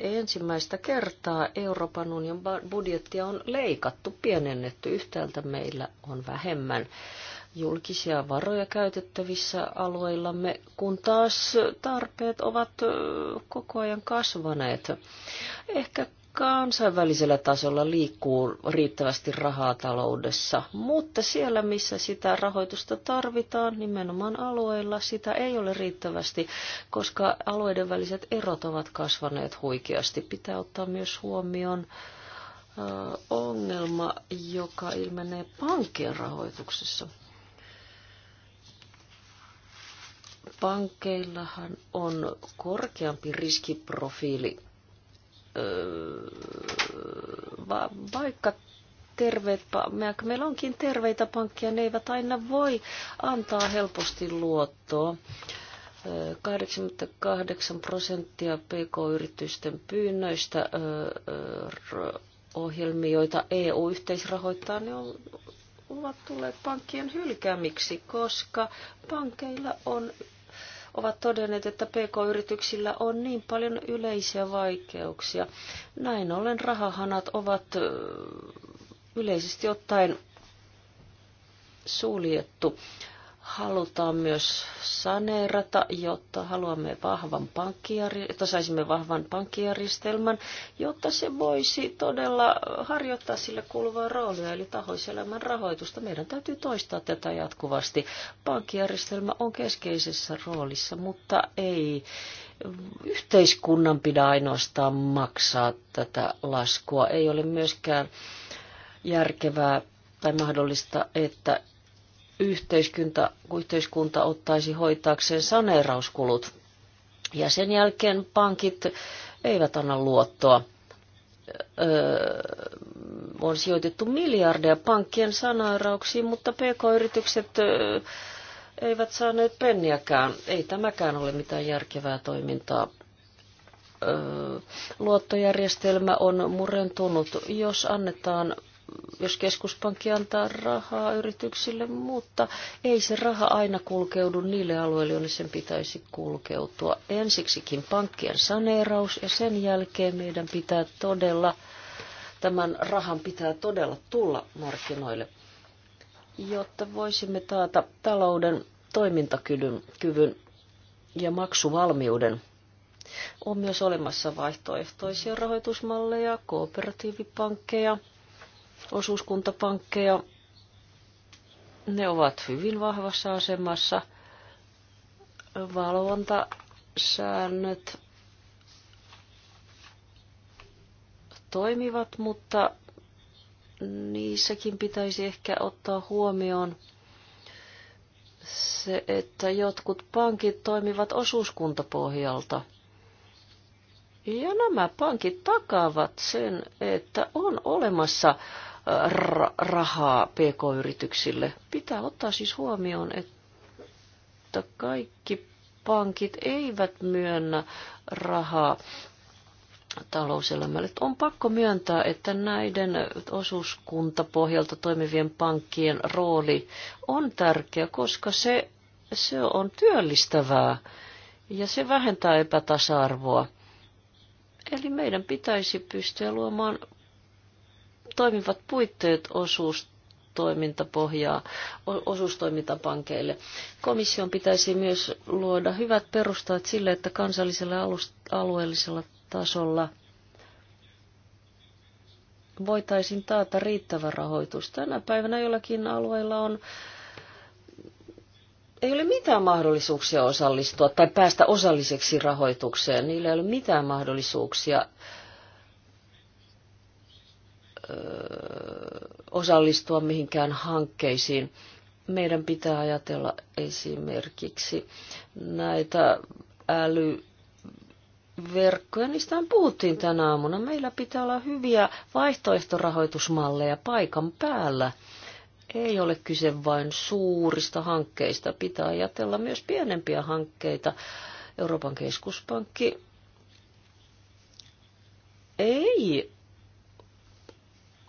ensimmäistä kertaa Euroopan unionin budjettia on leikattu, pienennetty. Yhtäältä meillä on vähemmän julkisia varoja käytettävissä alueillamme, kun taas tarpeet ovat koko ajan kasvaneet. Ehkä kansainvälisellä tasolla liikkuu riittävästi rahaa taloudessa, mutta siellä, missä sitä rahoitusta tarvitaan, nimenomaan alueilla, sitä ei ole riittävästi, koska alueiden väliset erot ovat kasvaneet huikeasti. Pitää ottaa myös huomioon ongelma, joka ilmenee pankkien rahoituksessa. Pankeillahan on korkeampi riskiprofiili vaikka terveet, meillä onkin terveitä pankkia, ne eivät aina voi antaa helposti luottoa. 88 prosenttia pk-yritysten pyynnöistä ohjelmia, joita EU yhteisrahoittaa, ne on, ovat tulleet pankkien hylkäämiksi, koska pankeilla on ovat todenneet, että PK-yrityksillä on niin paljon yleisiä vaikeuksia. Näin ollen rahahanat ovat yleisesti ottaen suljettu halutaan myös saneerata, jotta haluamme vahvan jotta saisimme vahvan pankkijärjestelmän, jotta se voisi todella harjoittaa sille kuuluvaa roolia, eli tahoiselämän rahoitusta. Meidän täytyy toistaa tätä jatkuvasti. Pankkijärjestelmä on keskeisessä roolissa, mutta ei yhteiskunnan pidä ainoastaan maksaa tätä laskua. Ei ole myöskään järkevää tai mahdollista, että yhteiskunta, yhteiskunta ottaisi hoitaakseen saneerauskulut. Ja sen jälkeen pankit eivät anna luottoa. Öö, on sijoitettu miljardeja pankkien sanairauksiin, mutta pk-yritykset öö, eivät saaneet penniäkään. Ei tämäkään ole mitään järkevää toimintaa. Öö, luottojärjestelmä on murentunut. Jos annetaan jos keskuspankki antaa rahaa yrityksille, mutta ei se raha aina kulkeudu niille alueille, joille sen pitäisi kulkeutua. Ensiksikin pankkien saneeraus ja sen jälkeen meidän pitää todella, tämän rahan pitää todella tulla markkinoille, jotta voisimme taata talouden toimintakyvyn ja maksuvalmiuden. On myös olemassa vaihtoehtoisia rahoitusmalleja, kooperatiivipankkeja – osuuskuntapankkeja. Ne ovat hyvin vahvassa asemassa. Valvontasäännöt toimivat, mutta niissäkin pitäisi ehkä ottaa huomioon se, että jotkut pankit toimivat osuuskuntapohjalta. Ja nämä pankit takaavat sen, että on olemassa rahaa pk-yrityksille. Pitää ottaa siis huomioon, että kaikki pankit eivät myönnä rahaa talouselämälle. On pakko myöntää, että näiden osuuskuntapohjalta toimivien pankkien rooli on tärkeä, koska se, se on työllistävää ja se vähentää epätasa-arvoa. Eli meidän pitäisi pystyä luomaan toimivat puitteet osuus toimintapohjaa osuustoimintapankeille. Komission pitäisi myös luoda hyvät perustat sille, että kansallisella alueellisella tasolla voitaisiin taata riittävä rahoitus. Tänä päivänä jollakin alueilla on ei ole mitään mahdollisuuksia osallistua tai päästä osalliseksi rahoitukseen. Niillä ei ole mitään mahdollisuuksia osallistua mihinkään hankkeisiin. Meidän pitää ajatella esimerkiksi näitä äly verkkoja, niistä puhuttiin tänä aamuna. Meillä pitää olla hyviä vaihtoehtorahoitusmalleja paikan päällä. Ei ole kyse vain suurista hankkeista, pitää ajatella myös pienempiä hankkeita. Euroopan keskuspankki ei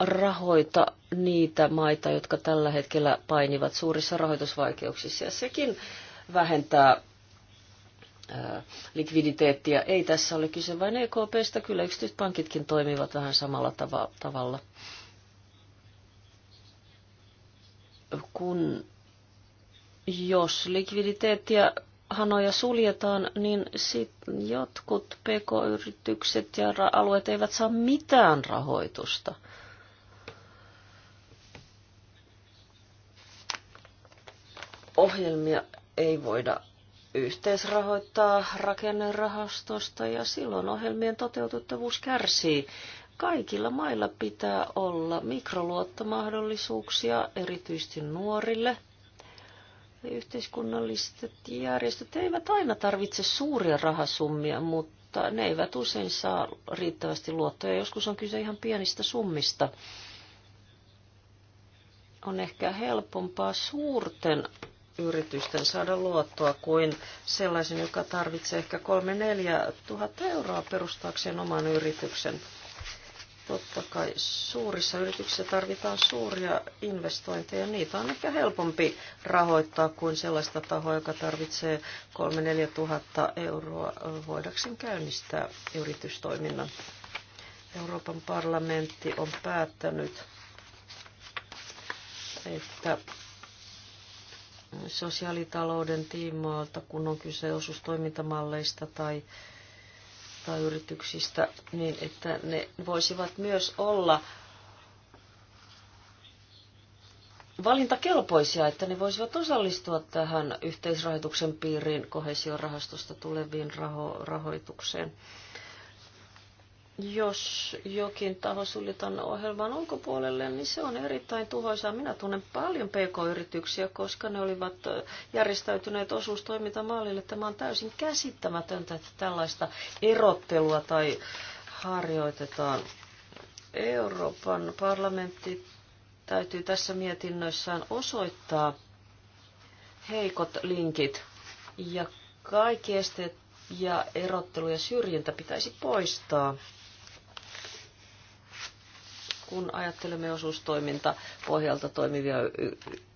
rahoita niitä maita, jotka tällä hetkellä painivat suurissa rahoitusvaikeuksissa. Ja sekin vähentää likviditeettiä. Ei tässä ole kyse vain EKPstä, kyllä yksityiset pankitkin toimivat vähän samalla tava- tavalla. Kun jos likviditeettiä hanoja suljetaan, niin sit jotkut pk-yritykset ja alueet eivät saa mitään rahoitusta – ohjelmia ei voida yhteisrahoittaa rakennerahastosta ja silloin ohjelmien toteutettavuus kärsii. Kaikilla mailla pitää olla mikroluottomahdollisuuksia, erityisesti nuorille. Yhteiskunnalliset järjestöt eivät aina tarvitse suuria rahasummia, mutta ne eivät usein saa riittävästi luottoja. Joskus on kyse ihan pienistä summista. On ehkä helpompaa suurten yritysten saada luottoa kuin sellaisen, joka tarvitsee ehkä 3-4 tuhatta euroa perustaakseen oman yrityksen. Totta kai suurissa yrityksissä tarvitaan suuria investointeja. Niitä on ehkä helpompi rahoittaa kuin sellaista tahoa, joka tarvitsee 3-4 tuhatta euroa voidakseen käynnistää yritystoiminnan. Euroopan parlamentti on päättänyt, että sosiaalitalouden tiimoilta, kun on kyse osuustoimintamalleista tai, tai yrityksistä, niin että ne voisivat myös olla valintakelpoisia, että ne voisivat osallistua tähän yhteisrahoituksen piiriin kohesiorahastosta tuleviin raho- rahoitukseen jos jokin taho suljetaan ohjelman ulkopuolelle, niin se on erittäin tuhoisaa. Minä tunnen paljon pk-yrityksiä, koska ne olivat järjestäytyneet osuustoimintamallille. Tämä on täysin käsittämätöntä, että tällaista erottelua tai harjoitetaan. Euroopan parlamentti täytyy tässä mietinnössään osoittaa heikot linkit ja kaikki esteet ja erottelu ja syrjintä pitäisi poistaa kun ajattelemme osuustoiminta pohjalta toimivia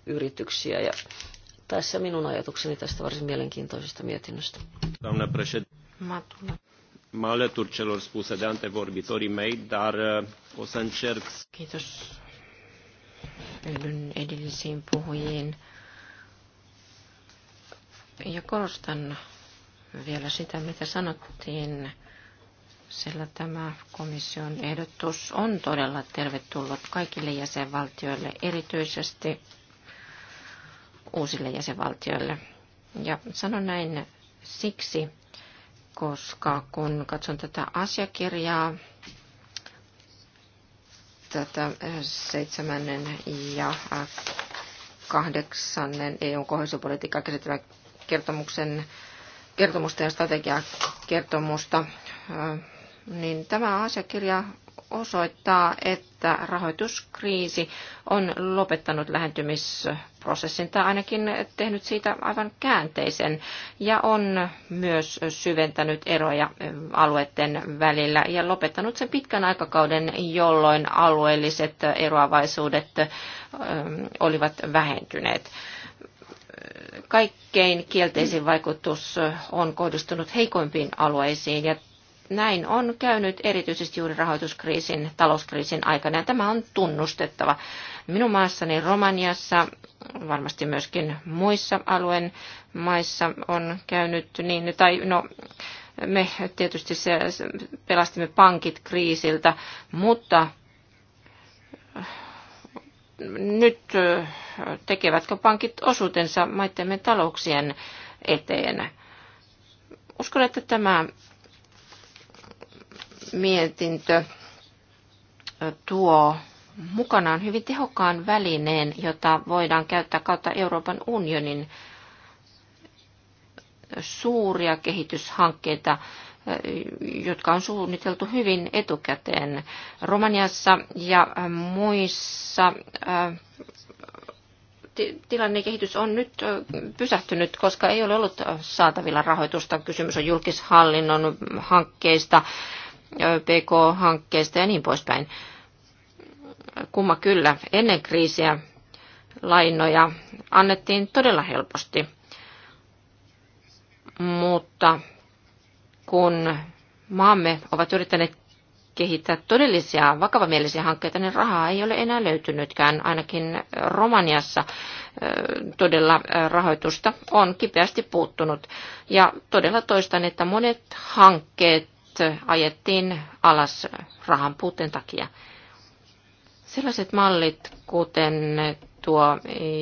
yrityksiä. Ja tässä minun ajatukseni tästä varsin mielenkiintoisesta mietinnöstä. Doamna Matula. Mă alătur celor spuse de antevorbitorii mei, dar uh, o să încerc... Kiitos. Yhdyn edellisiin puhujiin. Ja korostan vielä sitä, mitä sanottiin sillä tämä komission ehdotus on todella tervetullut kaikille jäsenvaltioille, erityisesti uusille jäsenvaltioille. Ja sanon näin siksi, koska kun katson tätä asiakirjaa, tätä seitsemännen ja kahdeksannen EUn kohdallisuuspolitiikkaa käsittelevän kertomuksen kertomusta ja strategiakertomusta, niin tämä asiakirja osoittaa, että rahoituskriisi on lopettanut lähentymisprosessin tai ainakin tehnyt siitä aivan käänteisen ja on myös syventänyt eroja alueiden välillä ja lopettanut sen pitkän aikakauden, jolloin alueelliset eroavaisuudet ähm, olivat vähentyneet kaikkein kielteisin vaikutus on kohdistunut heikoimpiin alueisiin ja näin on käynyt erityisesti juuri rahoituskriisin, talouskriisin aikana, ja tämä on tunnustettava. Minun maassani Romaniassa, varmasti myöskin muissa alueen maissa on käynyt niin, tai no, me tietysti se, pelastimme pankit kriisiltä, mutta nyt tekevätkö pankit osuutensa maittemme talouksien eteen? Uskon, että tämä mietintö tuo mukanaan hyvin tehokkaan välineen, jota voidaan käyttää kautta Euroopan unionin suuria kehityshankkeita, jotka on suunniteltu hyvin etukäteen. Romaniassa ja muissa äh, tilanne kehitys on nyt äh, pysähtynyt, koska ei ole ollut saatavilla rahoitusta. Kysymys on julkishallinnon hankkeista, PK-hankkeista ja niin poispäin. Kumma kyllä, ennen kriisiä lainoja annettiin todella helposti, mutta kun maamme ovat yrittäneet kehittää todellisia vakavamielisiä hankkeita, niin rahaa ei ole enää löytynytkään. Ainakin Romaniassa todella rahoitusta on kipeästi puuttunut. Ja todella toistan, että monet hankkeet ajettiin alas rahan puutteen takia. Sellaiset mallit, kuten tuo,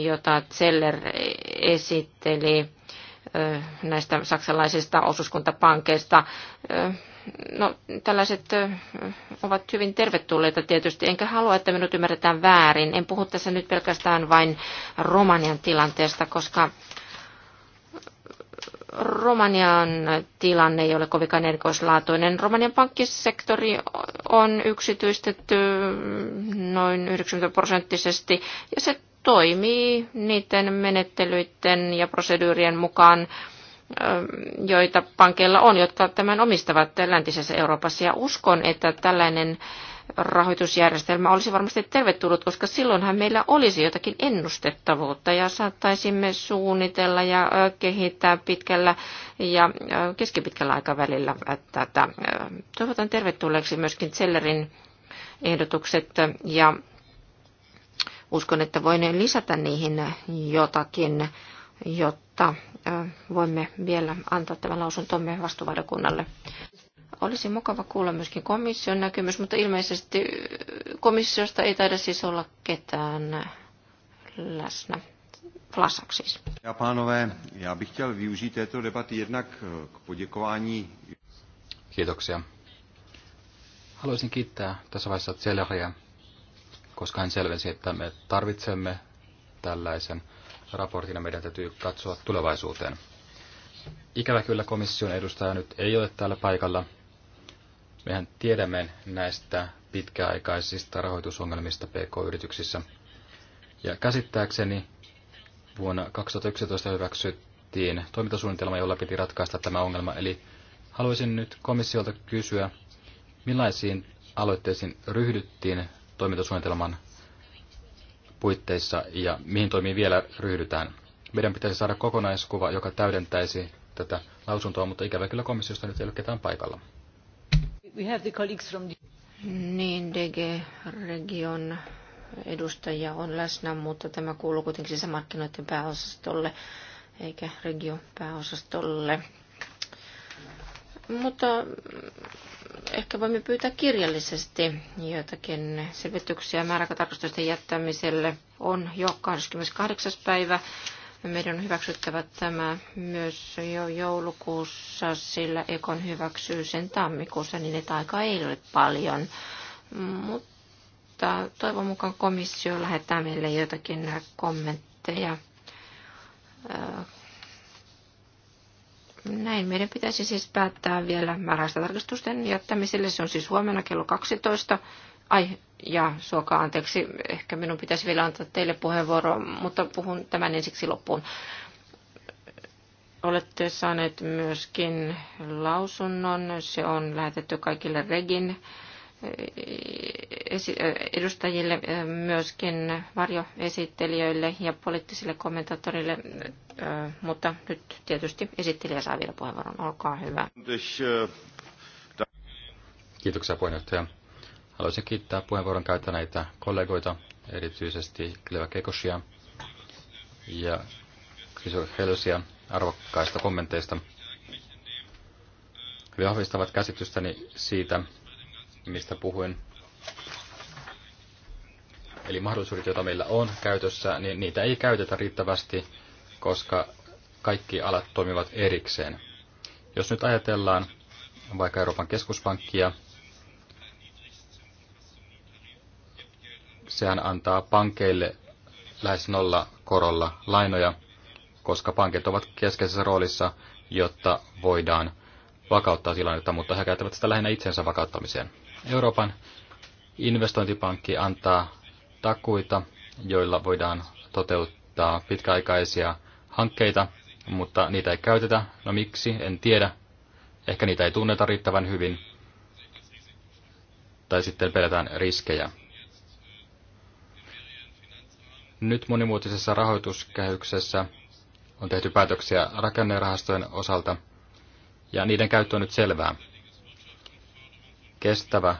jota Zeller esitteli näistä saksalaisista osuuskuntapankeista, no, tällaiset ovat hyvin tervetulleita tietysti, enkä halua, että minut ymmärretään väärin. En puhu tässä nyt pelkästään vain Romanian tilanteesta, koska Romanian tilanne ei ole kovinkaan erikoislaatuinen. Romanian pankkisektori on yksityistetty noin 90 prosenttisesti ja se toimii niiden menettelyiden ja proseduurien mukaan, joita pankeilla on, jotka tämän omistavat läntisessä Euroopassa. Ja uskon, että tällainen äh, rahoitusjärjestelmä olisi varmasti tervetullut, koska silloinhan meillä olisi jotakin ennustettavuutta ja saattaisimme suunnitella ja kehittää pitkällä ja keskipitkällä aikavälillä tätä. Toivotan tervetulleeksi myöskin Zellerin ehdotukset ja uskon, että voin lisätä niihin jotakin, jotta voimme vielä antaa tämän lausuntomme vastuvaliokunnalle. Olisi mukava kuulla myöskin komission näkemys, mutta ilmeisesti komissiosta ei taida siis olla ketään läsnä. Vlasak siis. Ja pánové, já bych chtěl využít této debaty jednak k poděkování. Kiitoksia. Haluaisin kiittää tässä vaiheessa Zelleria, koska hän selvensi, että me tarvitsemme tällaisen raportin ja meidän täytyy katsoa tulevaisuuteen. Ikävä kyllä komission edustaja nyt ei ole täällä paikalla, Mehän tiedämme näistä pitkäaikaisista rahoitusongelmista PK-yrityksissä. Ja käsittääkseni vuonna 2011 hyväksyttiin toimintasuunnitelma, jolla piti ratkaista tämä ongelma. Eli haluaisin nyt komissiolta kysyä, millaisiin aloitteisiin ryhdyttiin toimintasuunnitelman puitteissa ja mihin toimiin vielä ryhdytään. Meidän pitäisi saada kokonaiskuva, joka täydentäisi tätä lausuntoa, mutta ikävä kyllä komissiosta nyt ei ole ketään paikalla. We have the colleagues from the... Niin, DG Region edustajia on läsnä, mutta tämä kuuluu kuitenkin sisämarkkinoiden pääosastolle eikä region pääosastolle. Mutta ehkä voimme pyytää kirjallisesti joitakin selvityksiä määräaikatarkastusten jättämiselle. On jo 28. päivä meidän on hyväksyttävä tämä myös jo joulukuussa, sillä Ekon hyväksyy sen tammikuussa, niin että aika ei ole paljon. Mutta toivon mukaan komissio lähettää meille jotakin kommentteja. Äh, näin, meidän pitäisi siis päättää vielä määräistä tarkistusten jättämiselle. Se on siis huomenna kello 12 Ai, ja suokaa anteeksi, ehkä minun pitäisi vielä antaa teille puheenvuoro, mutta puhun tämän ensiksi loppuun. Olette saaneet myöskin lausunnon, se on lähetetty kaikille Regin eh, eh, edustajille, eh, myöskin varjoesittelijöille ja poliittisille kommentaattorille, mutta nyt tietysti esittelijä saa vielä puheenvuoron. Olkaa hyvä. Kiitoksia puheenjohtaja. Haluaisin kiittää puheenvuoron käyttäneitä kollegoita, erityisesti Kleva Kekosia ja Kriso Helsia arvokkaista kommenteista. Hyvin vahvistavat käsitystäni siitä, mistä puhuin. Eli mahdollisuudet, joita meillä on käytössä, niin niitä ei käytetä riittävästi, koska kaikki alat toimivat erikseen. Jos nyt ajatellaan vaikka Euroopan keskuspankkia, sehän antaa pankeille lähes nolla korolla lainoja, koska pankit ovat keskeisessä roolissa, jotta voidaan vakauttaa tilannetta, mutta he käyttävät sitä lähinnä itsensä vakauttamiseen. Euroopan investointipankki antaa takuita, joilla voidaan toteuttaa pitkäaikaisia hankkeita, mutta niitä ei käytetä. No miksi? En tiedä. Ehkä niitä ei tunneta riittävän hyvin. Tai sitten pelätään riskejä. Nyt monimuotoisessa rahoituskehyksessä on tehty päätöksiä rakennerahastojen osalta, ja niiden käyttö on nyt selvää. Kestävä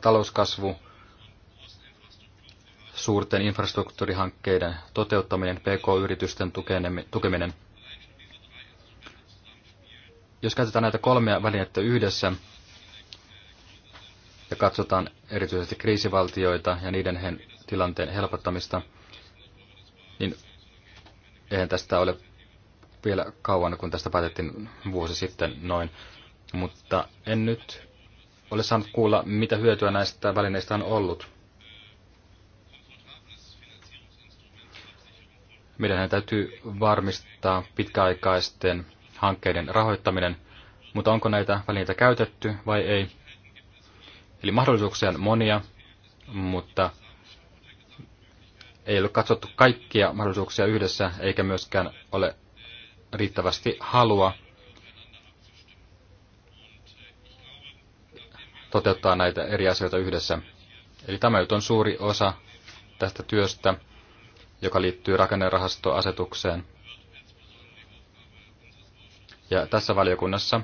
talouskasvu, suurten infrastruktuurihankkeiden toteuttaminen, pk-yritysten tukeminen. Jos käytetään näitä kolmea välinettä yhdessä, ja katsotaan erityisesti kriisivaltioita ja niiden tilanteen helpottamista, niin eihän tästä ole vielä kauan, kun tästä päätettiin vuosi sitten noin. Mutta en nyt ole saanut kuulla, mitä hyötyä näistä välineistä on ollut. Meidän täytyy varmistaa pitkäaikaisten hankkeiden rahoittaminen, mutta onko näitä välineitä käytetty vai ei? Eli mahdollisuuksia on monia, mutta ei ole katsottu kaikkia mahdollisuuksia yhdessä, eikä myöskään ole riittävästi halua toteuttaa näitä eri asioita yhdessä. Eli tämä nyt on suuri osa tästä työstä, joka liittyy rakennerahastoasetukseen. Ja tässä valiokunnassa,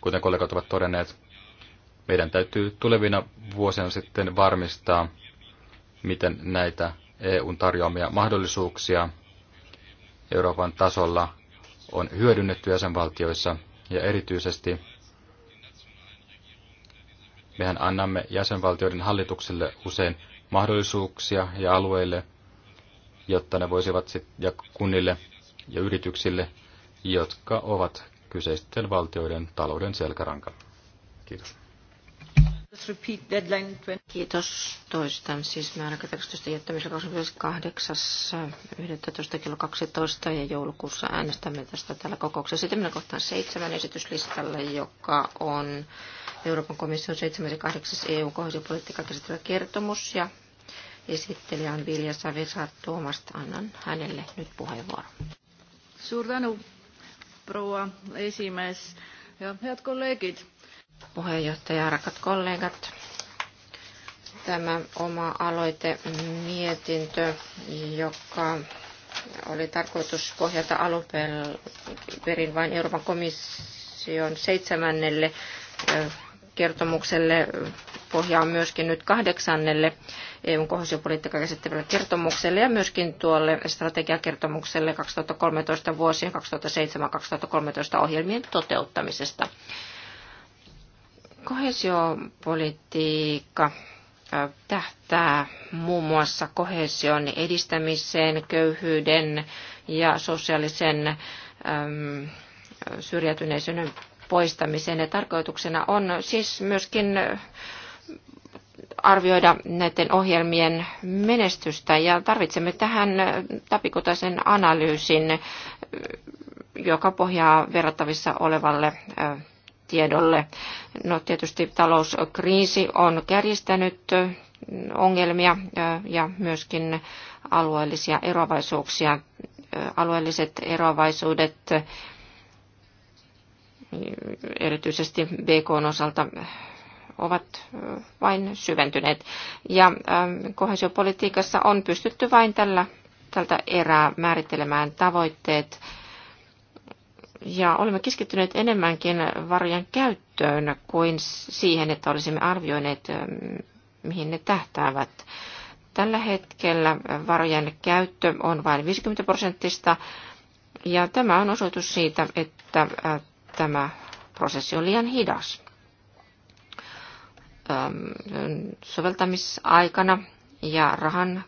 kuten kollegat ovat todenneet, meidän täytyy tulevina vuosina sitten varmistaa, miten näitä EUn tarjoamia mahdollisuuksia Euroopan tasolla on hyödynnetty jäsenvaltioissa ja erityisesti mehän annamme jäsenvaltioiden hallituksille usein mahdollisuuksia ja alueille, jotta ne voisivat sit, ja kunnille ja yrityksille, jotka ovat kyseisten valtioiden talouden selkäranka. Kiitos. Kiitos. Toistan siis määräaikatarkistusten jättämisen 28.11. kello 12 ja joulukuussa äänestämme tästä tällä kokouksessa. Sitten mennään kohtaan seitsemän esityslistalle, joka on Euroopan komission 7. ja 8. EU-kohdallisuuspolitiikka käsittelevä kertomus ja esittelijä on Vilja Savisaar Tuomasta. Annan hänelle nyt puheenvuoro. Suur tänu, proua esimies ja head kolleegid puheenjohtaja, rakat kollegat. Tämä oma aloite mietintö, joka oli tarkoitus pohjata alun perin vain Euroopan komission seitsemännelle kertomukselle pohjaa myöskin nyt kahdeksannelle EUn kohdallisuuspolitiikkaa käsittelevälle kertomukselle ja myöskin tuolle strategiakertomukselle 2013 vuosien 2007-2013 ohjelmien toteuttamisesta. Kohesiopolitiikka tähtää muun muassa kohesion edistämiseen, köyhyyden ja sosiaalisen äm, syrjäytyneisyyden poistamiseen. Ja tarkoituksena on siis myöskin arvioida näiden ohjelmien menestystä ja tarvitsemme tähän tapikotaisen analyysin, joka pohjaa verrattavissa olevalle tiedolle. No tietysti talouskriisi on kärjistänyt mm, ongelmia ja myöskin alueellisia eroavaisuuksia. Alueelliset eroavaisuudet mm, erityisesti BKn osalta ovat vain syventyneet. Ja kohesiopolitiikassa on pystytty vain tällä tältä erää määrittelemään tavoitteet ja olemme keskittyneet enemmänkin varojen käyttöön kuin siihen, että olisimme arvioineet, mihin ne tähtäävät. Tällä hetkellä varojen käyttö on vain 50 prosenttista, ja tämä on osoitus siitä, että tämä prosessi on liian hidas. Soveltamisaikana ja rahan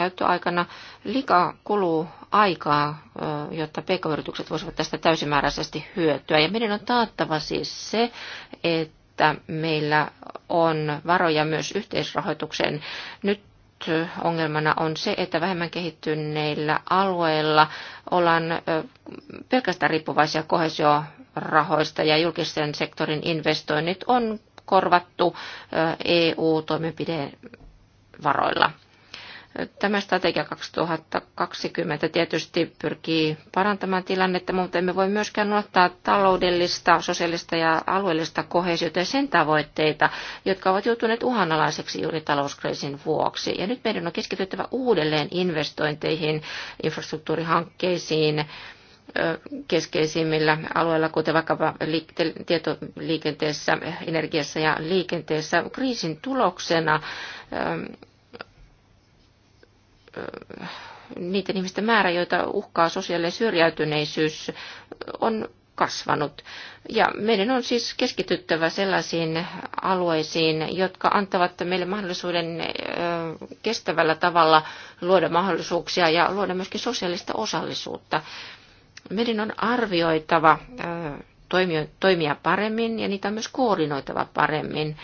käyttöaikana liikaa kuluu aikaa, jotta pk-yritykset voisivat tästä täysimääräisesti hyötyä. Ja meidän on taattava siis se, että meillä on varoja myös yhteisrahoitukseen. Nyt ongelmana on se, että vähemmän kehittyneillä alueilla ollaan pelkästään riippuvaisia kohesiorahoista ja julkisen sektorin investoinnit on korvattu EU-toimenpidevaroilla. Tämä strategia 2020 tietysti pyrkii parantamaan tilannetta, mutta emme voi myöskään unohtaa taloudellista, sosiaalista ja alueellista kohesiota ja sen tavoitteita, jotka ovat joutuneet uhanalaiseksi juuri talouskriisin vuoksi. Ja nyt meidän on keskityttävä uudelleen investointeihin, infrastruktuurihankkeisiin, keskeisimmillä alueilla, kuten vaikkapa tietoliikenteessä, energiassa ja liikenteessä. Kriisin tuloksena niiden ihmisten määrä, joita uhkaa sosiaalinen syrjäytyneisyys, on kasvanut. Ja meidän on siis keskityttävä sellaisiin alueisiin, jotka antavat meille mahdollisuuden kestävällä tavalla luoda mahdollisuuksia ja luoda myöskin sosiaalista osallisuutta. Meidän on arvioitava toimia paremmin ja niitä on myös koordinoitava paremmin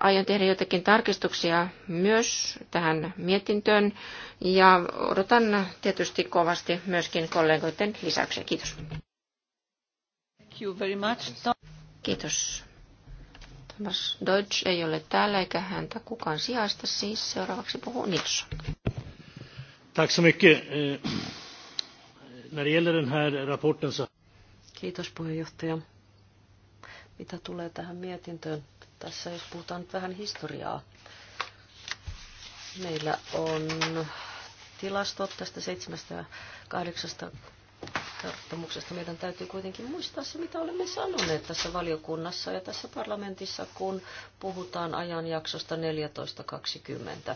aion tehdä jotakin tarkistuksia myös tähän mietintöön ja odotan tietysti kovasti myöskin kollegoiden lisäyksiä. Kiitos. Thank you very much. Kiitos. Thomas Deutsch ei ole täällä eikä häntä kukaan sijaista, siis seuraavaksi puhuu Nilsson. Tack så mycket. Eh, när det gäller den här rapporten så... Kiitos puheenjohtaja. Mitä tulee tähän mietintöön, tässä jos puhutaan nyt vähän historiaa. Meillä on tilastot tästä seitsemästä ja kahdeksasta kertomuksesta. Meidän täytyy kuitenkin muistaa se, mitä olemme sanoneet tässä valiokunnassa ja tässä parlamentissa, kun puhutaan ajanjaksosta 14.20.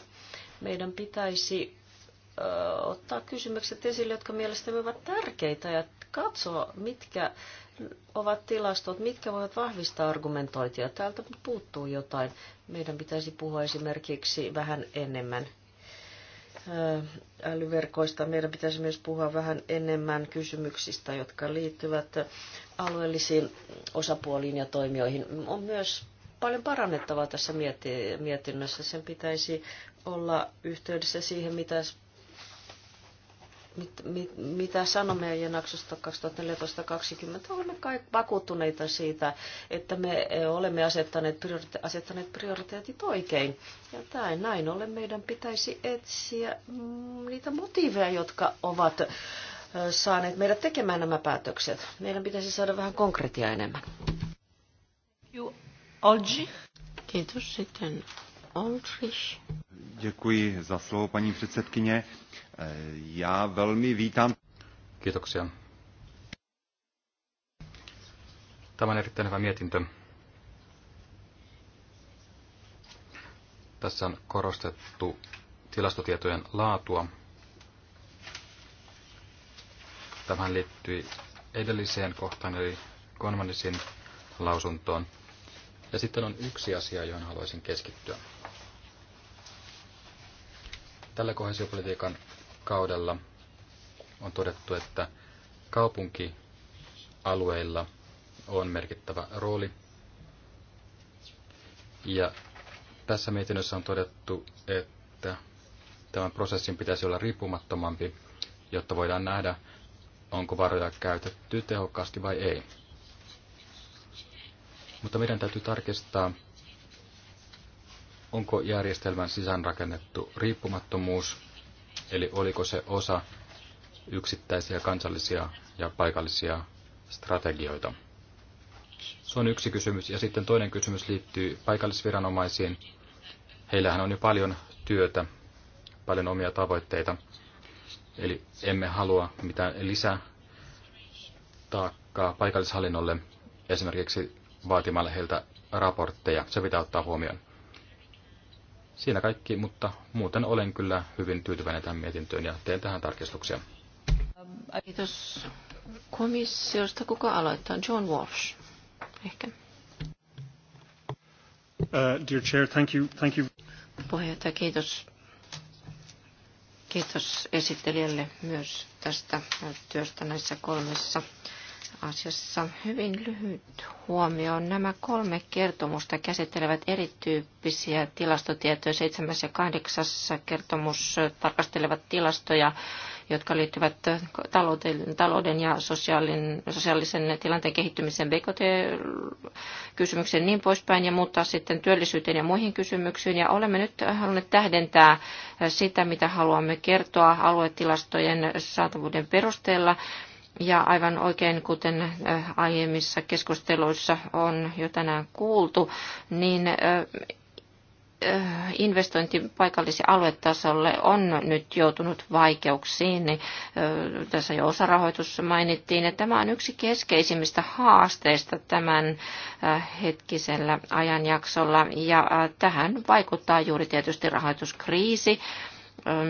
Meidän pitäisi ottaa kysymykset esille, jotka mielestäni ovat tärkeitä ja katsoa, mitkä ovat tilastot, mitkä voivat vahvistaa argumentointia. Täältä puuttuu jotain. Meidän pitäisi puhua esimerkiksi vähän enemmän älyverkoista. Meidän pitäisi myös puhua vähän enemmän kysymyksistä, jotka liittyvät alueellisiin osapuoliin ja toimijoihin. On myös paljon parannettavaa tässä mietinnössä. Sen pitäisi olla yhteydessä siihen, mitä mit, mit, mitä sanomme meidän jaksosta 2014-2020, olemme kaikki vakuuttuneita siitä, että me olemme asettaneet, priorite- asettaneet prioriteetit oikein. Ja tämä, näin ollen meidän pitäisi etsiä mm, niitä motiiveja, jotka ovat saaneet meidät tekemään nämä päätökset. Meidän pitäisi saada vähän konkretia enemmän. Olgi. Kiitos sitten Děkuji za slovo, paní předsedkyně. Já velmi vítám. Kiitoksia. Tämä on erittäin hyvä mietintö. Tässä on korostettu tilastotietojen laatua. Tämähän liittyi edelliseen kohtaan, eli Konmanisin lausuntoon. Ja sitten on yksi asia, johon haluaisin keskittyä. Tällä kohesiopolitiikan kaudella on todettu, että kaupunkialueilla on merkittävä rooli. Ja tässä mietinnössä on todettu, että tämän prosessin pitäisi olla riippumattomampi, jotta voidaan nähdä, onko varoja käytetty tehokkaasti vai ei. Mutta meidän täytyy tarkistaa, onko järjestelmän sisäänrakennettu riippumattomuus, eli oliko se osa yksittäisiä kansallisia ja paikallisia strategioita. Se on yksi kysymys. Ja sitten toinen kysymys liittyy paikallisviranomaisiin. Heillähän on jo paljon työtä, paljon omia tavoitteita. Eli emme halua mitään lisätaakkaa paikallishallinnolle esimerkiksi vaatimalla heiltä raportteja. Se pitää ottaa huomioon. Siinä kaikki, mutta muuten olen kyllä hyvin tyytyväinen tähän mietintöön ja teen tähän tarkistuksia. Kiitos komissiosta. Kuka aloittaa? John Walsh, ehkä. Uh, dear Chair, thank you, thank you. Puheenjohtaja, kiitos. Kiitos esittelijälle myös tästä työstä näissä kolmessa asiassa hyvin lyhyt huomio. Nämä kolme kertomusta käsittelevät erityyppisiä tilastotietoja. 7. ja 8. kertomus tarkastelevat tilastoja, jotka liittyvät talouden ja sosiaalin, sosiaalisen tilanteen kehittymiseen, BKT-kysymykseen niin poispäin, ja muuttaa sitten työllisyyteen ja muihin kysymyksiin. Ja olemme nyt halunneet tähdentää sitä, mitä haluamme kertoa aluetilastojen saatavuuden perusteella ja aivan oikein, kuten aiemmissa keskusteluissa on jo tänään kuultu, niin investointi paikallisen aluetasolle on nyt joutunut vaikeuksiin. Niin tässä jo osarahoitus mainittiin, että tämä on yksi keskeisimmistä haasteista tämän hetkisellä ajanjaksolla. Ja tähän vaikuttaa juuri tietysti rahoituskriisi,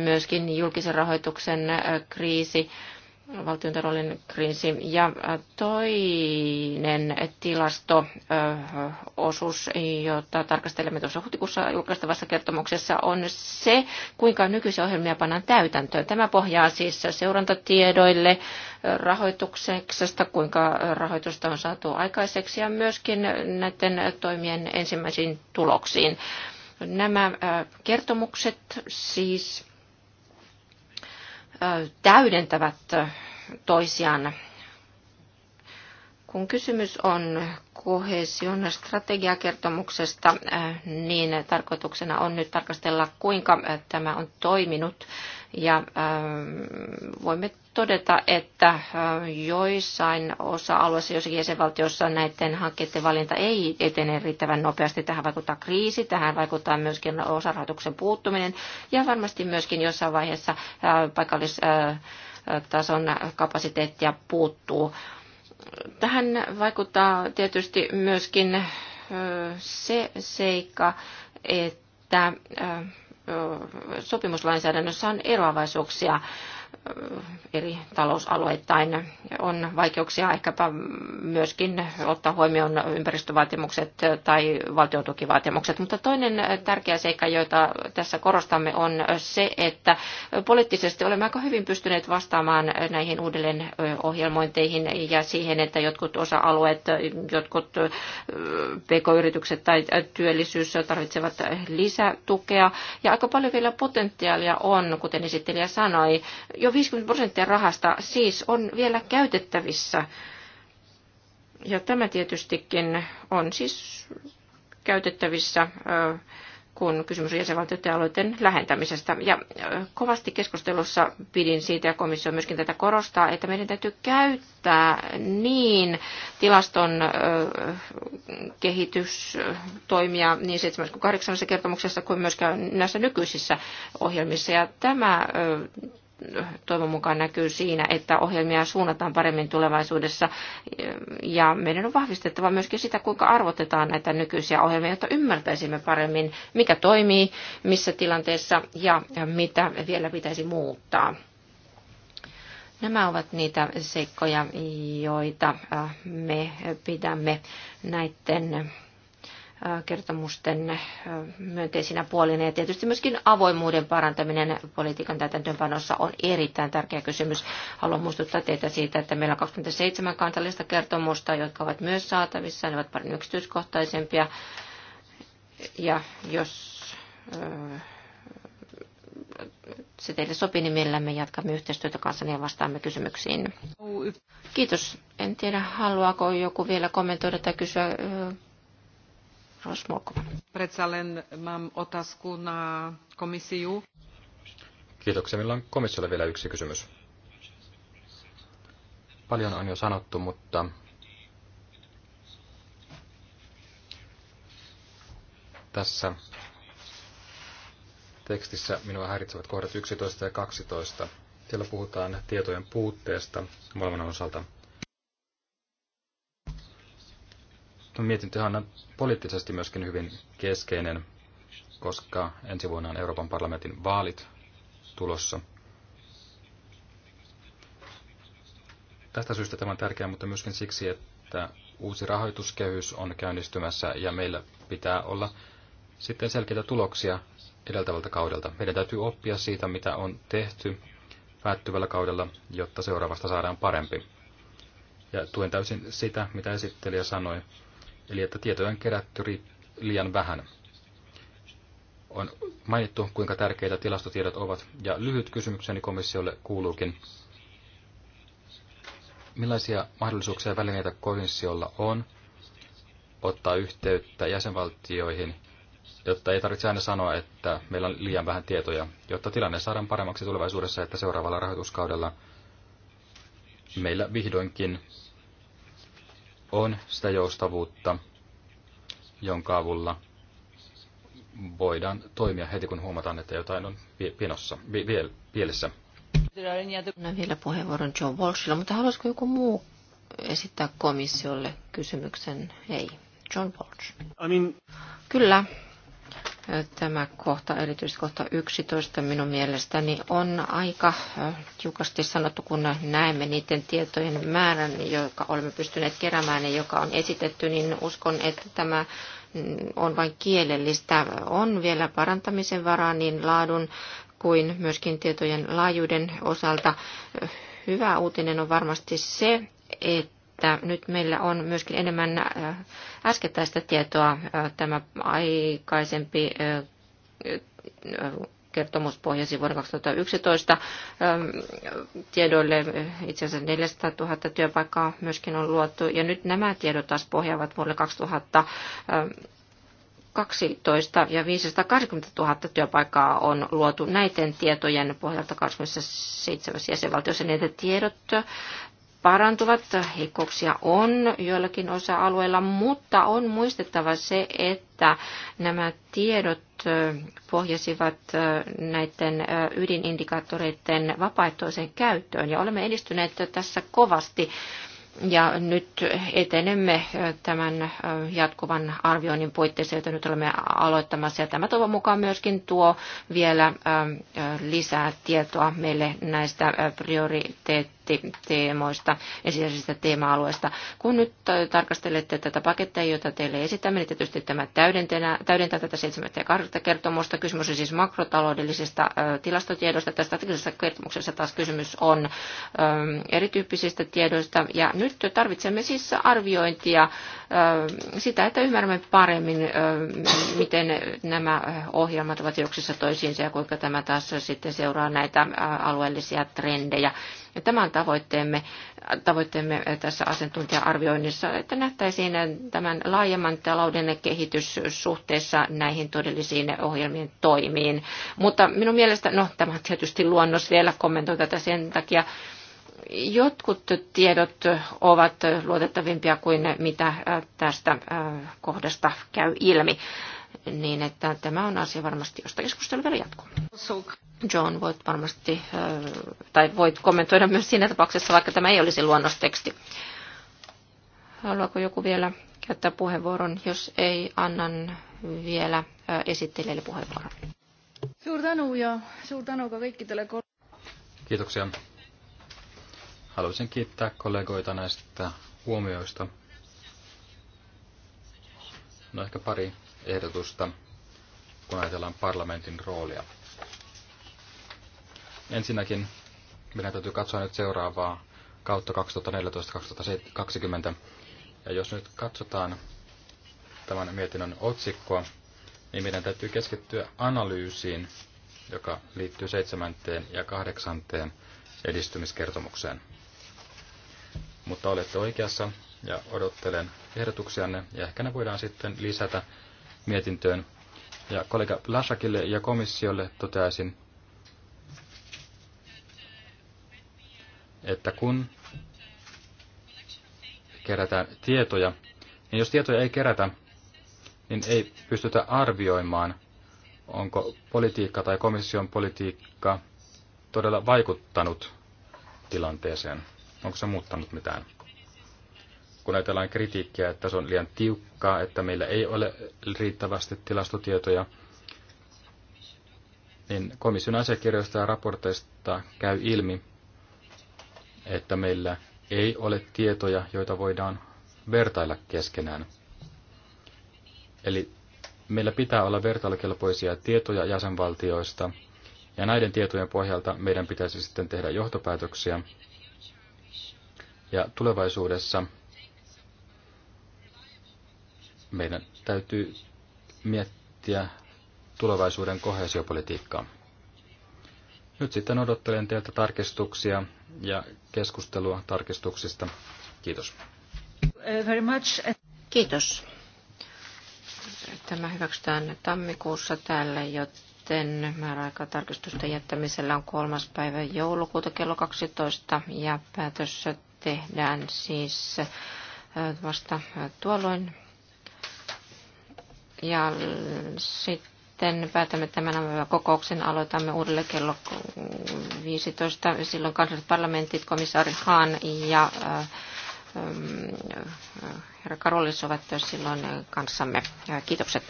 myöskin julkisen rahoituksen kriisi valtiontalouden kriisi. Ja toinen tilasto osuus, jota tarkastelemme tuossa huhtikuussa julkaistavassa kertomuksessa, on se, kuinka nykyisiä ohjelmia pannaan täytäntöön. Tämä pohjaa siis seurantatiedoille rahoituksesta, kuinka rahoitusta on saatu aikaiseksi ja myöskin näiden toimien ensimmäisiin tuloksiin. Nämä kertomukset siis täydentävät toisiaan. Kun kysymys on kohesion strategiakertomuksesta, niin tarkoituksena on nyt tarkastella, kuinka tämä on toiminut. Ja voimme todeta, että äh, joissain osa-alueissa, joissakin jäsenvaltioissa näiden hankkeiden valinta ei etene riittävän nopeasti. Tähän vaikuttaa kriisi, tähän vaikuttaa myöskin osarahoituksen puuttuminen ja varmasti myöskin jossain vaiheessa äh, paikallistason kapasiteettia puuttuu. Tähän vaikuttaa tietysti myöskin äh, se seikka, että sopimuslainsäädännössä on eroavaisuuksia Äh, eri talousalueittain. On vaikeuksia ehkäpä myöskin ottaa huomioon ympäristövaatimukset tai valtiotukivaatimukset. Mutta toinen tärkeä seikka, jota tässä korostamme, on se, että poliittisesti olemme aika hyvin pystyneet vastaamaan näihin uudelleen ohjelmointeihin ja siihen, että jotkut osa-alueet, jotkut pk-yritykset tai työllisyys tarvitsevat lisätukea. Ja aika paljon vielä potentiaalia on, kuten esittelijä sanoi, jo 50 prosenttia rahasta siis on vielä käytettävissä. Ja tämä tietystikin on siis käytettävissä, kun kysymys on jäsenvaltioiden alueiden lähentämisestä. Ja kovasti keskustelussa pidin siitä, ja komissio myöskin tätä korostaa, että meidän täytyy käyttää niin tilaston kehitystoimia niin 78. kertomuksessa kuin myöskään näissä nykyisissä ohjelmissa. Ja tämä toivon mukaan näkyy siinä, että ohjelmia suunnataan paremmin tulevaisuudessa. Ja meidän on vahvistettava myöskin sitä, kuinka arvotetaan näitä nykyisiä ohjelmia, jotta ymmärtäisimme paremmin, mikä toimii, missä tilanteessa ja mitä vielä pitäisi muuttaa. Nämä ovat niitä seikkoja, joita äh, me pidämme näiden kertomusten myönteisinä puolina. Ja tietysti myöskin avoimuuden parantaminen politiikan täytäntöönpanossa on erittäin tärkeä kysymys. Haluan muistuttaa teitä siitä, että meillä on 27 kansallista kertomusta, jotka ovat myös saatavissa. Ne ovat paljon yksityiskohtaisempia. Ja jos se teille sopii, niin mielellämme jatkamme yhteistyötä kanssa ja vastaamme kysymyksiin. Kiitos. En tiedä, haluaako joku vielä kommentoida tai kysyä Predsa Kiitoksia. Meillä on komissiolle vielä yksi kysymys. Paljon on jo sanottu, mutta tässä tekstissä minua häiritsevät kohdat 11 ja 12. Siellä puhutaan tietojen puutteesta valvonnan osalta. mietintöhän on poliittisesti myöskin hyvin keskeinen, koska ensi vuonna on Euroopan parlamentin vaalit tulossa. Tästä syystä tämä on tärkeää, mutta myöskin siksi, että uusi rahoituskehys on käynnistymässä ja meillä pitää olla sitten selkeitä tuloksia edeltävältä kaudelta. Meidän täytyy oppia siitä, mitä on tehty päättyvällä kaudella, jotta seuraavasta saadaan parempi. Ja tuen täysin sitä, mitä esittelijä sanoi eli että tietoja on kerätty liian vähän. On mainittu, kuinka tärkeitä tilastotiedot ovat, ja lyhyt kysymykseni komissiolle kuuluukin. Millaisia mahdollisuuksia ja välineitä komissiolla on ottaa yhteyttä jäsenvaltioihin, jotta ei tarvitse aina sanoa, että meillä on liian vähän tietoja, jotta tilanne saadaan paremmaksi tulevaisuudessa, että seuraavalla rahoituskaudella meillä vihdoinkin on sitä joustavuutta, jonka avulla voidaan toimia heti, kun huomataan, että jotain on pinossa, pielessä. Minä vielä puheenvuoron John Walshilla, mutta haluaisiko joku muu esittää komissiolle kysymyksen? Ei. John Walsh. I mean... Kyllä, Tämä kohta, erityisesti kohta 11, minun mielestäni on aika tiukasti sanottu, kun näemme niiden tietojen määrän, joka olemme pystyneet keräämään ja joka on esitetty, niin uskon, että tämä mm, on vain kielellistä. On vielä parantamisen varaa niin laadun kuin myöskin tietojen laajuuden osalta. Hyvä uutinen on varmasti se, että että nyt meillä on myöskin enemmän äh, äskettäistä tietoa. Äh, tämä aikaisempi äh, kertomuspohjasi vuonna 2011 ähm, tiedoille itse asiassa 400 000 työpaikkaa myöskin on luotu. Ja nyt nämä tiedot taas pohjaavat vuodelle 2000 12 ja 580 000 työpaikkaa on luotu näiden tietojen pohjalta 27 jäsenvaltiossa. Näitä tiedot parantuvat, heikkouksia on joillakin osa-alueilla, mutta on muistettava se, että nämä tiedot pohjasivat näiden ydinindikaattoreiden vapaaehtoiseen käyttöön ja olemme edistyneet tässä kovasti. Ja nyt etenemme tämän jatkuvan arvioinnin puitteissa, jota nyt olemme aloittamassa. Ja tämä toivon mukaan myöskin tuo vielä lisää tietoa meille näistä prioriteet teemoista, ensisijaisista teema-alueista. Kun nyt tarkastelette tätä pakettia, jota teille esitämme, niin tietysti tämä täydentää tätä 7. ja 8. kertomusta. Kysymys on siis makrotaloudellisesta tilastotiedosta. Tässä strategisessa kertomuksessa taas kysymys on erityyppisistä tiedoista. Ja nyt tarvitsemme siis arviointia sitä, että ymmärrämme paremmin, miten nämä ohjelmat ovat juoksissa toisiinsa ja kuinka tämä taas sitten seuraa näitä alueellisia trendejä. Ja tämän tavoitteemme, tavoitteemme tässä asiantuntija-arvioinnissa, että nähtäisiin tämän laajemman talouden kehitys suhteessa näihin todellisiin ohjelmien toimiin. Mutta minun mielestä, no tämä on tietysti luonnos vielä, kommentoin tätä sen takia, jotkut tiedot ovat luotettavimpia kuin mitä tästä kohdasta käy ilmi. Niin että tämä on asia varmasti, josta keskustelu vielä jatkuu. John, voit varmasti, tai voit kommentoida myös siinä tapauksessa, vaikka tämä ei olisi luonnosteksti. Haluaako joku vielä käyttää puheenvuoron? Jos ei, annan vielä esittelijälle puheenvuoron. Suur ja Kiitoksia. Haluaisin kiittää kollegoita näistä huomioista. No ehkä pari ehdotusta, kun ajatellaan parlamentin roolia. Ensinnäkin meidän täytyy katsoa nyt seuraavaa kautta 2014-2020. Ja jos nyt katsotaan tämän mietinnön otsikkoa, niin meidän täytyy keskittyä analyysiin, joka liittyy seitsemänteen ja kahdeksanteen edistymiskertomukseen. Mutta olette oikeassa ja odottelen ehdotuksianne ja ehkä ne voidaan sitten lisätä mietintöön. Ja kollega Lasakille ja komissiolle toteaisin, että kun kerätään tietoja, niin jos tietoja ei kerätä, niin ei pystytä arvioimaan, onko politiikka tai komission politiikka todella vaikuttanut tilanteeseen. Onko se muuttanut mitään? Kun ajatellaan kritiikkiä, että se on liian tiukkaa, että meillä ei ole riittävästi tilastotietoja, niin komission asiakirjoista ja raporteista käy ilmi, että meillä ei ole tietoja, joita voidaan vertailla keskenään. Eli meillä pitää olla vertailukelpoisia tietoja jäsenvaltioista, ja näiden tietojen pohjalta meidän pitäisi sitten tehdä johtopäätöksiä. Ja tulevaisuudessa meidän täytyy miettiä tulevaisuuden kohesiopolitiikkaa. Nyt sitten odottelen teiltä tarkistuksia ja keskustelua tarkistuksista. Kiitos. Eh, very much. Kiitos. Tämä hyväksytään tammikuussa täällä, joten määräaika tarkistusten jättämisellä on kolmas päivä joulukuuta kello 12 ja päätös tehdään siis eh, vasta tuolloin. Ja sitten sitten päätämme tämän kokouksen. Aloitamme uudelle kello 15. Silloin kansalliset parlamentit, komissaari Hahn ja äh, ähm, äh, herra Karolis ovat silloin kanssamme. Kiitokset.